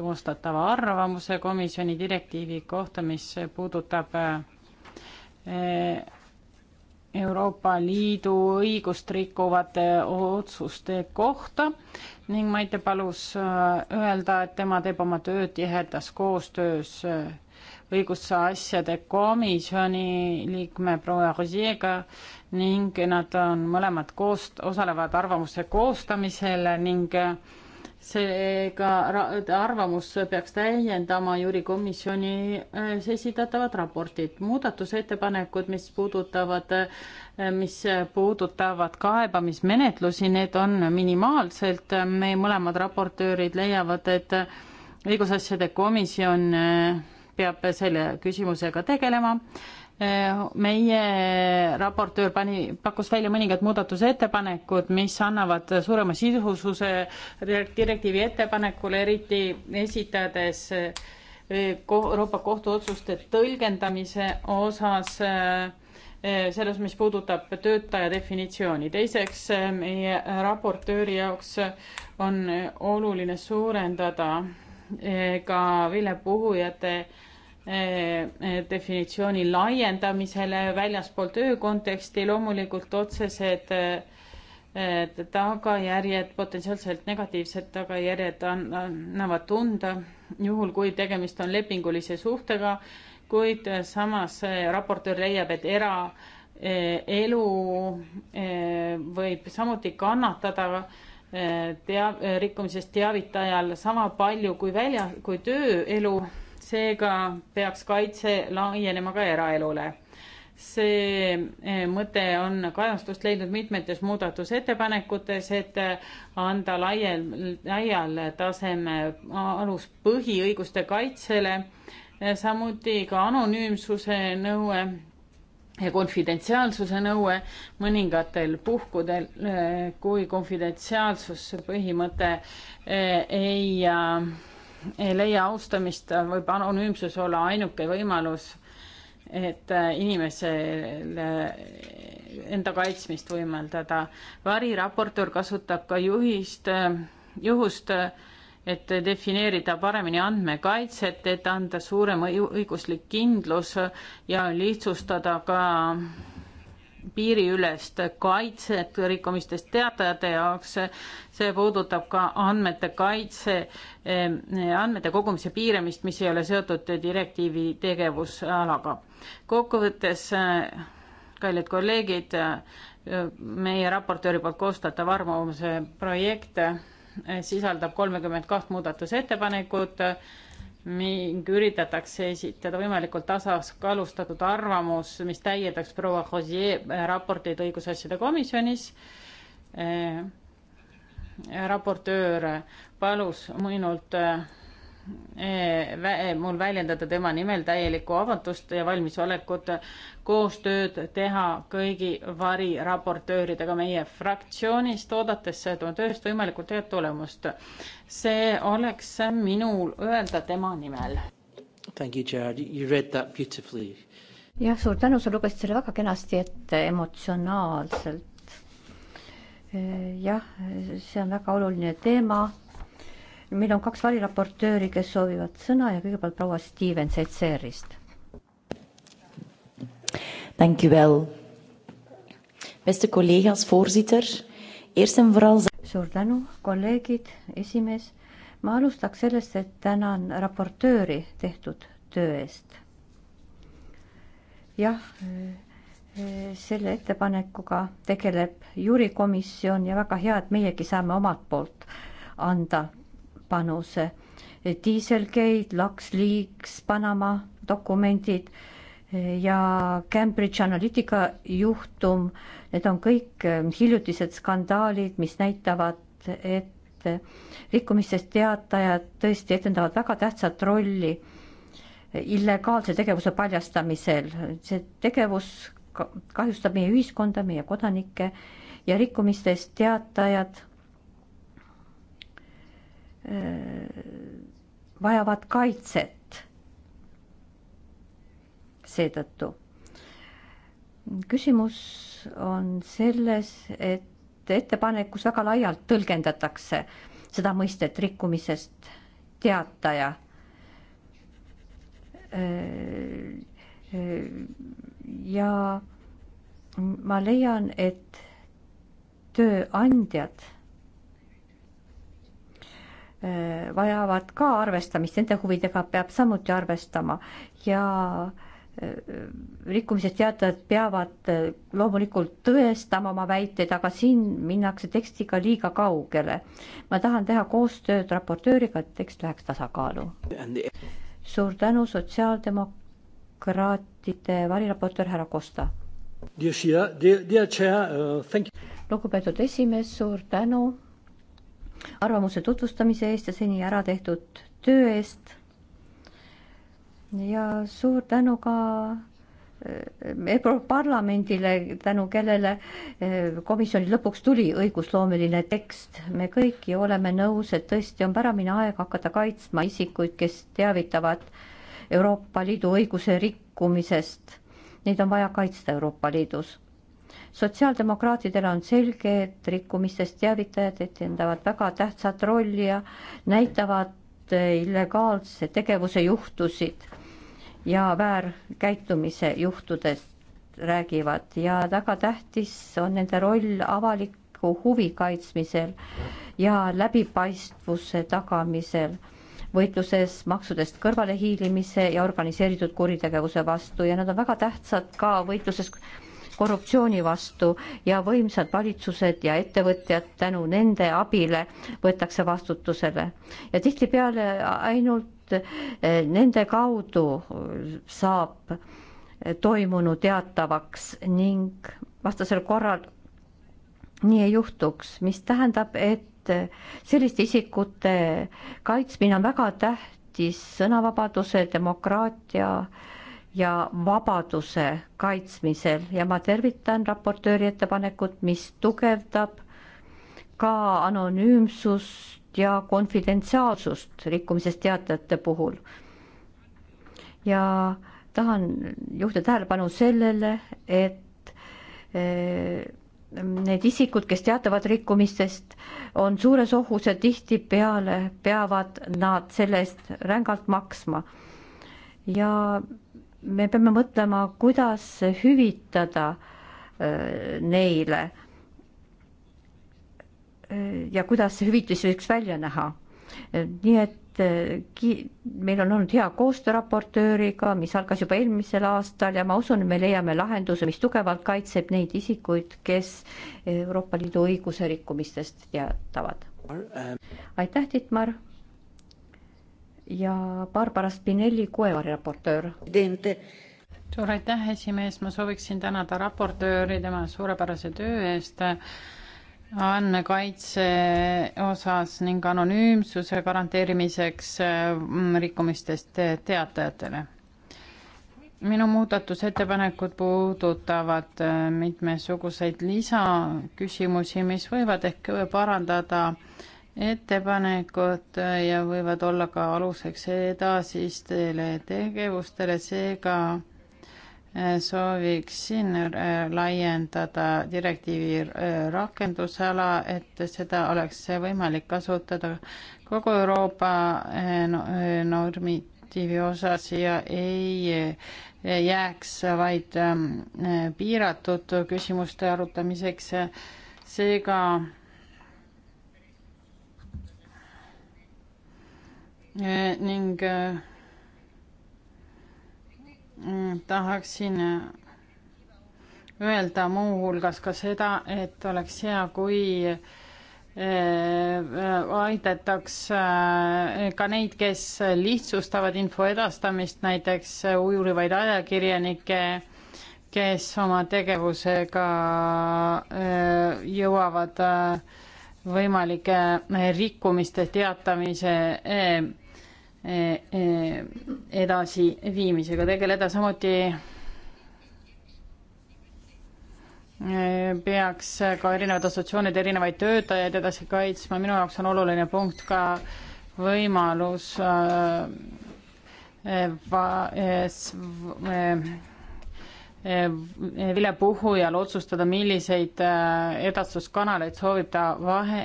koostatava arvamuse komisjoni direktiivi kohta, mis puudutab Euroopa Liidu õigust rikkuvate otsuste kohta ning Maite palus äh, öelda, et tema teeb oma tööd tihedas koostöös äh, õigusasjade komisjoni liikme proua Rosiega ning nad on mõlemad koos, osalevad arvamuse koostamisel ning äh, seega arvamus peaks täiendama juurikomisjoni äh, esitatavat raportit. muudatusettepanekud, mis puudutavad, äh, mis puudutavad kaebamismenetlusi, need on minimaalselt, äh, meie mõlemad raportöörid leiavad, et õigusasjade komisjon peab selle küsimusega tegelema Eh, meie raportöör pani, pakkus välja mõningad muudatusettepanekud, mis annavad suurema sidususe direktiivi ettepanekule, eriti esitades eh, Euroopa Kohtu otsuste tõlgendamise osas eh, selles, mis puudutab töötaja definitsiooni. teiseks, meie raportööri jaoks on oluline suurendada ka vilepuhujate Eh, eh, definitsiooni laiendamisele väljaspool töökonteksti, loomulikult otsesed eh, tagajärjed, potentsiaalselt negatiivsed tagajärjed annavad tunda, juhul kui tegemist on lepingulise suhtega, kuid samas raportöör leiab, et eraelu võib samuti kannatada tea-, rikkumisest teavitajal sama palju kui välja, kui tööelu seega peaks kaitse laienema ka eraelule. see eh, mõte on kajastust leidnud mitmetes muudatusettepanekutes, et eh, anda laial, laial tasemel alus põhiõiguste kaitsele, eh, samuti ka anonüümsuse nõue ja konfidentsiaalsuse nõue mõningatel puhkudel, kui konfidentsiaalsuse põhimõte ei ei leia austamist, võib anonüümsus olla ainuke võimalus, et äh, inimesele enda kaitsmist võimaldada. variraportöör kasutab ka juhist, äh, juhust, äh, et defineerida paremini andmekaitset, et anda suurem õiguslik kindlus ja lihtsustada ka piiriülest kaitset rikkumistest teatajate jaoks, see puudutab ka andmete kaitse, eh, andmete kogumise piiramist, mis ei ole seotud direktiivi tegevusalaga. kokkuvõttes, eh, kallid kolleegid, eh, meie raportööri poolt koostatav arvamuse projekt sisaldab kolmekümmet kaht muudatusettepanekut ning üritatakse esitada võimalikult tasakaalustatud arvamus, mis täiendaks proua Hosier raporteid õigusasjade komisjonis äh,. raportöör palus minult äh, mul väljendada tema nimel täielikku avaldust ja valmisolekut koostööd teha kõigi variraportööridega meie fraktsioonist, oodates tema tööst võimalikult head tulemust. see oleks minul öelda tema nimel. Thank you, Gerard, you read that beautifully. jah, suur tänu, sa lugesid selle väga kenasti ette emotsionaalselt. jah, see on väga oluline teema meil on kaks variraportööri, kes soovivad sõna ja kõigepealt proua Stevens ECR-ist. Dank u wel. Beste collega's, voorzitter, eerst en vooral. suur tänu, kolleegid, esimees. ma alustaks sellest, et tänan raportööri tehtud töö eest. jah, selle ettepanekuga tegeleb juurikomisjon ja väga hea, et meiegi saame omalt poolt anda panuse. Dieselgate, LuxLeaks, Panama dokumendid ja Cambridge Analytica juhtum, need on kõik ähm, hiljutised skandaalid, mis näitavad, et rikkumistest teatajad tõesti etendavad väga tähtsat rolli illegaalse tegevuse paljastamisel. see tegevus kahjustab meie ühiskonda, meie kodanikke ja rikkumistest teatajad Äh, vajavad kaitset seetõttu. küsimus on selles, et ettepanekus väga laialt tõlgendatakse seda mõistet rikkumisest teataja. Äh, äh, ja ma leian, et tööandjad vajavad ka arvestamist, nende huvidega peab samuti arvestama ja äh, rikkumisest teatajad peavad äh, loomulikult tõestama oma väiteid, aga siin minnakse tekstiga liiga kaugele. ma tahan teha koostööd raportööriga, et tekst läheks tasakaalu. suur tänu, sotsiaaldemokraatide variraportöör härra Kosta. Uh, lugupeetud esimees, suur tänu arvamuse tutvustamise eest ja seni ära tehtud töö eest. ja suur tänu ka eh, Parlamendile, tänu kellele eh, komisjoni lõpuks tuli õigusloomeline tekst. me kõik ju oleme nõus, et tõesti on päramine aeg hakata kaitsma isikuid, kes teavitavad Euroopa Liidu õiguse rikkumisest. Neid on vaja kaitsta Euroopa Liidus sotsiaaldemokraatidele on selge, et rikkumistest teavitajad etendavad väga tähtsat rolli ja näitavad eh, illegaalse tegevuse juhtusid ja väärkäitumise juhtudest räägivad ja väga tähtis on nende roll avaliku huvi kaitsmisel ja läbipaistvuse tagamisel võitluses maksudest kõrvalehiilimise ja organiseeritud kuritegevuse vastu ja nad on väga tähtsad ka võitluses korruptsiooni vastu ja võimsad valitsused ja ettevõtjad tänu nende abile võetakse vastutusele. ja tihtipeale ainult eh, nende kaudu saab eh, toimunu teatavaks ning vastasel korral nii ei juhtuks, mis tähendab, et eh, selliste isikute kaitsmine on väga tähtis sõnavabaduse, demokraatia äh, ja vabaduse kaitsmisel ja ma tervitan raportööri ettepanekut, mis tugevdab ka anonüümsust ja konfidentsiaalsust rikkumisest teatajate puhul. ja tahan juhtida tähelepanu sellele, et eh, need isikud, kes teatavad rikkumistest, on suures ohus ja tihtipeale peavad nad selle eest rängalt maksma. ja me peame mõtlema, kuidas hüvitada äh, neile äh, ja kuidas see hüvitis võiks välja näha. Äh, nii et ki-, meil on olnud hea koostöö raportööriga, mis algas juba eelmisel aastal ja ma usun, et me leiame lahenduse, mis tugevalt kaitseb neid isikuid, kes Euroopa Liidu õiguse rikkumistest teatavad. aitäh, Dietmar! ja Barbara Spinelli, Kuevari raportöör. suur aitäh, esimees, ma sooviksin tänada raportööri tema suurepärase töö eest andmekaitse osas ning anonüümsuse garanteerimiseks mm, rikkumistest teatajatele. minu muudatusettepanekud puudutavad äh, mitmesuguseid lisaküsimusi, mis võivad ehk parandada äh, ettepanekud ja võivad olla ka aluseks edasistele tegevustele, seega äh, sooviksin äh, laiendada direktiivi äh, rakendusala, et seda oleks võimalik kasutada kogu Euroopa normitiivi osas ja ei jääks vaid ähm, piiratud küsimuste arutamiseks. seega Eh, ning eh, mm, tahaksin eh, öelda muuhulgas ka seda, et oleks hea, kui aidataks ka neid, kes lihtsustavad info edastamist, näiteks ujurivaid ajakirjanikke, kes oma tegevusega jõuavad võimalike rikkumiste teatamise E, e, edasiviimisega tegeleda, samuti e, peaks ka erinevad assotsioonid erinevaid töötajaid edasi kaitsma, minu jaoks on oluline punkt ka võimalus vilepuhujal otsustada, milliseid edastuskanaleid soovib ta vahe,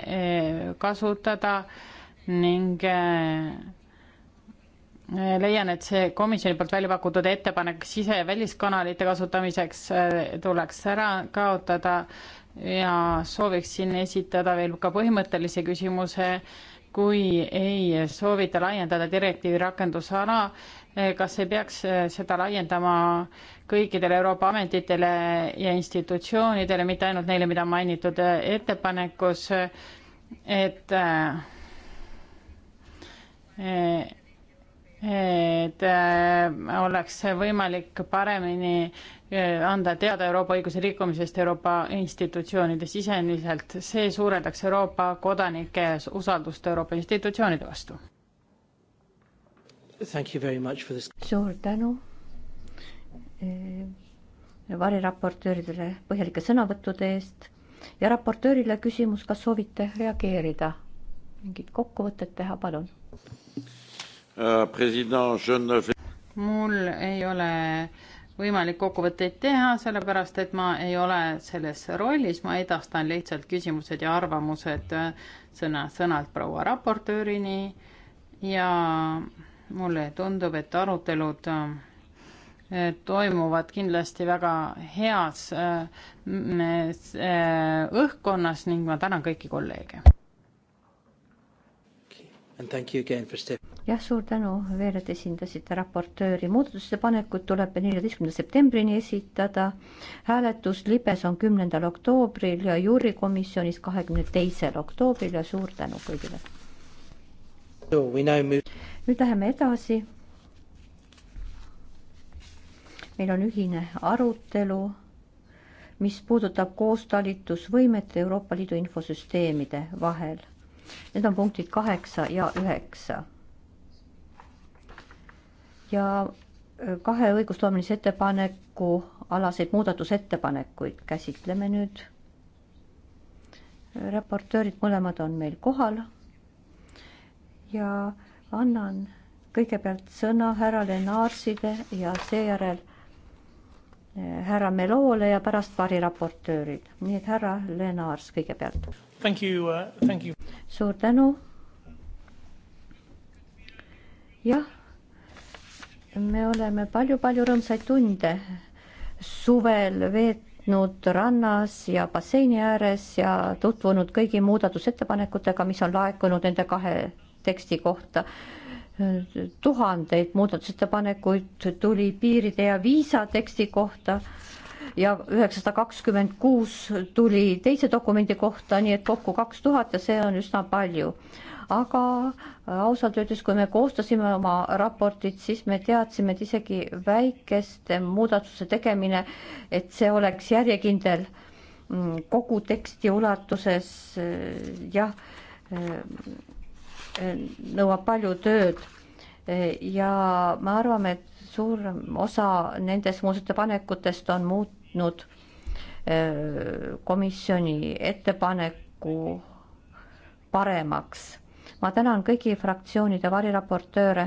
kasutada ning leian, et see komisjoni poolt välja pakutud ettepanek sise- ja väliskanalite kasutamiseks äh, tuleks ära kaotada ja sooviksin esitada veel ka põhimõttelise küsimuse, kui ei soovita laiendada direktiivi rakendusala, äh, kas ei peaks äh, seda laiendama kõikidele Euroopa ametitele ja institutsioonidele, mitte ainult neile, mida on mainitud ettepanekus, et et äh, oleks võimalik paremini äh, anda teada Euroopa õiguse rikkumisest Euroopa institutsioonide sisemiselt, see suurendaks Euroopa kodanike usaldust Euroopa institutsioonide vastu. suur tänu eh, variraportööridele põhjalike sõnavõttude eest ja raportöörile küsimus, kas soovite reageerida, mingit kokkuvõtet teha, palun? Äh, mul ei ole võimalik kokkuvõtteid teha, sellepärast et ma ei ole selles rollis, ma edastan lihtsalt küsimused ja arvamused äh, sõna-sõnalt proua raportöörini ja mulle tundub, et arutelud äh, toimuvad kindlasti väga heas õhkkonnas ning ma tänan kõiki kolleege jah, suur tänu veel, et esindasite raportööri. muudatusettepanekud tuleb neljateistkümnenda septembrini esitada. hääletus libes on kümnendal oktoobril ja juurikomisjonis kahekümne teisel oktoobril ja suur tänu kõigile. nüüd läheme edasi. meil on ühine arutelu, mis puudutab koostalitusvõimet Euroopa Liidu infosüsteemide vahel. Need on punktid kaheksa ja üheksa ja äh, kahe õigusloomelise ettepaneku alaseid muudatusettepanekuid käsitleme nüüd. raportöörid mõlemad on meil kohal. ja annan kõigepealt sõna härra Lenaarsile ja seejärel äh, härra Meloole ja pärast variraportöörid. nii et härra Lenaars kõigepealt. Uh, suur tänu. jah me oleme palju-palju rõõmsaid tunde suvel veetnud rannas ja basseini ääres ja tutvunud kõigi muudatusettepanekutega, mis on laekunud nende kahe teksti kohta. tuhandeid muudatusettepanekuid tuli piiride ja viisa teksti kohta ja üheksasada kakskümmend kuus tuli teise dokumendi kohta, nii et kokku kaks tuhat ja see on üsna palju aga äh, ausalt öeldes, kui me koostasime oma raportit, siis me teadsime, et isegi väikeste muudatuse tegemine, et see oleks järjekindel mm, kogu teksti ulatuses, äh, jah, äh, nõuab palju tööd ja me arvame, et suurem osa nendest muudatusettepanekutest on muutnud komisjoni ettepaneku paremaks ma tänan kõigi fraktsioonide variraportööre,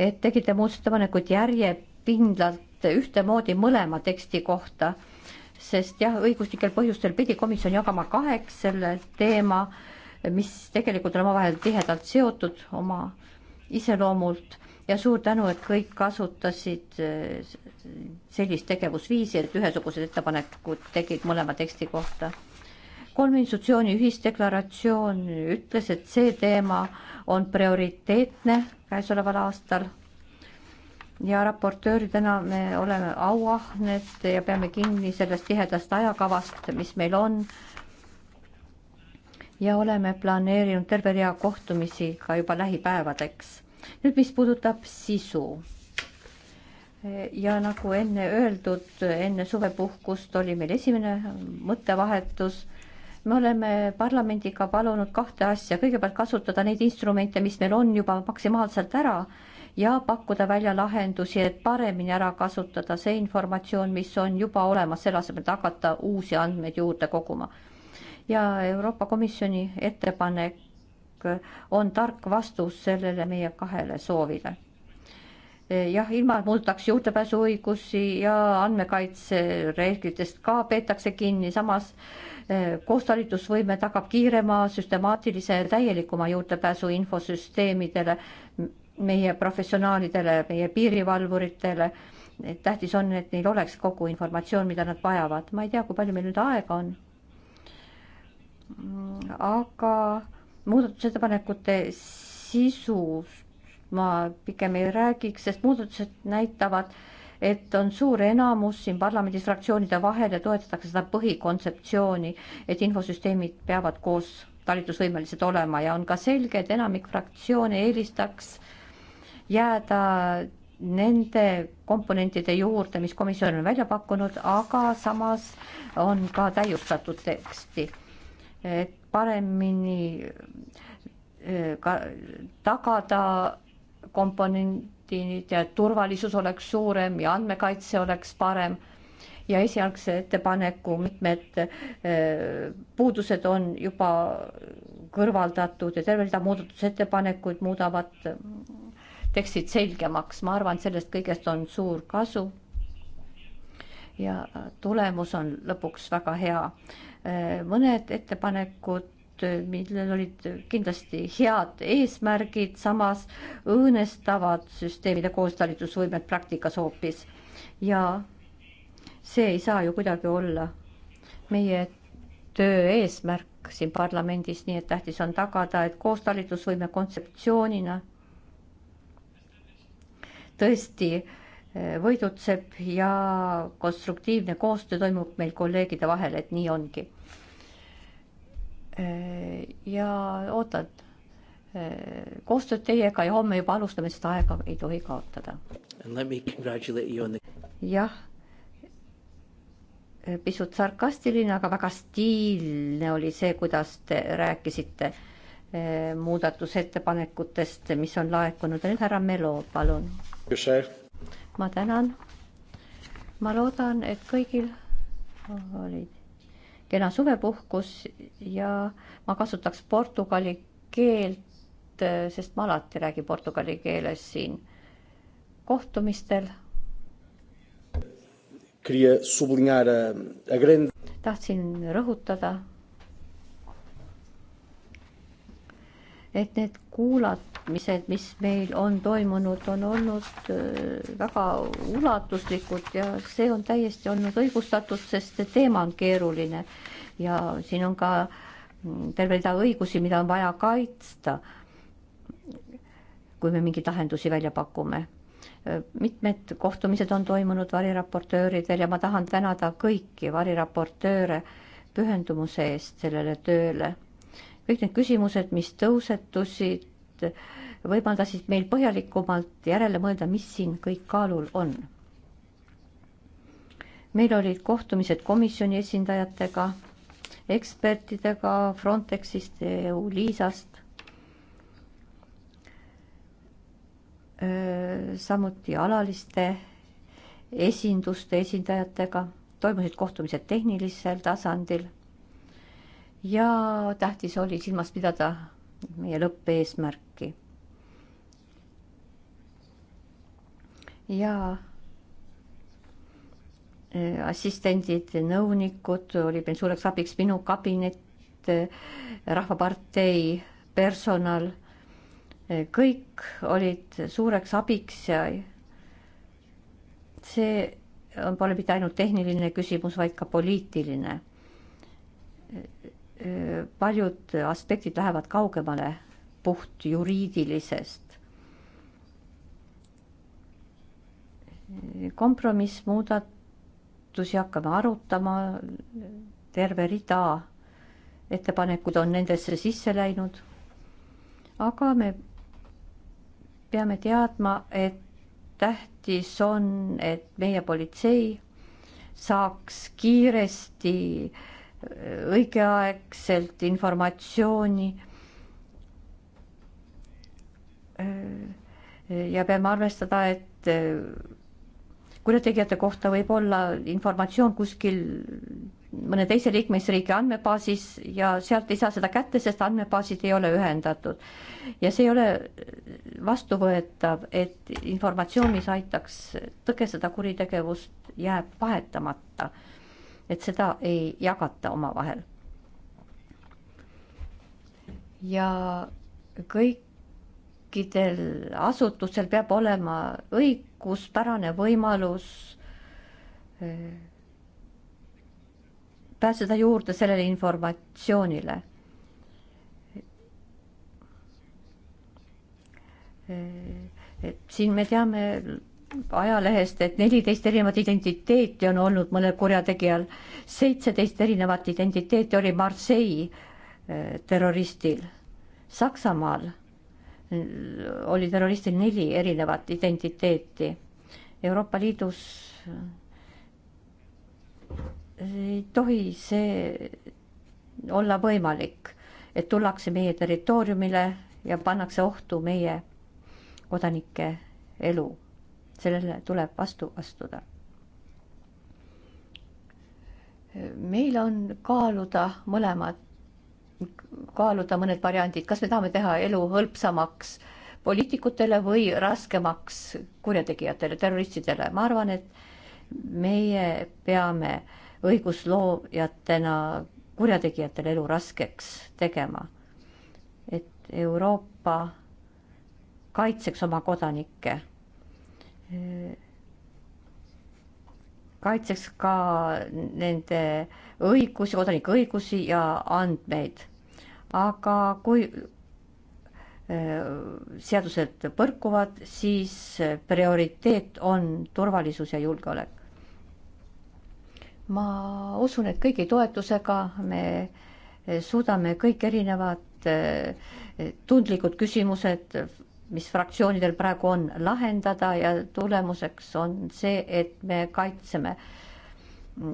et tegite muudatusettepanekud järjepindlalt ühtemoodi mõlema teksti kohta, sest jah, õiguslikel põhjustel pidi komisjon jagama kaheks selle teema, mis tegelikult on omavahel tihedalt seotud oma iseloomult ja suur tänu, et kõik kasutasid äh, sellist tegevusviisi, et ühesugused ettepanekud tegid mõlema teksti kohta kolme institutsiooni ühisdeklaratsioon ütles, et see teema on prioriteetne käesoleval aastal. ja raportööridena me oleme auahned ja peame kinni sellest tihedast ajakavast, mis meil on. ja oleme planeerinud terve rea kohtumisi ka juba lähipäevadeks. nüüd, mis puudutab sisu ja nagu enne öeldud, enne suvepuhkust oli meil esimene mõttevahetus me oleme parlamendiga palunud kahte asja, kõigepealt kasutada neid instrumente, mis meil on juba maksimaalselt ära ja pakkuda välja lahendusi, et paremini ära kasutada see informatsioon, mis on juba olemas, selle asemel, et hakata uusi andmeid juurde koguma. ja Euroopa Komisjoni ettepanek on tark vastus sellele meie kahele soovile jah, ilma muudetakse juurdepääsuõigusi ja andmekaitsereeglitest ka peetakse kinni, samas Äh, koostalitusvõime tagab kiirema, süstemaatilise, täielikuma juurdepääsu infosüsteemidele, meie professionaalidele, meie piirivalvuritele. tähtis on, et neil oleks kogu informatsioon, mida nad vajavad. ma ei tea, kui palju meil nüüd aega on. aga muudatusettepanekute sisust ma pigem ei räägiks, sest muudatused näitavad, et on suur enamus siin parlamendis fraktsioonide vahel ja toetatakse seda põhikontseptsiooni, et infosüsteemid peavad koos talitlusvõimelised olema ja on ka selge, et enamik fraktsioone eelistaks jääda nende komponentide juurde, mis komisjon on välja pakkunud, aga samas on ka täiustatud teksti, et paremini eh, ka tagada komponent garantiid ja turvalisus oleks suurem ja andmekaitse oleks parem. ja esialgse ettepaneku mitmed eh, puudused on juba kõrvaldatud ja terve rida muudatusettepanekuid muudavad mm, tekstid selgemaks, ma arvan, sellest kõigest on suur kasu. ja tulemus on lõpuks väga hea. Eh, mõned ettepanekud millel olid kindlasti head eesmärgid, samas õõnestavad süsteemide koostalitusvõimet praktikas hoopis. ja see ei saa ju kuidagi olla meie töö eesmärk siin parlamendis, nii et tähtis on tagada, et koostalitusvõime kontseptsioonina tõesti eh, võidutseb ja konstruktiivne koostöö toimub meil kolleegide vahel, et nii ongi ja ootan eh, koostööd teiega ja homme juba alustame, seda aega ei tohi kaotada. jah, eh, pisut sarkastiline, aga väga stiilne oli see, kuidas te rääkisite eh, muudatusettepanekutest, mis on laekunud. nüüd härra Melo, palun. ma tänan. ma loodan, et kõigil olid kena suvepuhkus ja ma kasutaks portugali keelt, sest ma alati räägin portugali keeles siin kohtumistel. tahtsin rõhutada et need kuulamised, mis meil on toimunud, on olnud äh, väga ulatuslikud ja see on täiesti olnud õigustatud, sest teema on keeruline ja siin on ka mm, terve rida õigusi, mida on vaja kaitsta, kui me mingeid lahendusi välja pakume. Äh, mitmed kohtumised on toimunud variraportööridel ja ma tahan tänada kõiki variraportööre pühendumuse eest sellele tööle kõik need küsimused, mis tõusetusid, võimaldasid meil põhjalikumalt järele mõelda, mis siin kõik kaalul on. meil olid kohtumised komisjoni esindajatega, ekspertidega Frontexist, EU-Liisast, samuti alaliste esinduste esindajatega, toimusid kohtumised tehnilisel tasandil ja tähtis oli silmas pidada meie lõppeesmärki. ja äh, assistendid, nõunikud olid meil suureks abiks, minu kabinet, äh, Rahvapartei personal, äh, kõik olid suureks abiks ja see on, pole mitte ainult tehniline küsimus, vaid ka poliitiline paljud aspektid lähevad kaugemale puht juriidilisest. kompromiss, muudatusi hakkame arutama, terve rida ettepanekud on nendesse sisse läinud. aga me peame teadma, et tähtis on, et meie politsei saaks kiiresti äh, õigeaegselt informatsiooni. ja peame arvestada, et äh, kurjategijate kohta võib olla informatsioon kuskil mõne teise liikmesriigi andmebaasis ja sealt ei saa seda kätte, sest andmebaasid ei ole ühendatud. ja see ei ole vastuvõetav, et informatsioon, mis aitaks tõkestada kuritegevust, jääb vahetamata et seda ei jagata omavahel. ja kõikidel asutusel peab olema õiguspärane võimalus eh, pääseda juurde sellele informatsioonile. Eh, et siin me teame ajalehest, et neliteist erinevat identiteeti on olnud mõnel kurjategijal, seitseteist erinevat identiteeti oli Marseille eh, terroristil. Saksamaal eh, oli terroristil neli erinevat identiteeti. Euroopa Liidus eh, ei tohi see olla võimalik, et tullakse meie territooriumile ja pannakse ohtu meie kodanike elu sellele tuleb vastu astuda. meil on kaaluda mõlemad, kaaluda mõned variandid, kas me tahame teha elu hõlpsamaks poliitikutele või raskemaks kurjategijatele, terroristidele. ma arvan, et meie peame õigusloojatena kurjategijatele elu raskeks tegema. et Euroopa kaitseks oma kodanikke Äh, kaitseks ka nende õigusi, kodanike õigusi ja andmeid. aga kui äh, seadused põrkuvad, siis prioriteet on turvalisus ja julgeolek. ma usun, et kõigi toetusega me äh, suudame kõik erinevad tundlikud küsimused mis fraktsioonidel praegu on, lahendada ja tulemuseks on see, et me kaitseme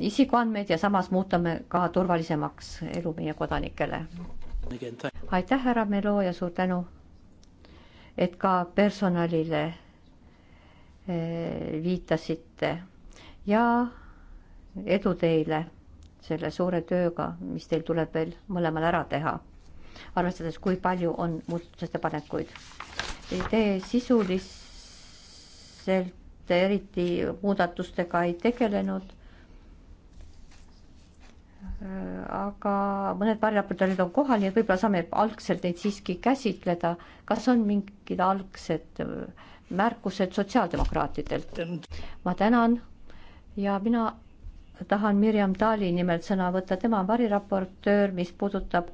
isikuandmeid ja samas muutame ka turvalisemaks elu meie kodanikele. aitäh, härra Melo ja suur tänu, et ka personalile eh, viitasite ja edu teile selle suure tööga, mis teil tuleb veel mõlemal ära teha, arvestades, kui palju on muudatusettepanekuid ei tee sisuliselt eriti muudatustega ei tegelenud. aga mõned variraportöörid on kohal, nii et võib-olla saame algselt neid siiski käsitleda. kas on mingid algsed märkused sotsiaaldemokraatidelt? ma tänan ja mina tahan Mirjam Taali nimel sõna võtta, tema on variraportöör, mis puudutab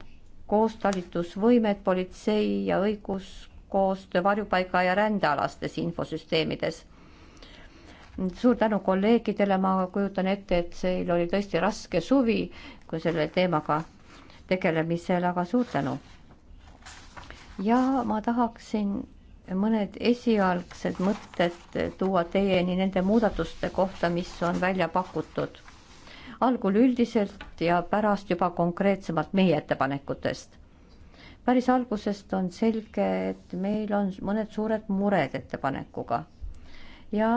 koostalitusvõimet politsei ja õigus koostöö varjupaiga ja rändealastes infosüsteemides. suur tänu kolleegidele, ma kujutan ette, et teil oli tõesti raske suvi, kui selle teemaga tegelemisel, aga suur tänu. ja ma tahaksin mõned esialgsed mõtted tuua teieni nende muudatuste kohta, mis on välja pakutud. algul üldiselt ja pärast juba konkreetsemalt meie ettepanekutest päris algusest on selge, et meil on mõned suured mured ettepanekuga ja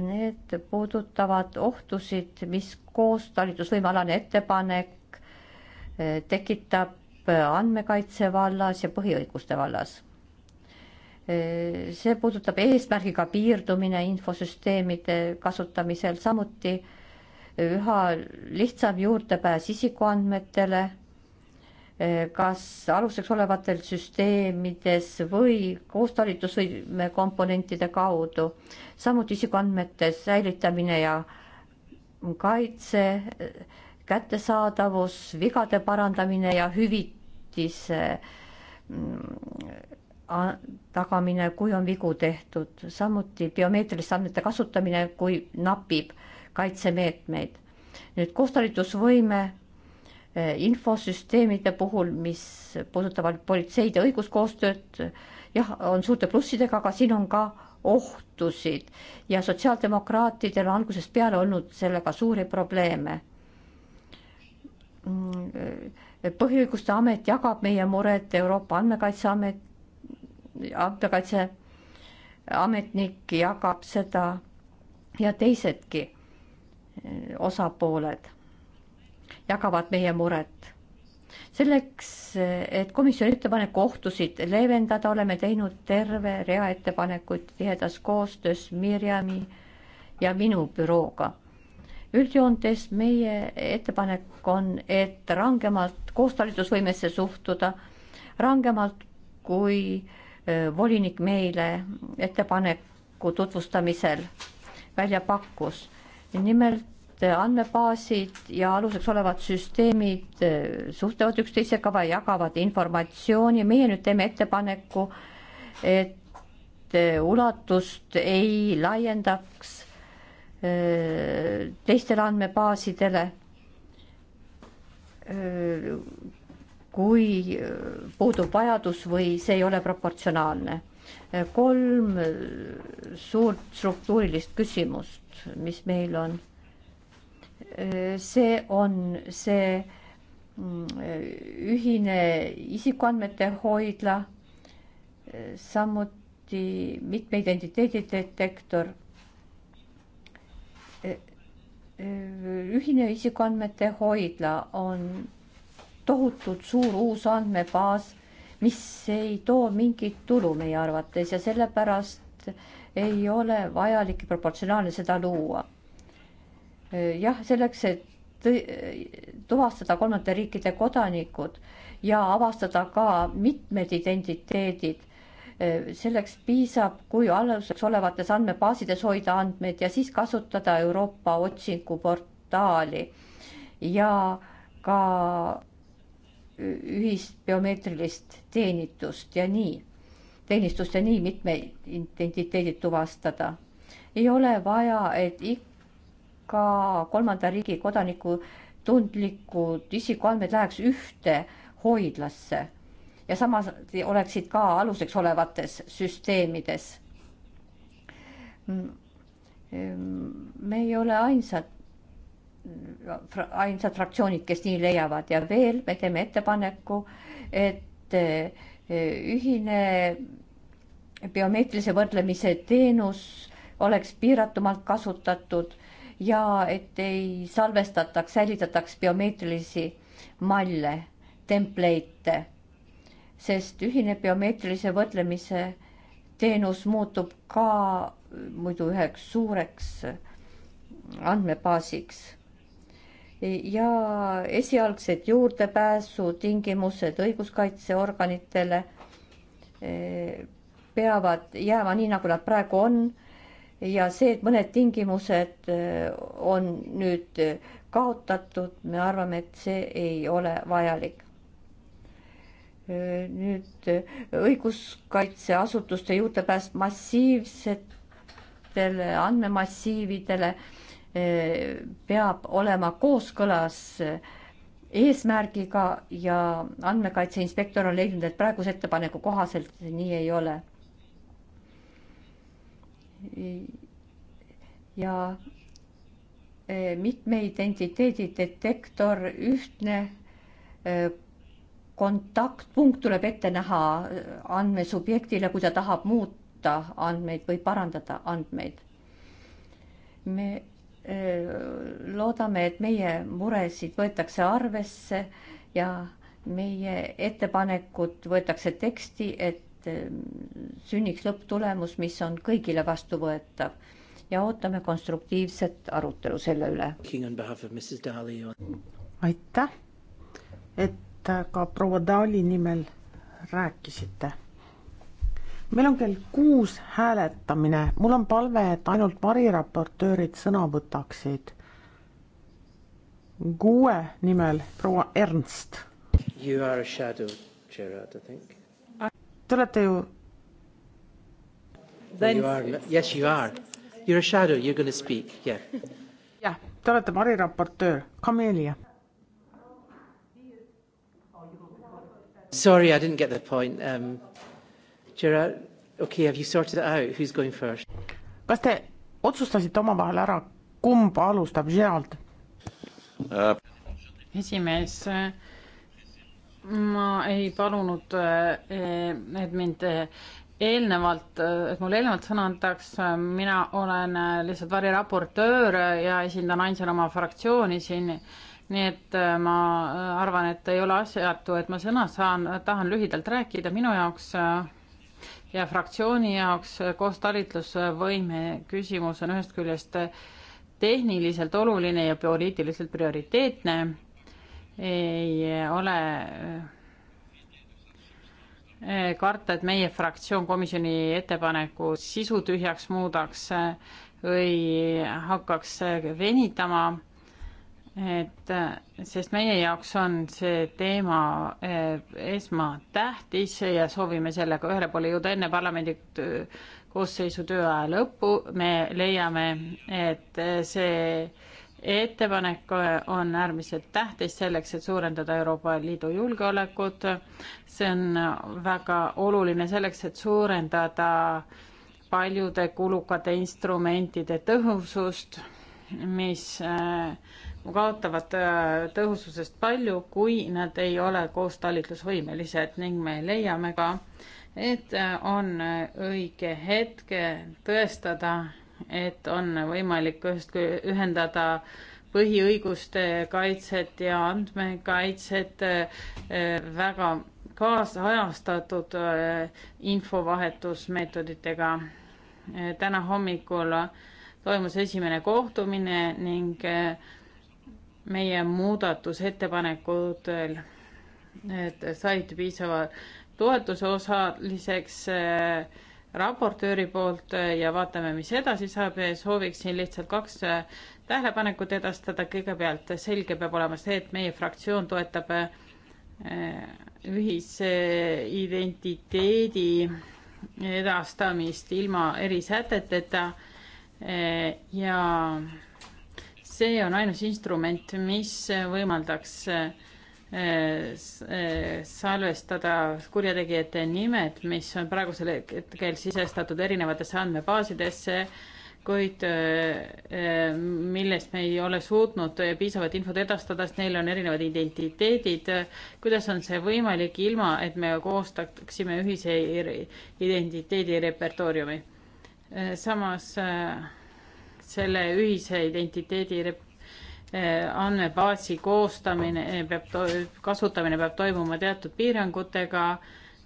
need puudutavad ohtusid, mis koos talitusvõimealane ettepanek eh, tekitab eh, andmekaitse vallas ja põhiõiguste vallas. Eh, see puudutab eesmärgiga piirdumine infosüsteemide kasutamisel, samuti üha lihtsam juurdepääs isikuandmetele Eh, kas aluseks olevatel süsteemides või koostalitusvõime komponentide kaudu, samuti isikuandmete säilitamine ja kaitse, eh, kättesaadavus, vigade parandamine ja hüvitise mm, tagamine, kui on vigu tehtud, samuti biomeetriliste andmete kasutamine, kui napib kaitsemeetmeid. nüüd koostalitusvõime Eh, infosüsteemide puhul, mis puudutavad politseid ja õiguskoostööd, jah, on suurte plussidega, aga siin on ka ohtusid ja sotsiaaldemokraatidel on algusest peale olnud sellega suuri probleeme. Mm, põhiõiguste amet jagab meie mured, Euroopa Andmekaitseamet, andmekaitseametnik jagab seda ja teisedki eh, osapooled jagavad meie muret. selleks, et komisjoni ettepaneku ohtusid leevendada, oleme teinud terve rea ettepanekuid tihedas koostöös Mirjami ja minu bürooga. üldjoontes meie ettepanek on, et rangemalt koostalitusvõimesse suhtuda, rangemalt kui volinik meile ettepaneku tutvustamisel välja pakkus. nimelt olevad andmebaasid ja aluseks olevad süsteemid eh, suhtlevad üksteisega või jagavad informatsiooni. meie nüüd teeme ettepaneku, et eh, ulatust ei laiendaks eh, teistele andmebaasidele, kui puudub vajadus või see ei ole proportsionaalne kolm suurt struktuurilist küsimust, mis meil on see on see mm, ühine isikuandmete hoidla, samuti mitme identiteedi detektor e, e, ühine isikuandmete hoidla on tohutult suur uus andmebaas, mis ei too mingit tulu meie arvates ja sellepärast ei ole vajalik ja proportsionaalne seda luua jah, selleks, et tuvastada kolmandate riikide kodanikud ja avastada ka mitmed identiteedid. selleks piisab, kui aluseks olevates andmebaasides hoida andmeid ja siis kasutada Euroopa otsinguportaali ja ka ühist biomeetrilist teenitust ja nii, teenistust ja nii mitme identiteedid tuvastada. ei ole vaja, et ikka ka kolmanda riigi kodaniku tundlikud isikuandmed läheks ühte hoidlasse ja samas oleksid ka aluseks olevates süsteemides. me ei ole ainsad, ainsad fraktsioonid, kes nii leiavad ja veel me teeme ettepaneku, et eh, ühine biomeetrilise võrdlemise teenus oleks piiratumalt kasutatud ja et ei salvestataks, säilitataks biomeetrilisi malle, templeite, sest ühine biomeetrilise võtlemise teenus muutub ka muidu üheks suureks andmebaasiks. ja esialgsed juurdepääsutingimused õiguskaitseorganitele eh, peavad jääma nii, nagu nad praegu on ja see, et mõned tingimused äh, on nüüd äh, kaotatud, me arvame, et see ei ole vajalik. Äh, nüüd õiguskaitseasutuste juurdepääs massiivsetele andmemassiividele peab olema kooskõlas eesmärgiga ja andmekaitse inspektor on leidnud, et praeguse ettepaneku kohaselt nii ei ole ja e, mitmeidentiteedi detektor, ühtne e, kontaktpunkt tuleb ette näha e, andmesubjektile, kui ta tahab muuta andmeid või parandada andmeid. me loodame, et meie muresid võetakse arvesse ja meie ettepanekud võetakse teksti, et et mm, sünniks lõpptulemus, mis on kõigile vastuvõetav ja ootame konstruktiivset arutelu selle üle. aitäh, et ka proua Dali nimel rääkisite. meil on kell kuus hääletamine, mul on palve, et ainult variraportöörid sõna võtaksid. kuue nimel proua Ernst. You are a shadow, Gerard, I think Te olete ju. Yes, you are. You are a shadow, you are gonna speak, jah yeah.. jah, te olete variraportöör, Kamelia. Sorry, I didn't get the point um,. Gerard, okay, have you sorted it out, who is going first? kas te otsustasite omavahel ära, kumb alustab, Gerald uh.? esimees äh, ma ei palunud, eh, et mind eh, eelnevalt, eh, et mulle eelnevalt sõna antaks, mina olen lihtsalt variraportöör ja esindan ainsana oma fraktsiooni siin, nii et ma arvan, et ei ole asjatu, et ma sõna saan, tahan lühidalt rääkida, minu jaoks ja fraktsiooni jaoks koostalitlusvõime küsimus on ühest küljest tehniliselt oluline ja poliitiliselt prioriteetne ei ole eh, karta, et meie fraktsioon komisjoni ettepaneku sisu tühjaks muudaks eh, või hakkaks eh, venitama, et sest meie jaoks on see teema esmatähtis ja soovime sellega ühele poole jõuda enne parlamendi koosseisu tööaja lõppu, me leiame, et see ettepanek on äärmiselt tähtis selleks, et suurendada Euroopa Liidu julgeolekut. see on väga oluline selleks, et suurendada paljude kulukate instrumentide tõhusust, mis äh, kaotavad äh, tõhususest palju, kui nad ei ole koostalitlusvõimelised ning me leiame ka, et äh, on õige hetk tõestada, et on võimalik ühest küljest ühendada põhiõiguste kaitset ja andmekaitset eh, väga kaasajastatud eh, infovahetusmeetoditega. Eh, täna hommikul toimus esimene kohtumine ning meie muudatusettepanekud said piisava toetuse osaliseks äh, raportööri poolt ja vaatame, mis edasi saab. sooviksin lihtsalt kaks äh, tähelepanekut edastada. kõigepealt selge peab olema see, et meie fraktsioon toetab äh, ühise identiteedi edastamist ilma erisäteteta äh, ja see on ainus instrument, mis võimaldaks äh, Eh, salvestada kurjategijate nimed, mis on praegusel hetkel sisestatud erinevatesse andmebaasidesse, kuid eh, eh, millest me ei ole suutnud piisavat infot edastada, sest neil on erinevad identiteedid. kuidas on see võimalik, ilma et me koostaksime ühise identiteedi repertooriumi? samas selle ühise identiteedi rep-, andmebaasi koostamine peab, kasutamine peab toimuma teatud piirangutega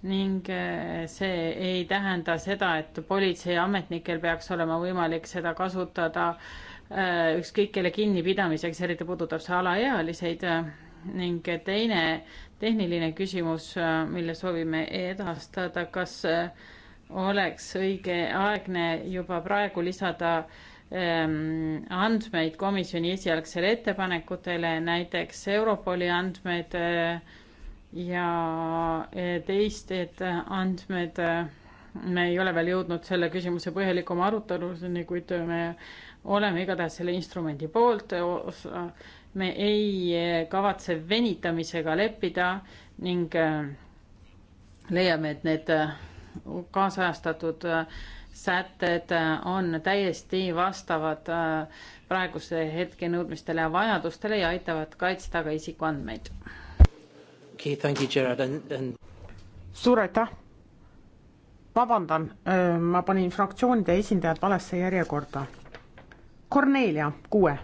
ning eh, see ei tähenda seda, et politseiametnikel peaks olema võimalik seda kasutada eh, ükskõik kelle kinnipidamiseks, eriti puudutab see alaealiseid eh, ning teine tehniline küsimus, mille soovime edastada, kas oleks õigeaegne juba praegu lisada äh, Ehm, andmeid komisjoni esialgsele ettepanekutele, näiteks Europoli andmed eh, ja eh, teised eh, andmed. me ei ole veel jõudnud selle küsimuse põhjalikuma aruteluseni, kuid me oleme igatahes selle instrumendi poolt. me ei kavatse venitamisega leppida ning leiame, et need kaasajastatud sätted äh, on täiesti vastavad äh, praeguse hetke nõudmistele ja vajadustele ja aitavad kaitsta ka isikuandmeid okay,. And... suur aitäh! vabandan, äh, ma panin fraktsioonide esindajad valesse järjekorda. Kornelia, kuue.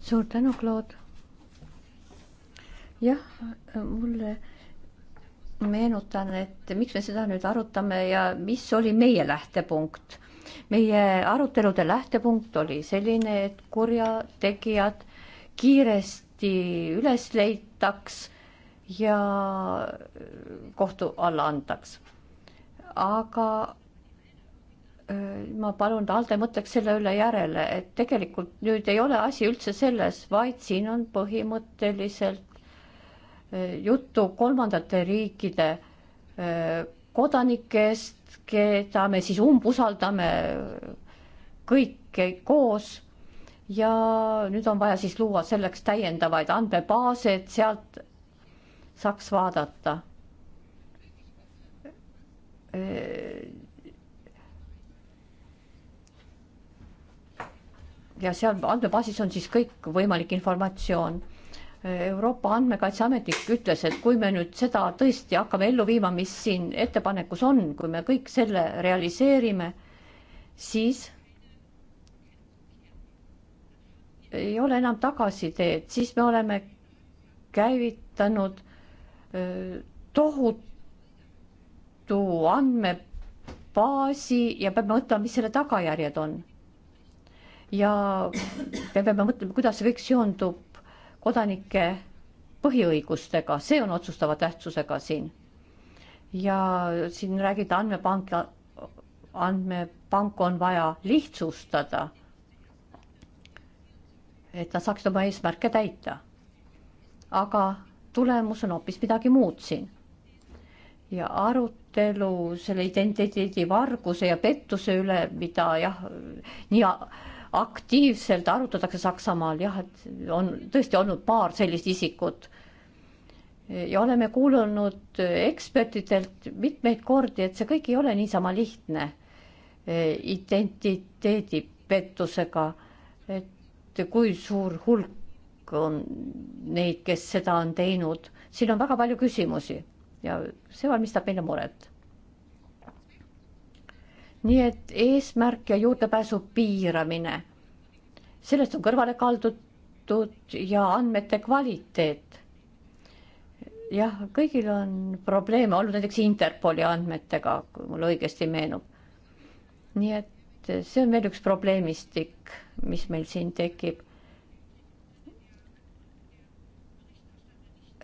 suur tänu, Claude. jah, mulle meenutan, et miks me seda nüüd arutame ja mis oli meie lähtepunkt. meie arutelude lähtepunkt oli selline, et kurjategijad kiiresti üles leitaks ja kohtu alla antaks. aga ma palun, Alde mõtleks selle üle järele, et tegelikult nüüd ei ole asi üldse selles, vaid siin on põhimõtteliselt juttu kolmandate riikide kodanikest, keda me siis umbusaldame kõike koos ja nüüd on vaja siis luua selleks täiendavaid andmebaase, et sealt saaks vaadata ja seal andmebaasis on siis kõikvõimalik informatsioon. Euroopa Andmekaitseametnik ütles, et kui me nüüd seda tõesti hakkame ellu viima, mis siin ettepanekus on, kui me kõik selle realiseerime, siis ei ole enam tagasiteed, siis me oleme käivitanud tohutu andmebaasi ja peame mõtlema, mis selle tagajärjed on. ja me peame mõtlema, kuidas see kõik seondub kodanike põhiõigustega, see on otsustava tähtsusega siin. ja siin räägiti andmepank, andmepanku on vaja lihtsustada, et nad saaksid oma eesmärke täita. aga tulemus on hoopis midagi muud siin. ja arutelu selle identiteedivarguse ja pettuse üle, mida jah, nii aktiivselt arutatakse Saksamaal jah, et on tõesti olnud paar sellist isikut. ja oleme kuulanud ekspertidelt mitmeid kordi, et see kõik ei ole niisama lihtne e, identiteedipettusega, et kui suur hulk on neid, kes seda on teinud, siin on väga palju küsimusi ja see valmistab meile muret nii et eesmärk ja juurdepääsu piiramine, sellest on kõrvale kaldutud ja andmete kvaliteet. jah, kõigil on probleeme olnud näiteks Interpoli andmetega, kui mulle õigesti meenub. nii et see on veel üks probleemistik, mis meil siin tekib.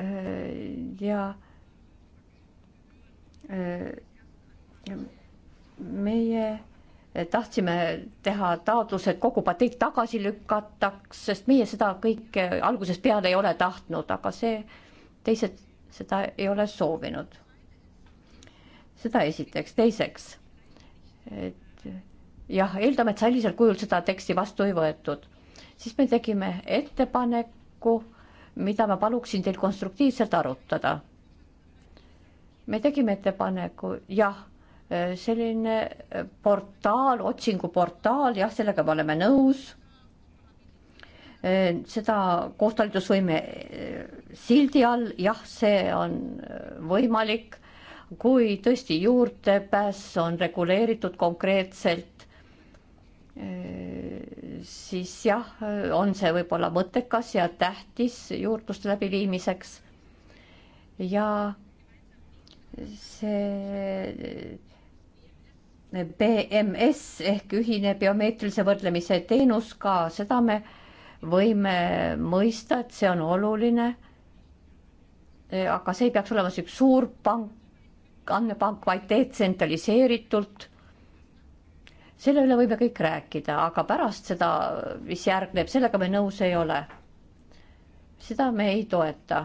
Äh, ja, äh, ja meie eh, tahtsime teha taotluse, et kogu pateik tagasi lükataks, sest meie seda kõike algusest peale ei ole tahtnud, aga see, teised seda ei ole soovinud. seda esiteks, teiseks, et jah, eeldame, et sellisel kujul seda teksti vastu ei võetud, siis me tegime ettepaneku, mida ma paluksin teil konstruktiivselt arutada. me tegime ettepaneku, jah selline portaal, otsinguportaal, jah, sellega me oleme nõus. seda koostalitusvõime eh, sildi all, jah, see on eh, võimalik, kui tõesti juurdepääs on reguleeritud konkreetselt, eh, siis jah, on see võib-olla mõttekas ja tähtis juurdluste läbiviimiseks. ja see BMS ehk ühine biomeetrilise võrdlemise teenus ka, seda me võime mõista, et see on oluline. aga see ei peaks olema niisugune suur pank, andmepank, vaid detsentraliseeritult. selle üle võime kõik rääkida, aga pärast seda, mis järgneb, sellega me nõus ei ole. seda me ei toeta.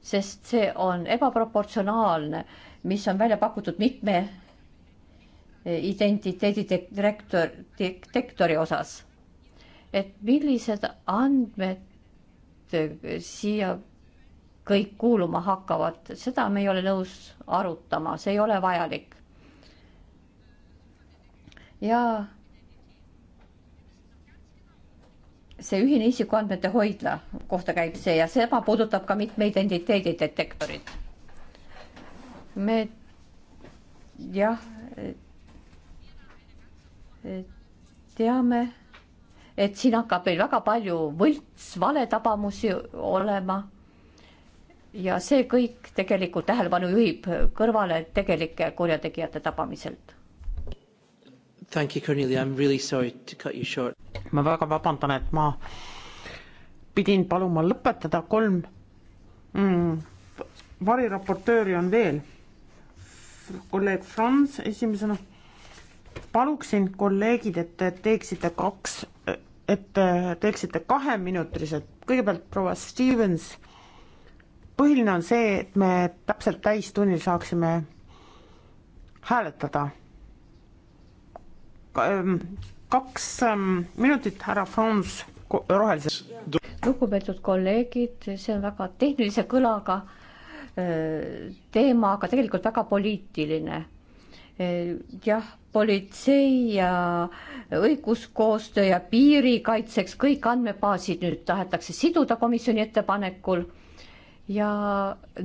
sest see on ebaproportsionaalne, mis on välja pakutud mitme identiteedidetektor, detektori osas. et millised andmed siia kõik kuuluma hakkavad, seda me ei ole nõus arutama, see ei ole vajalik. ja see ühine isikuandmete hoidla kohta käib see ja seda puudutab ka mitme identiteedidetektorit. me jah, teame, et siin hakkab meil väga palju võlts valetabamusi olema. ja see kõik tegelikult tähelepanu juhib kõrvale tegelike kurjategijate tabamiselt. Thank you, Cornelia, I am really sorry to cut you short. ma väga vabandan, et ma pidin paluma lõpetada, kolm mm, variraportööri on veel. kolleeg Franz esimesena paluksin kolleegid, et te teeksite kaks, et te teeksite kaheminutilised, kõigepealt proua Stevens, põhiline on see, et me täpselt täistunnil saaksime hääletada. Ähm, kaks ähm, minutit, härra Fons, rohelised. lugupeetud kolleegid, see on väga tehnilise kõlaga äh, teema, aga tegelikult väga poliitiline äh, jah, politsei ja õiguskoostöö ja piirikaitseks, kõik andmebaasid nüüd tahetakse siduda komisjoni ettepanekul. ja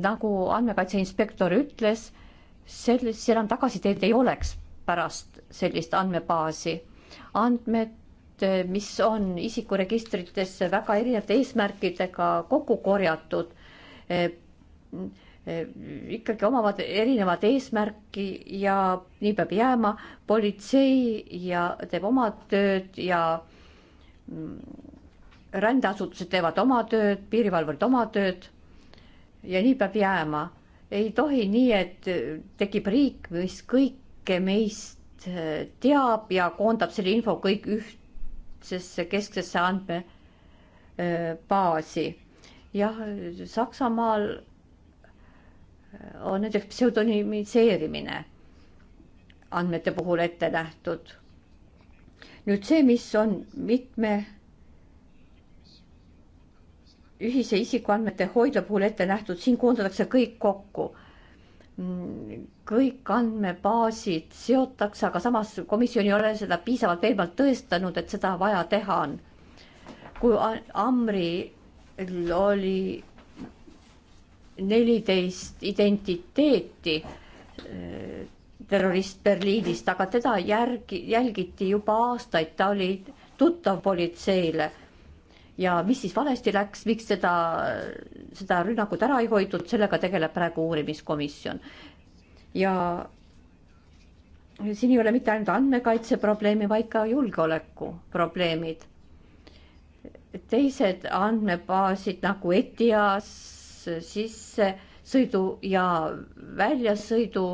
nagu andmekaitse inspektor ütles, sellist enam tagasiteed ei oleks pärast sellist andmebaasi. andmed, mis on isikuregistritesse väga erinevate eesmärkidega kokku korjatud Eh, ikkagi omavad erinevat eesmärki ja nii peab jääma. politsei ja teeb oma tööd ja mm, rändeasutused teevad oma tööd, piirivalvurid oma tööd. ja nii peab jääma. ei tohi nii, et eh, tekib riik, mis kõike meist eh, teab ja koondab selle info kõik ühtsesse kesksesse andmebaasi. jah, Saksamaal on näiteks pseudonüümiseerimine andmete puhul ette nähtud. nüüd see, mis on mitme ühise isikuandmete hoidla puhul ette nähtud, siin koondatakse kõik kokku. kõik andmebaasid seotakse, aga samas komisjon ei ole seda piisavalt veenvalt tõestanud, et seda vaja teha on. kui Amril oli neliteist identiteeti eh, terrorist Berliinist, aga teda järgi, jälgiti juba aastaid, ta oli tuttav politseile. ja mis siis valesti läks, miks teda, seda rünnakut ära ei hoitud, sellega tegeleb praegu uurimiskomisjon. ja siin ei ole mitte ainult andmekaitse probleemi, vaid ka julgeoleku probleemid. teised andmebaasid nagu ETIAS sissesõidu ja väljasõidu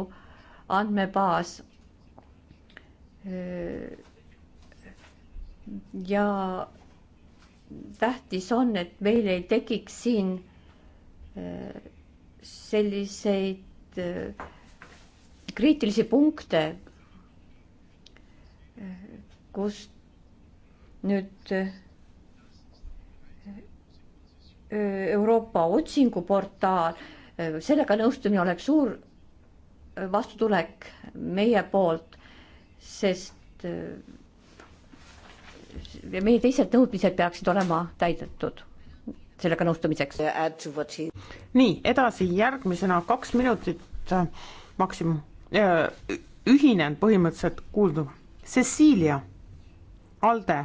andmebaas. ja tähtis on, et meil ei tekiks siin äh, selliseid äh, kriitilisi punkte, äh, kus nüüd Euroopa otsinguportaal, sellega nõustumine oleks suur vastutulek meie poolt, sest meie teised nõudmised peaksid olema täidetud sellega nõustumiseks. nii, edasi järgmisena kaks minutit äh, maksimum. Äh, ühinen põhimõtteliselt kuulduv. Cecilia, Alde.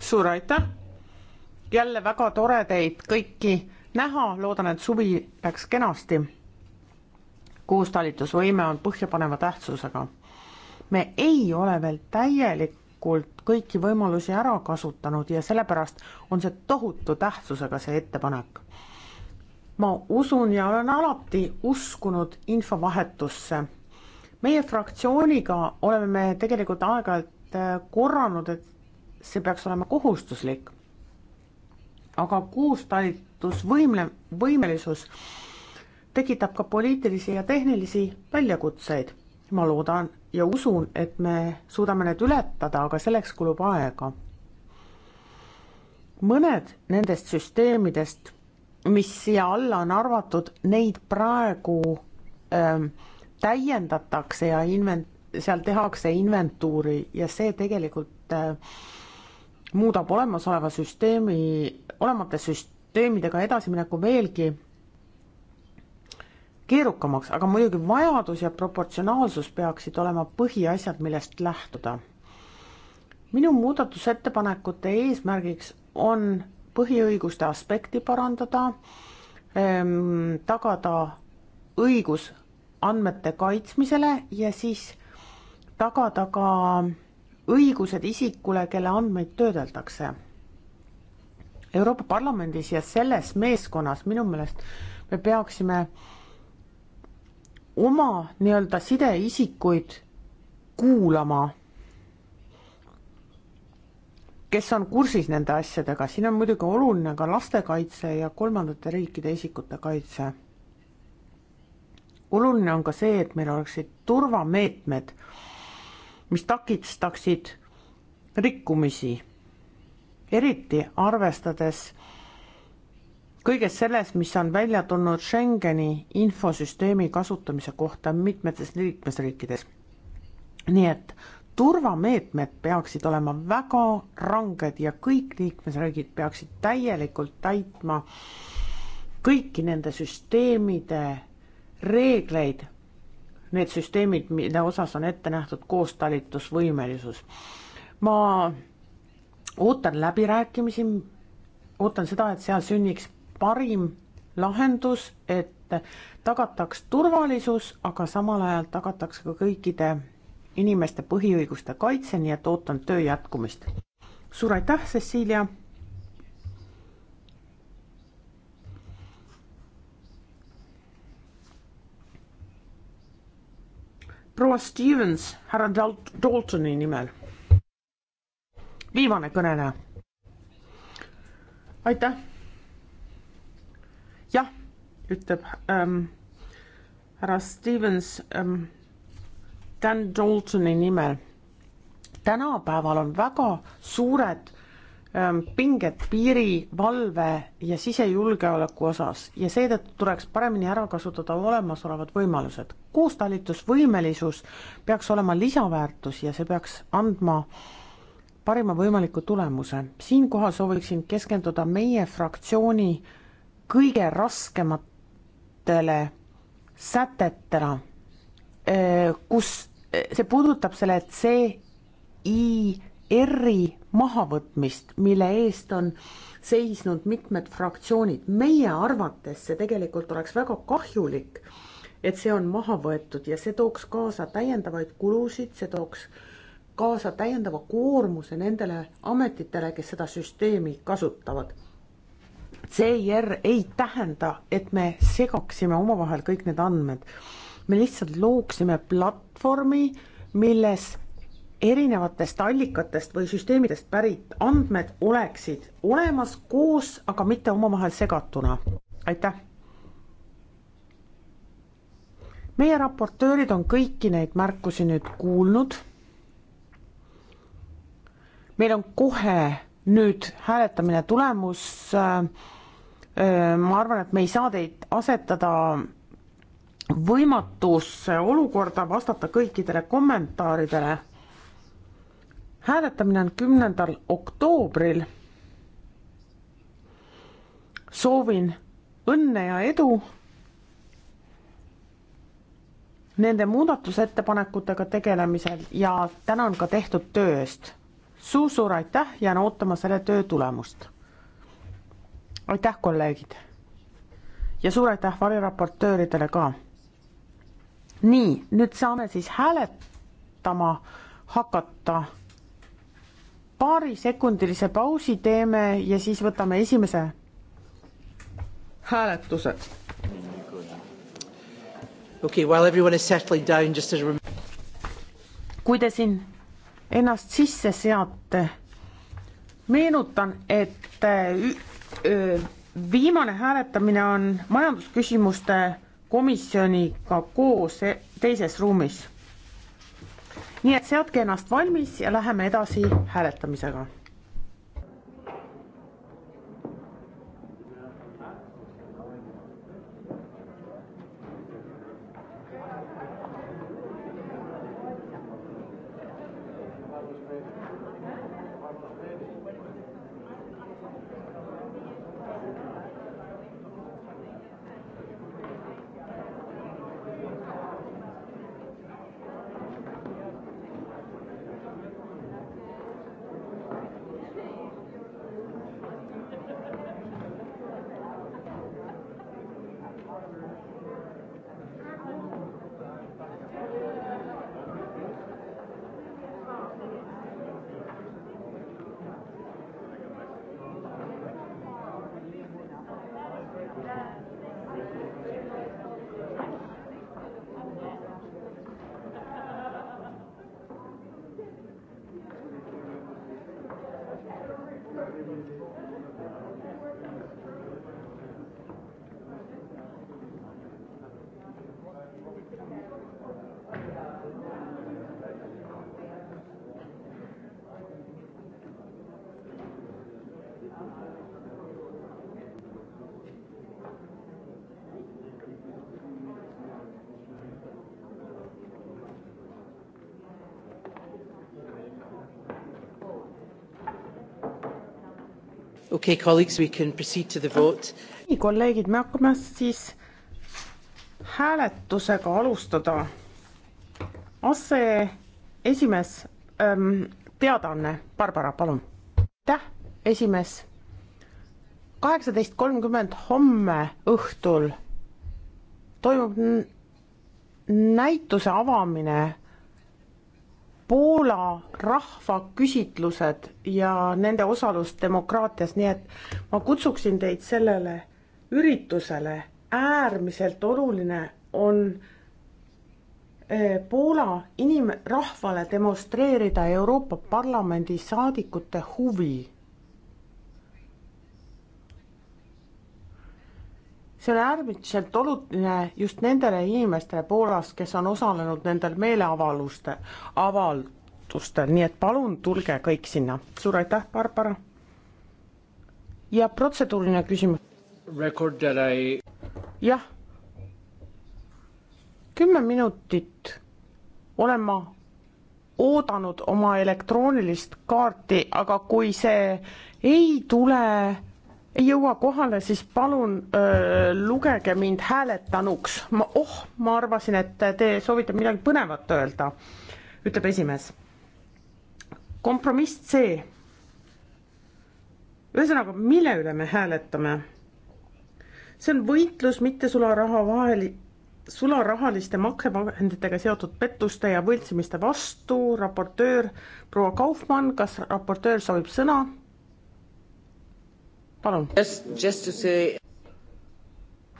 suur aitäh jälle väga tore teid kõiki näha, loodan, et suvi läks kenasti. koostalitusvõime on põhjapaneva tähtsusega. me ei ole veel täielikult kõiki võimalusi ära kasutanud ja sellepärast on see tohutu tähtsusega, see ettepanek. ma usun ja olen alati uskunud infovahetusse. meie fraktsiooniga oleme me tegelikult aeg-ajalt eh, korranud, et see peaks olema kohustuslik aga koostalitusvõimle, võimelisus tekitab ka poliitilisi ja tehnilisi väljakutseid. ma loodan ja usun, et me suudame need ületada, aga selleks kulub aega. mõned nendest süsteemidest, mis siia alla on arvatud, neid praegu ähm, täiendatakse ja invent-, seal tehakse inventuuri ja see tegelikult äh, muudab olemasoleva süsteemi olemata süsteemidega edasimineku veelgi keerukamaks, aga muidugi vajadus ja proportsionaalsus peaksid olema põhiasjad, millest lähtuda. minu muudatusettepanekute eesmärgiks on põhiõiguste aspekti parandada, ehm, tagada õigus andmete kaitsmisele ja siis tagada ka õigused isikule, kelle andmeid töödeldakse Euroopa Parlamendis ja selles meeskonnas minu meelest me peaksime oma nii-öelda sideisikuid kuulama, kes on kursis nende asjadega, siin on muidugi oluline ka lastekaitse ja kolmandate riikide isikute kaitse. oluline on ka see, et meil oleksid turvameetmed, mis takistaksid rikkumisi eriti arvestades kõigest sellest, mis on välja tulnud Schengeni infosüsteemi kasutamise kohta mitmetes liikmesriikides. nii et turvameetmed peaksid olema väga ranged ja kõik liikmesriigid peaksid täielikult täitma kõiki nende süsteemide reegleid, need süsteemid, mille osas on ette nähtud koostalitusvõimelisus. ma ootan läbirääkimisi, ootan seda, et seal sünniks parim lahendus, et tagataks turvalisus, aga samal ajal tagataks ka kõikide inimeste põhiõiguste kaitse, nii et ootan töö jätkumist. suur aitäh, Cecilia. proua Stevens härra Daltoni nimel viimane kõneleja. aitäh. jah, ütleb ähm, härra Stevens ähm, Dan Daltoni nimel. tänapäeval on väga suured ähm, pinged piirivalve ja sisejulgeoleku osas ja seetõttu tuleks paremini ära kasutada olemasolevad võimalused. koostalitusvõimelisus peaks olema lisaväärtus ja see peaks andma äh, parima võimaliku tulemuse. siinkohal sooviksin keskenduda meie fraktsiooni kõige raskematele sätetele, eh, kus eh, see puudutab selle CIR-i mahavõtmist, mille eest on seisnud mitmed fraktsioonid. meie arvates see tegelikult oleks väga kahjulik, et see on maha võetud ja see tooks kaasa täiendavaid kulusid, see tooks äh, kaasa täiendava koormuse nendele ametitele, kes seda süsteemi kasutavad. CIR ei tähenda, et me segaksime omavahel kõik need andmed. me lihtsalt looksime platvormi, milles erinevatest allikatest või süsteemidest pärit andmed oleksid olemas koos, aga mitte omavahel segatuna. aitäh! meie raportöörid on kõiki neid märkusi nüüd kuulnud meil on kohe nüüd hääletamine tulemus. Äh, äh, ma arvan, et me ei saa teid asetada võimatusse olukorda vastata kõikidele kommentaaridele. hääletamine on kümnendal oktoobril. soovin õnne ja edu nende muudatusettepanekutega tegelemisel ja tänan ka tehtud töö eest suur-suur aitäh, jään ootama selle töö tulemust. aitäh, kolleegid. ja suur aitäh variraportööridele ka. nii, nüüd saame siis hääletama hakata. paarisekundilise pausi teeme ja siis võtame esimese hääletuse. Okay, while everyone is settling down just as a kui te siin ennast sisse seate. meenutan, et äh, äh, viimane hääletamine on majandusküsimuste komisjoniga koos e-, teises ruumis. nii et seadke ennast valmis ja läheme edasi hääletamisega Okay, colleagues, we can proceed to the vote. nii, kolleegid, me hakkame siis hääletusega alustada. aseesimees ähm,, teadaanne, Barbara, palun. aitäh, esimees. kaheksateist kolmkümmend homme õhtul toimub näituse avamine Poola rahvaküsitlused ja nende osalus demokraatias, nii et ma kutsuksin teid sellele üritusele, äärmiselt oluline on eh, Poola inim-, rahvale demonstreerida Euroopa Parlamendi saadikute huvi see on äärmiselt oluline just nendele inimestele Poolas, kes on osalenud nendel meeleavaluste, avaldustel, nii et palun tulge kõik sinna. suur aitäh, Barbara. ja protseduuriline küsimus. I... jah. kümme minutit olen ma oodanud oma elektroonilist kaarti, aga kui see ei tule ei jõua kohale, siis palun öö, lugege mind hääletanuks. ma, oh, ma arvasin, et te soovite midagi põnevat öelda, ütleb esimees. kompromiss C. ühesõnaga, mille üle me hääletame? see on võitlus mittesularaha vahel, sularahaliste maksevahenditega seotud pettuste ja võltsimiste vastu, raportöör proua Kaufmann, kas raportöör soovib sõna? palun.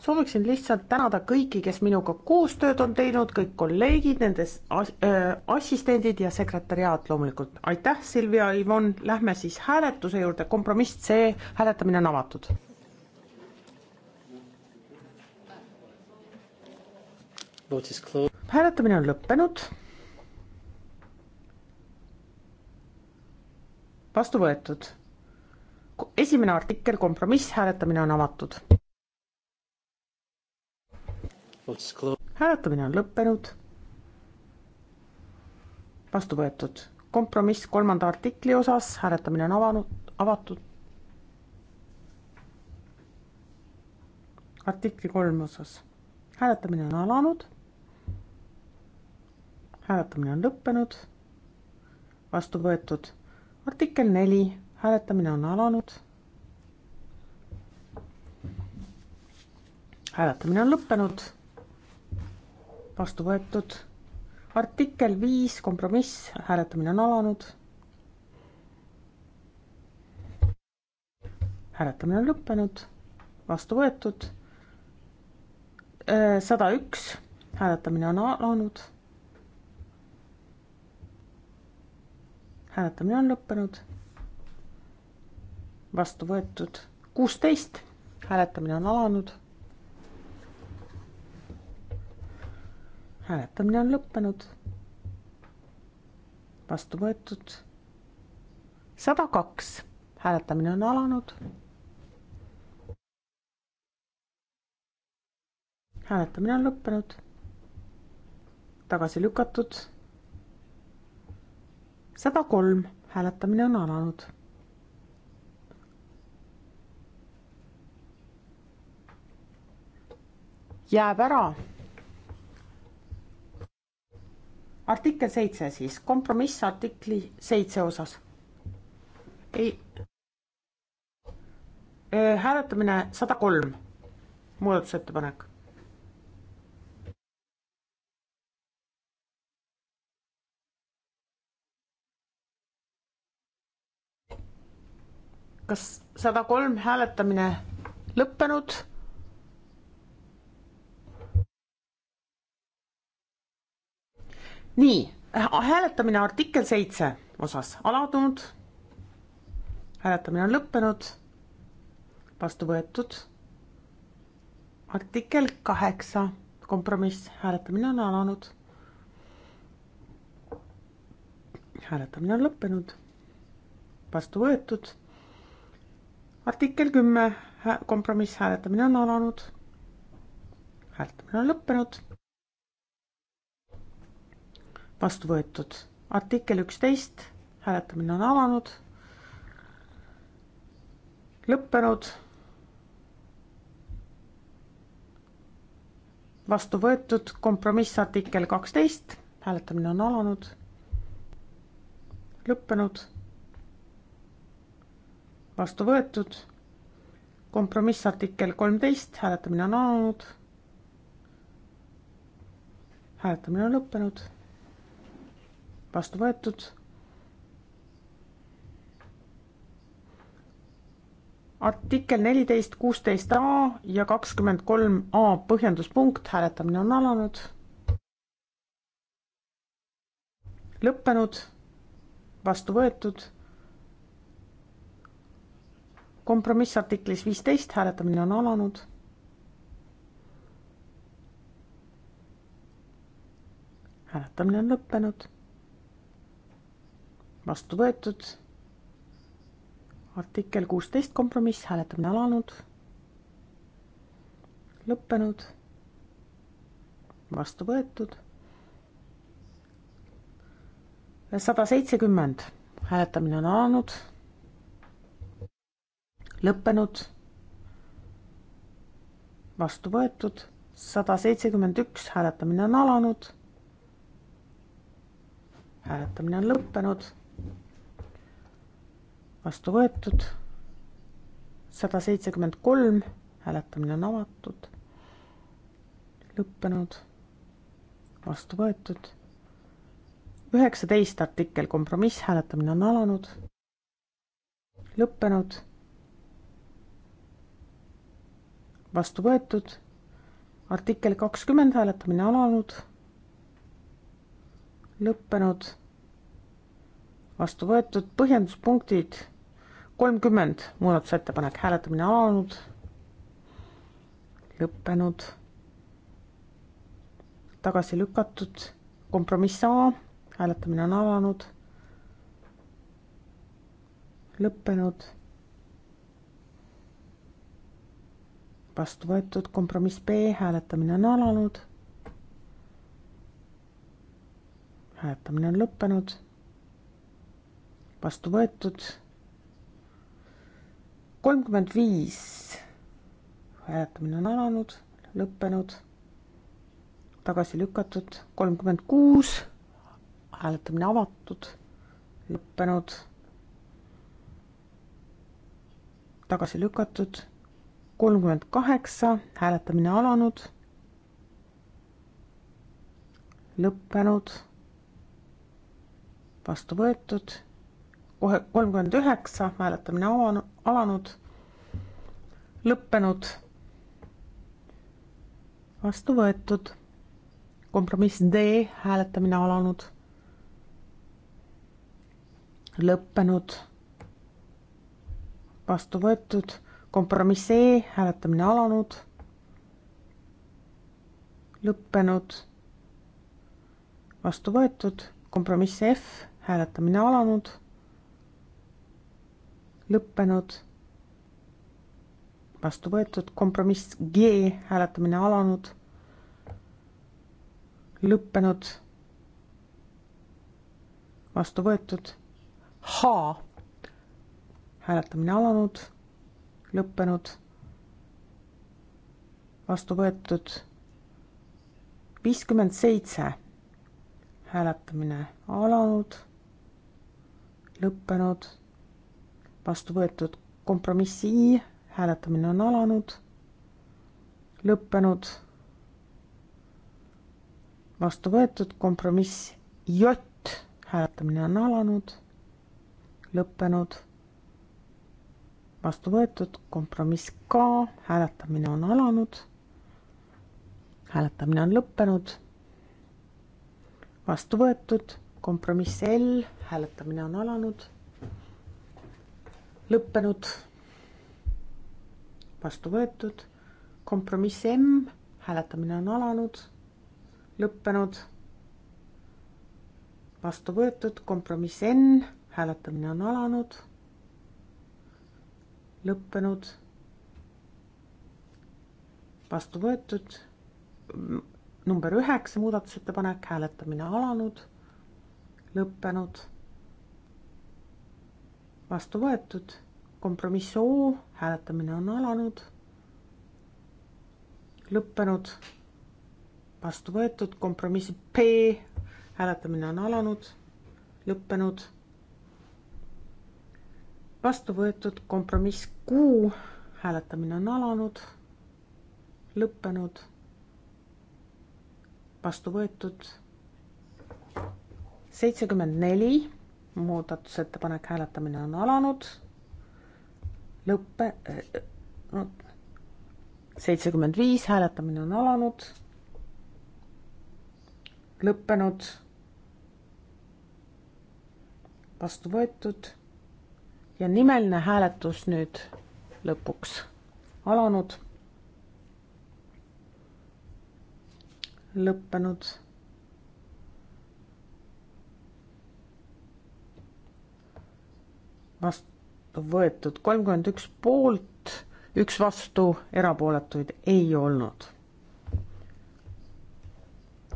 sooviksin lihtsalt tänada kõiki, kes minuga koostööd on teinud, kõik kolleegid, nende as äh, assistendid ja sekretäriaat loomulikult. aitäh, Silvia, Ivon, lähme siis hääletuse juurde, kompromiss C, hääletamine on avatud. hääletamine on lõppenud. vastu võetud esimene artikkel, kompromiss, hääletamine on avatud. hääletamine on lõppenud. vastu võetud kompromiss kolmanda artikli osas, hääletamine on avanud, avatud. artikli kolm osas, hääletamine on alanud. hääletamine on lõppenud. vastu võetud artikkel neli hääletamine on alanud. hääletamine on lõppenud. vastu võetud. artikkel viis, kompromiss, hääletamine on alanud. hääletamine on lõppenud, vastu võetud. Äh, sada üks, hääletamine on alanud. hääletamine on lõppenud vastu võetud kuusteist, hääletamine on alanud. hääletamine on lõppenud. vastu võetud sada kaks, hääletamine on alanud. hääletamine on lõppenud. tagasi lükatud. sada kolm, hääletamine on alanud jääb ära. artikkel seitse siis, kompromiss artikli seitse osas. ei. hääletamine sada kolm, muudatusettepanek. kas sada kolm hääletamine lõppenud? nii, äh, hääletamine artikkel seitse osas alanud. hääletamine on lõppenud. vastu võetud. artikkel kaheksa, kompromiss, hääletamine on alanud. hääletamine on lõppenud. vastu võetud. artikkel kümme, kompromiss, hääletamine on alanud. hääletamine on lõppenud vastu võetud. artikkel üksteist, hääletamine on alanud, lõppenud, vastu võetud, kompromissartikkel kaksteist, hääletamine on alanud, lõppenud, vastu võetud, kompromissartikkel kolmteist, hääletamine on alanud, hääletamine on lõppenud vastu võetud. artikkel neliteist, kuusteist A ja kakskümmend kolm A põhjenduspunkt, hääletamine on alanud. lõppenud, vastu võetud. kompromissartiklis viisteist hääletamine on alanud hääletamine on lõppenud vastu võetud. artikkel kuusteist kompromiss, hääletamine alanud, lõppenud, vastu võetud. sada seitsekümmend, hääletamine on alanud, lõppenud, vastu võetud, sada seitsekümmend üks, hääletamine on alanud, hääletamine on lõppenud vastu võetud. sada seitsekümmend kolm, hääletamine on avatud, lõppenud, vastu võetud. üheksateist artikkel kompromiss, hääletamine on alanud, lõppenud, vastu võetud. artikkel kakskümmend, hääletamine alanud, lõppenud vastu võetud põhjenduspunktid kolmkümmend muudatusettepanek, hääletamine alanud, lõppenud, tagasi lükatud, kompromiss A, hääletamine on alanud, lõppenud, vastu võetud, kompromiss B, hääletamine on alanud, hääletamine on lõppenud, vastu võetud kolmkümmend viis. hääletamine on alanud, lõppenud, tagasi lükatud, kolmkümmend kuus, hääletamine avatud, lõppenud, tagasi lükatud, kolmkümmend kaheksa, hääletamine alanud, lõppenud, vastu võetud kohe kolmkümmend üheksa, hääletamine avan-, alanud, lõppenud, vastu võetud, kompromiss D, hääletamine alanud, lõppenud, vastu võetud, kompromiss E, hääletamine alanud, lõppenud, vastu võetud, kompromiss F, hääletamine alanud lõppenud, vastu võetud, kompromiss G, hääletamine alanud, lõppenud, vastu võetud, H, hääletamine alanud, lõppenud, vastu võetud, viiskümmend seitse, hääletamine alanud, lõppenud vastu võetud kompromiss I, hääletamine on alanud, lõppenud, vastu võetud kompromiss J, hääletamine on alanud, lõppenud, vastu võetud kompromiss K, hääletamine on alanud, hääletamine on lõppenud, vastu võetud kompromiss L, hääletamine on alanud lõppenud, vastu võetud, kompromiss M, hääletamine on alanud, lõppenud, vastu võetud, kompromiss N, hääletamine on alanud, lõppenud, vastu võetud, number üheksa muudatusettepanek, hääletamine alanud, lõppenud vastu võetud, kompromiss O, hääletamine on alanud, lõppenud, vastu võetud, kompromiss P, hääletamine on alanud, lõppenud, vastu võetud, kompromiss Q, hääletamine on alanud, lõppenud, vastu võetud, seitsekümmend neli muudatusettepanek hääletamine on alanud, lõppe, no äh, äh, seitsekümmend viis, hääletamine on alanud, lõppenud, vastu võetud ja nimeline hääletus nüüd lõpuks alanud, lõppenud vastu võetud kolmkümmend üks poolt, üks vastu, erapooletuid ei olnud.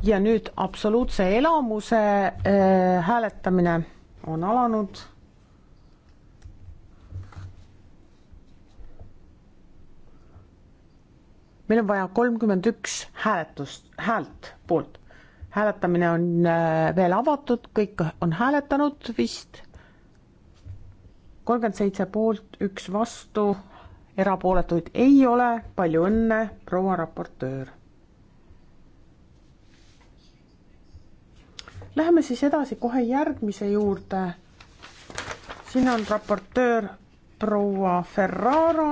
ja nüüd absoluutse elamuse äh, hääletamine on alanud meil on vaja kolmkümmend üks hääletust, häält poolt. hääletamine on äh, veel avatud, kõik on hääletanud vist kolmkümmend seitse poolt, üks vastu, erapooletuid ei ole, palju õnne, proua raportöör. Läheme siis edasi kohe järgmise juurde. siin on raportöör proua Ferraro,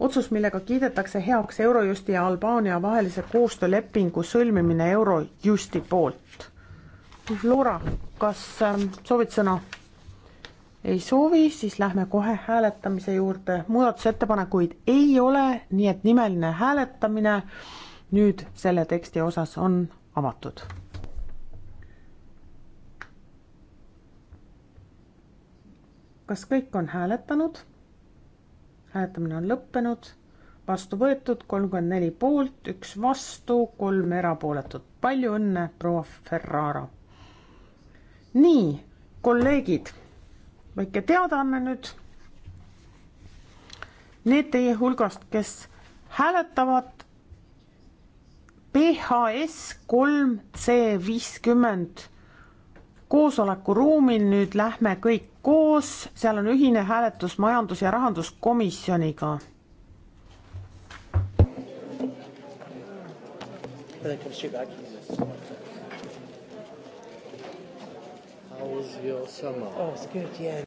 otsus, millega kiidetakse heaks Eurojusti ja Albaania vahelise koostöölepingu sõlmimine Eurojusti poolt. Laura, kas ähm, soovid sõna? ei soovi, siis lähme kohe hääletamise juurde, muudatusettepanekuid ei ole, nii et nimeline hääletamine nüüd selle teksti osas on avatud. kas kõik on hääletanud? hääletamine on lõppenud, vastu võetud kolmkümmend neli poolt, üks vastu, kolm erapooletut. palju õnne, proua Ferrara. nii, kolleegid väike teadaanne nüüd. Need teie hulgast, kes hääletavad PHS kolm C viiskümmend koosolekuruumil, nüüd lähme kõik koos, seal on ühine hääletus majandus- ja rahanduskomisjoniga. Then it comes straight back. How was your summer? Oh, it's good, yeah.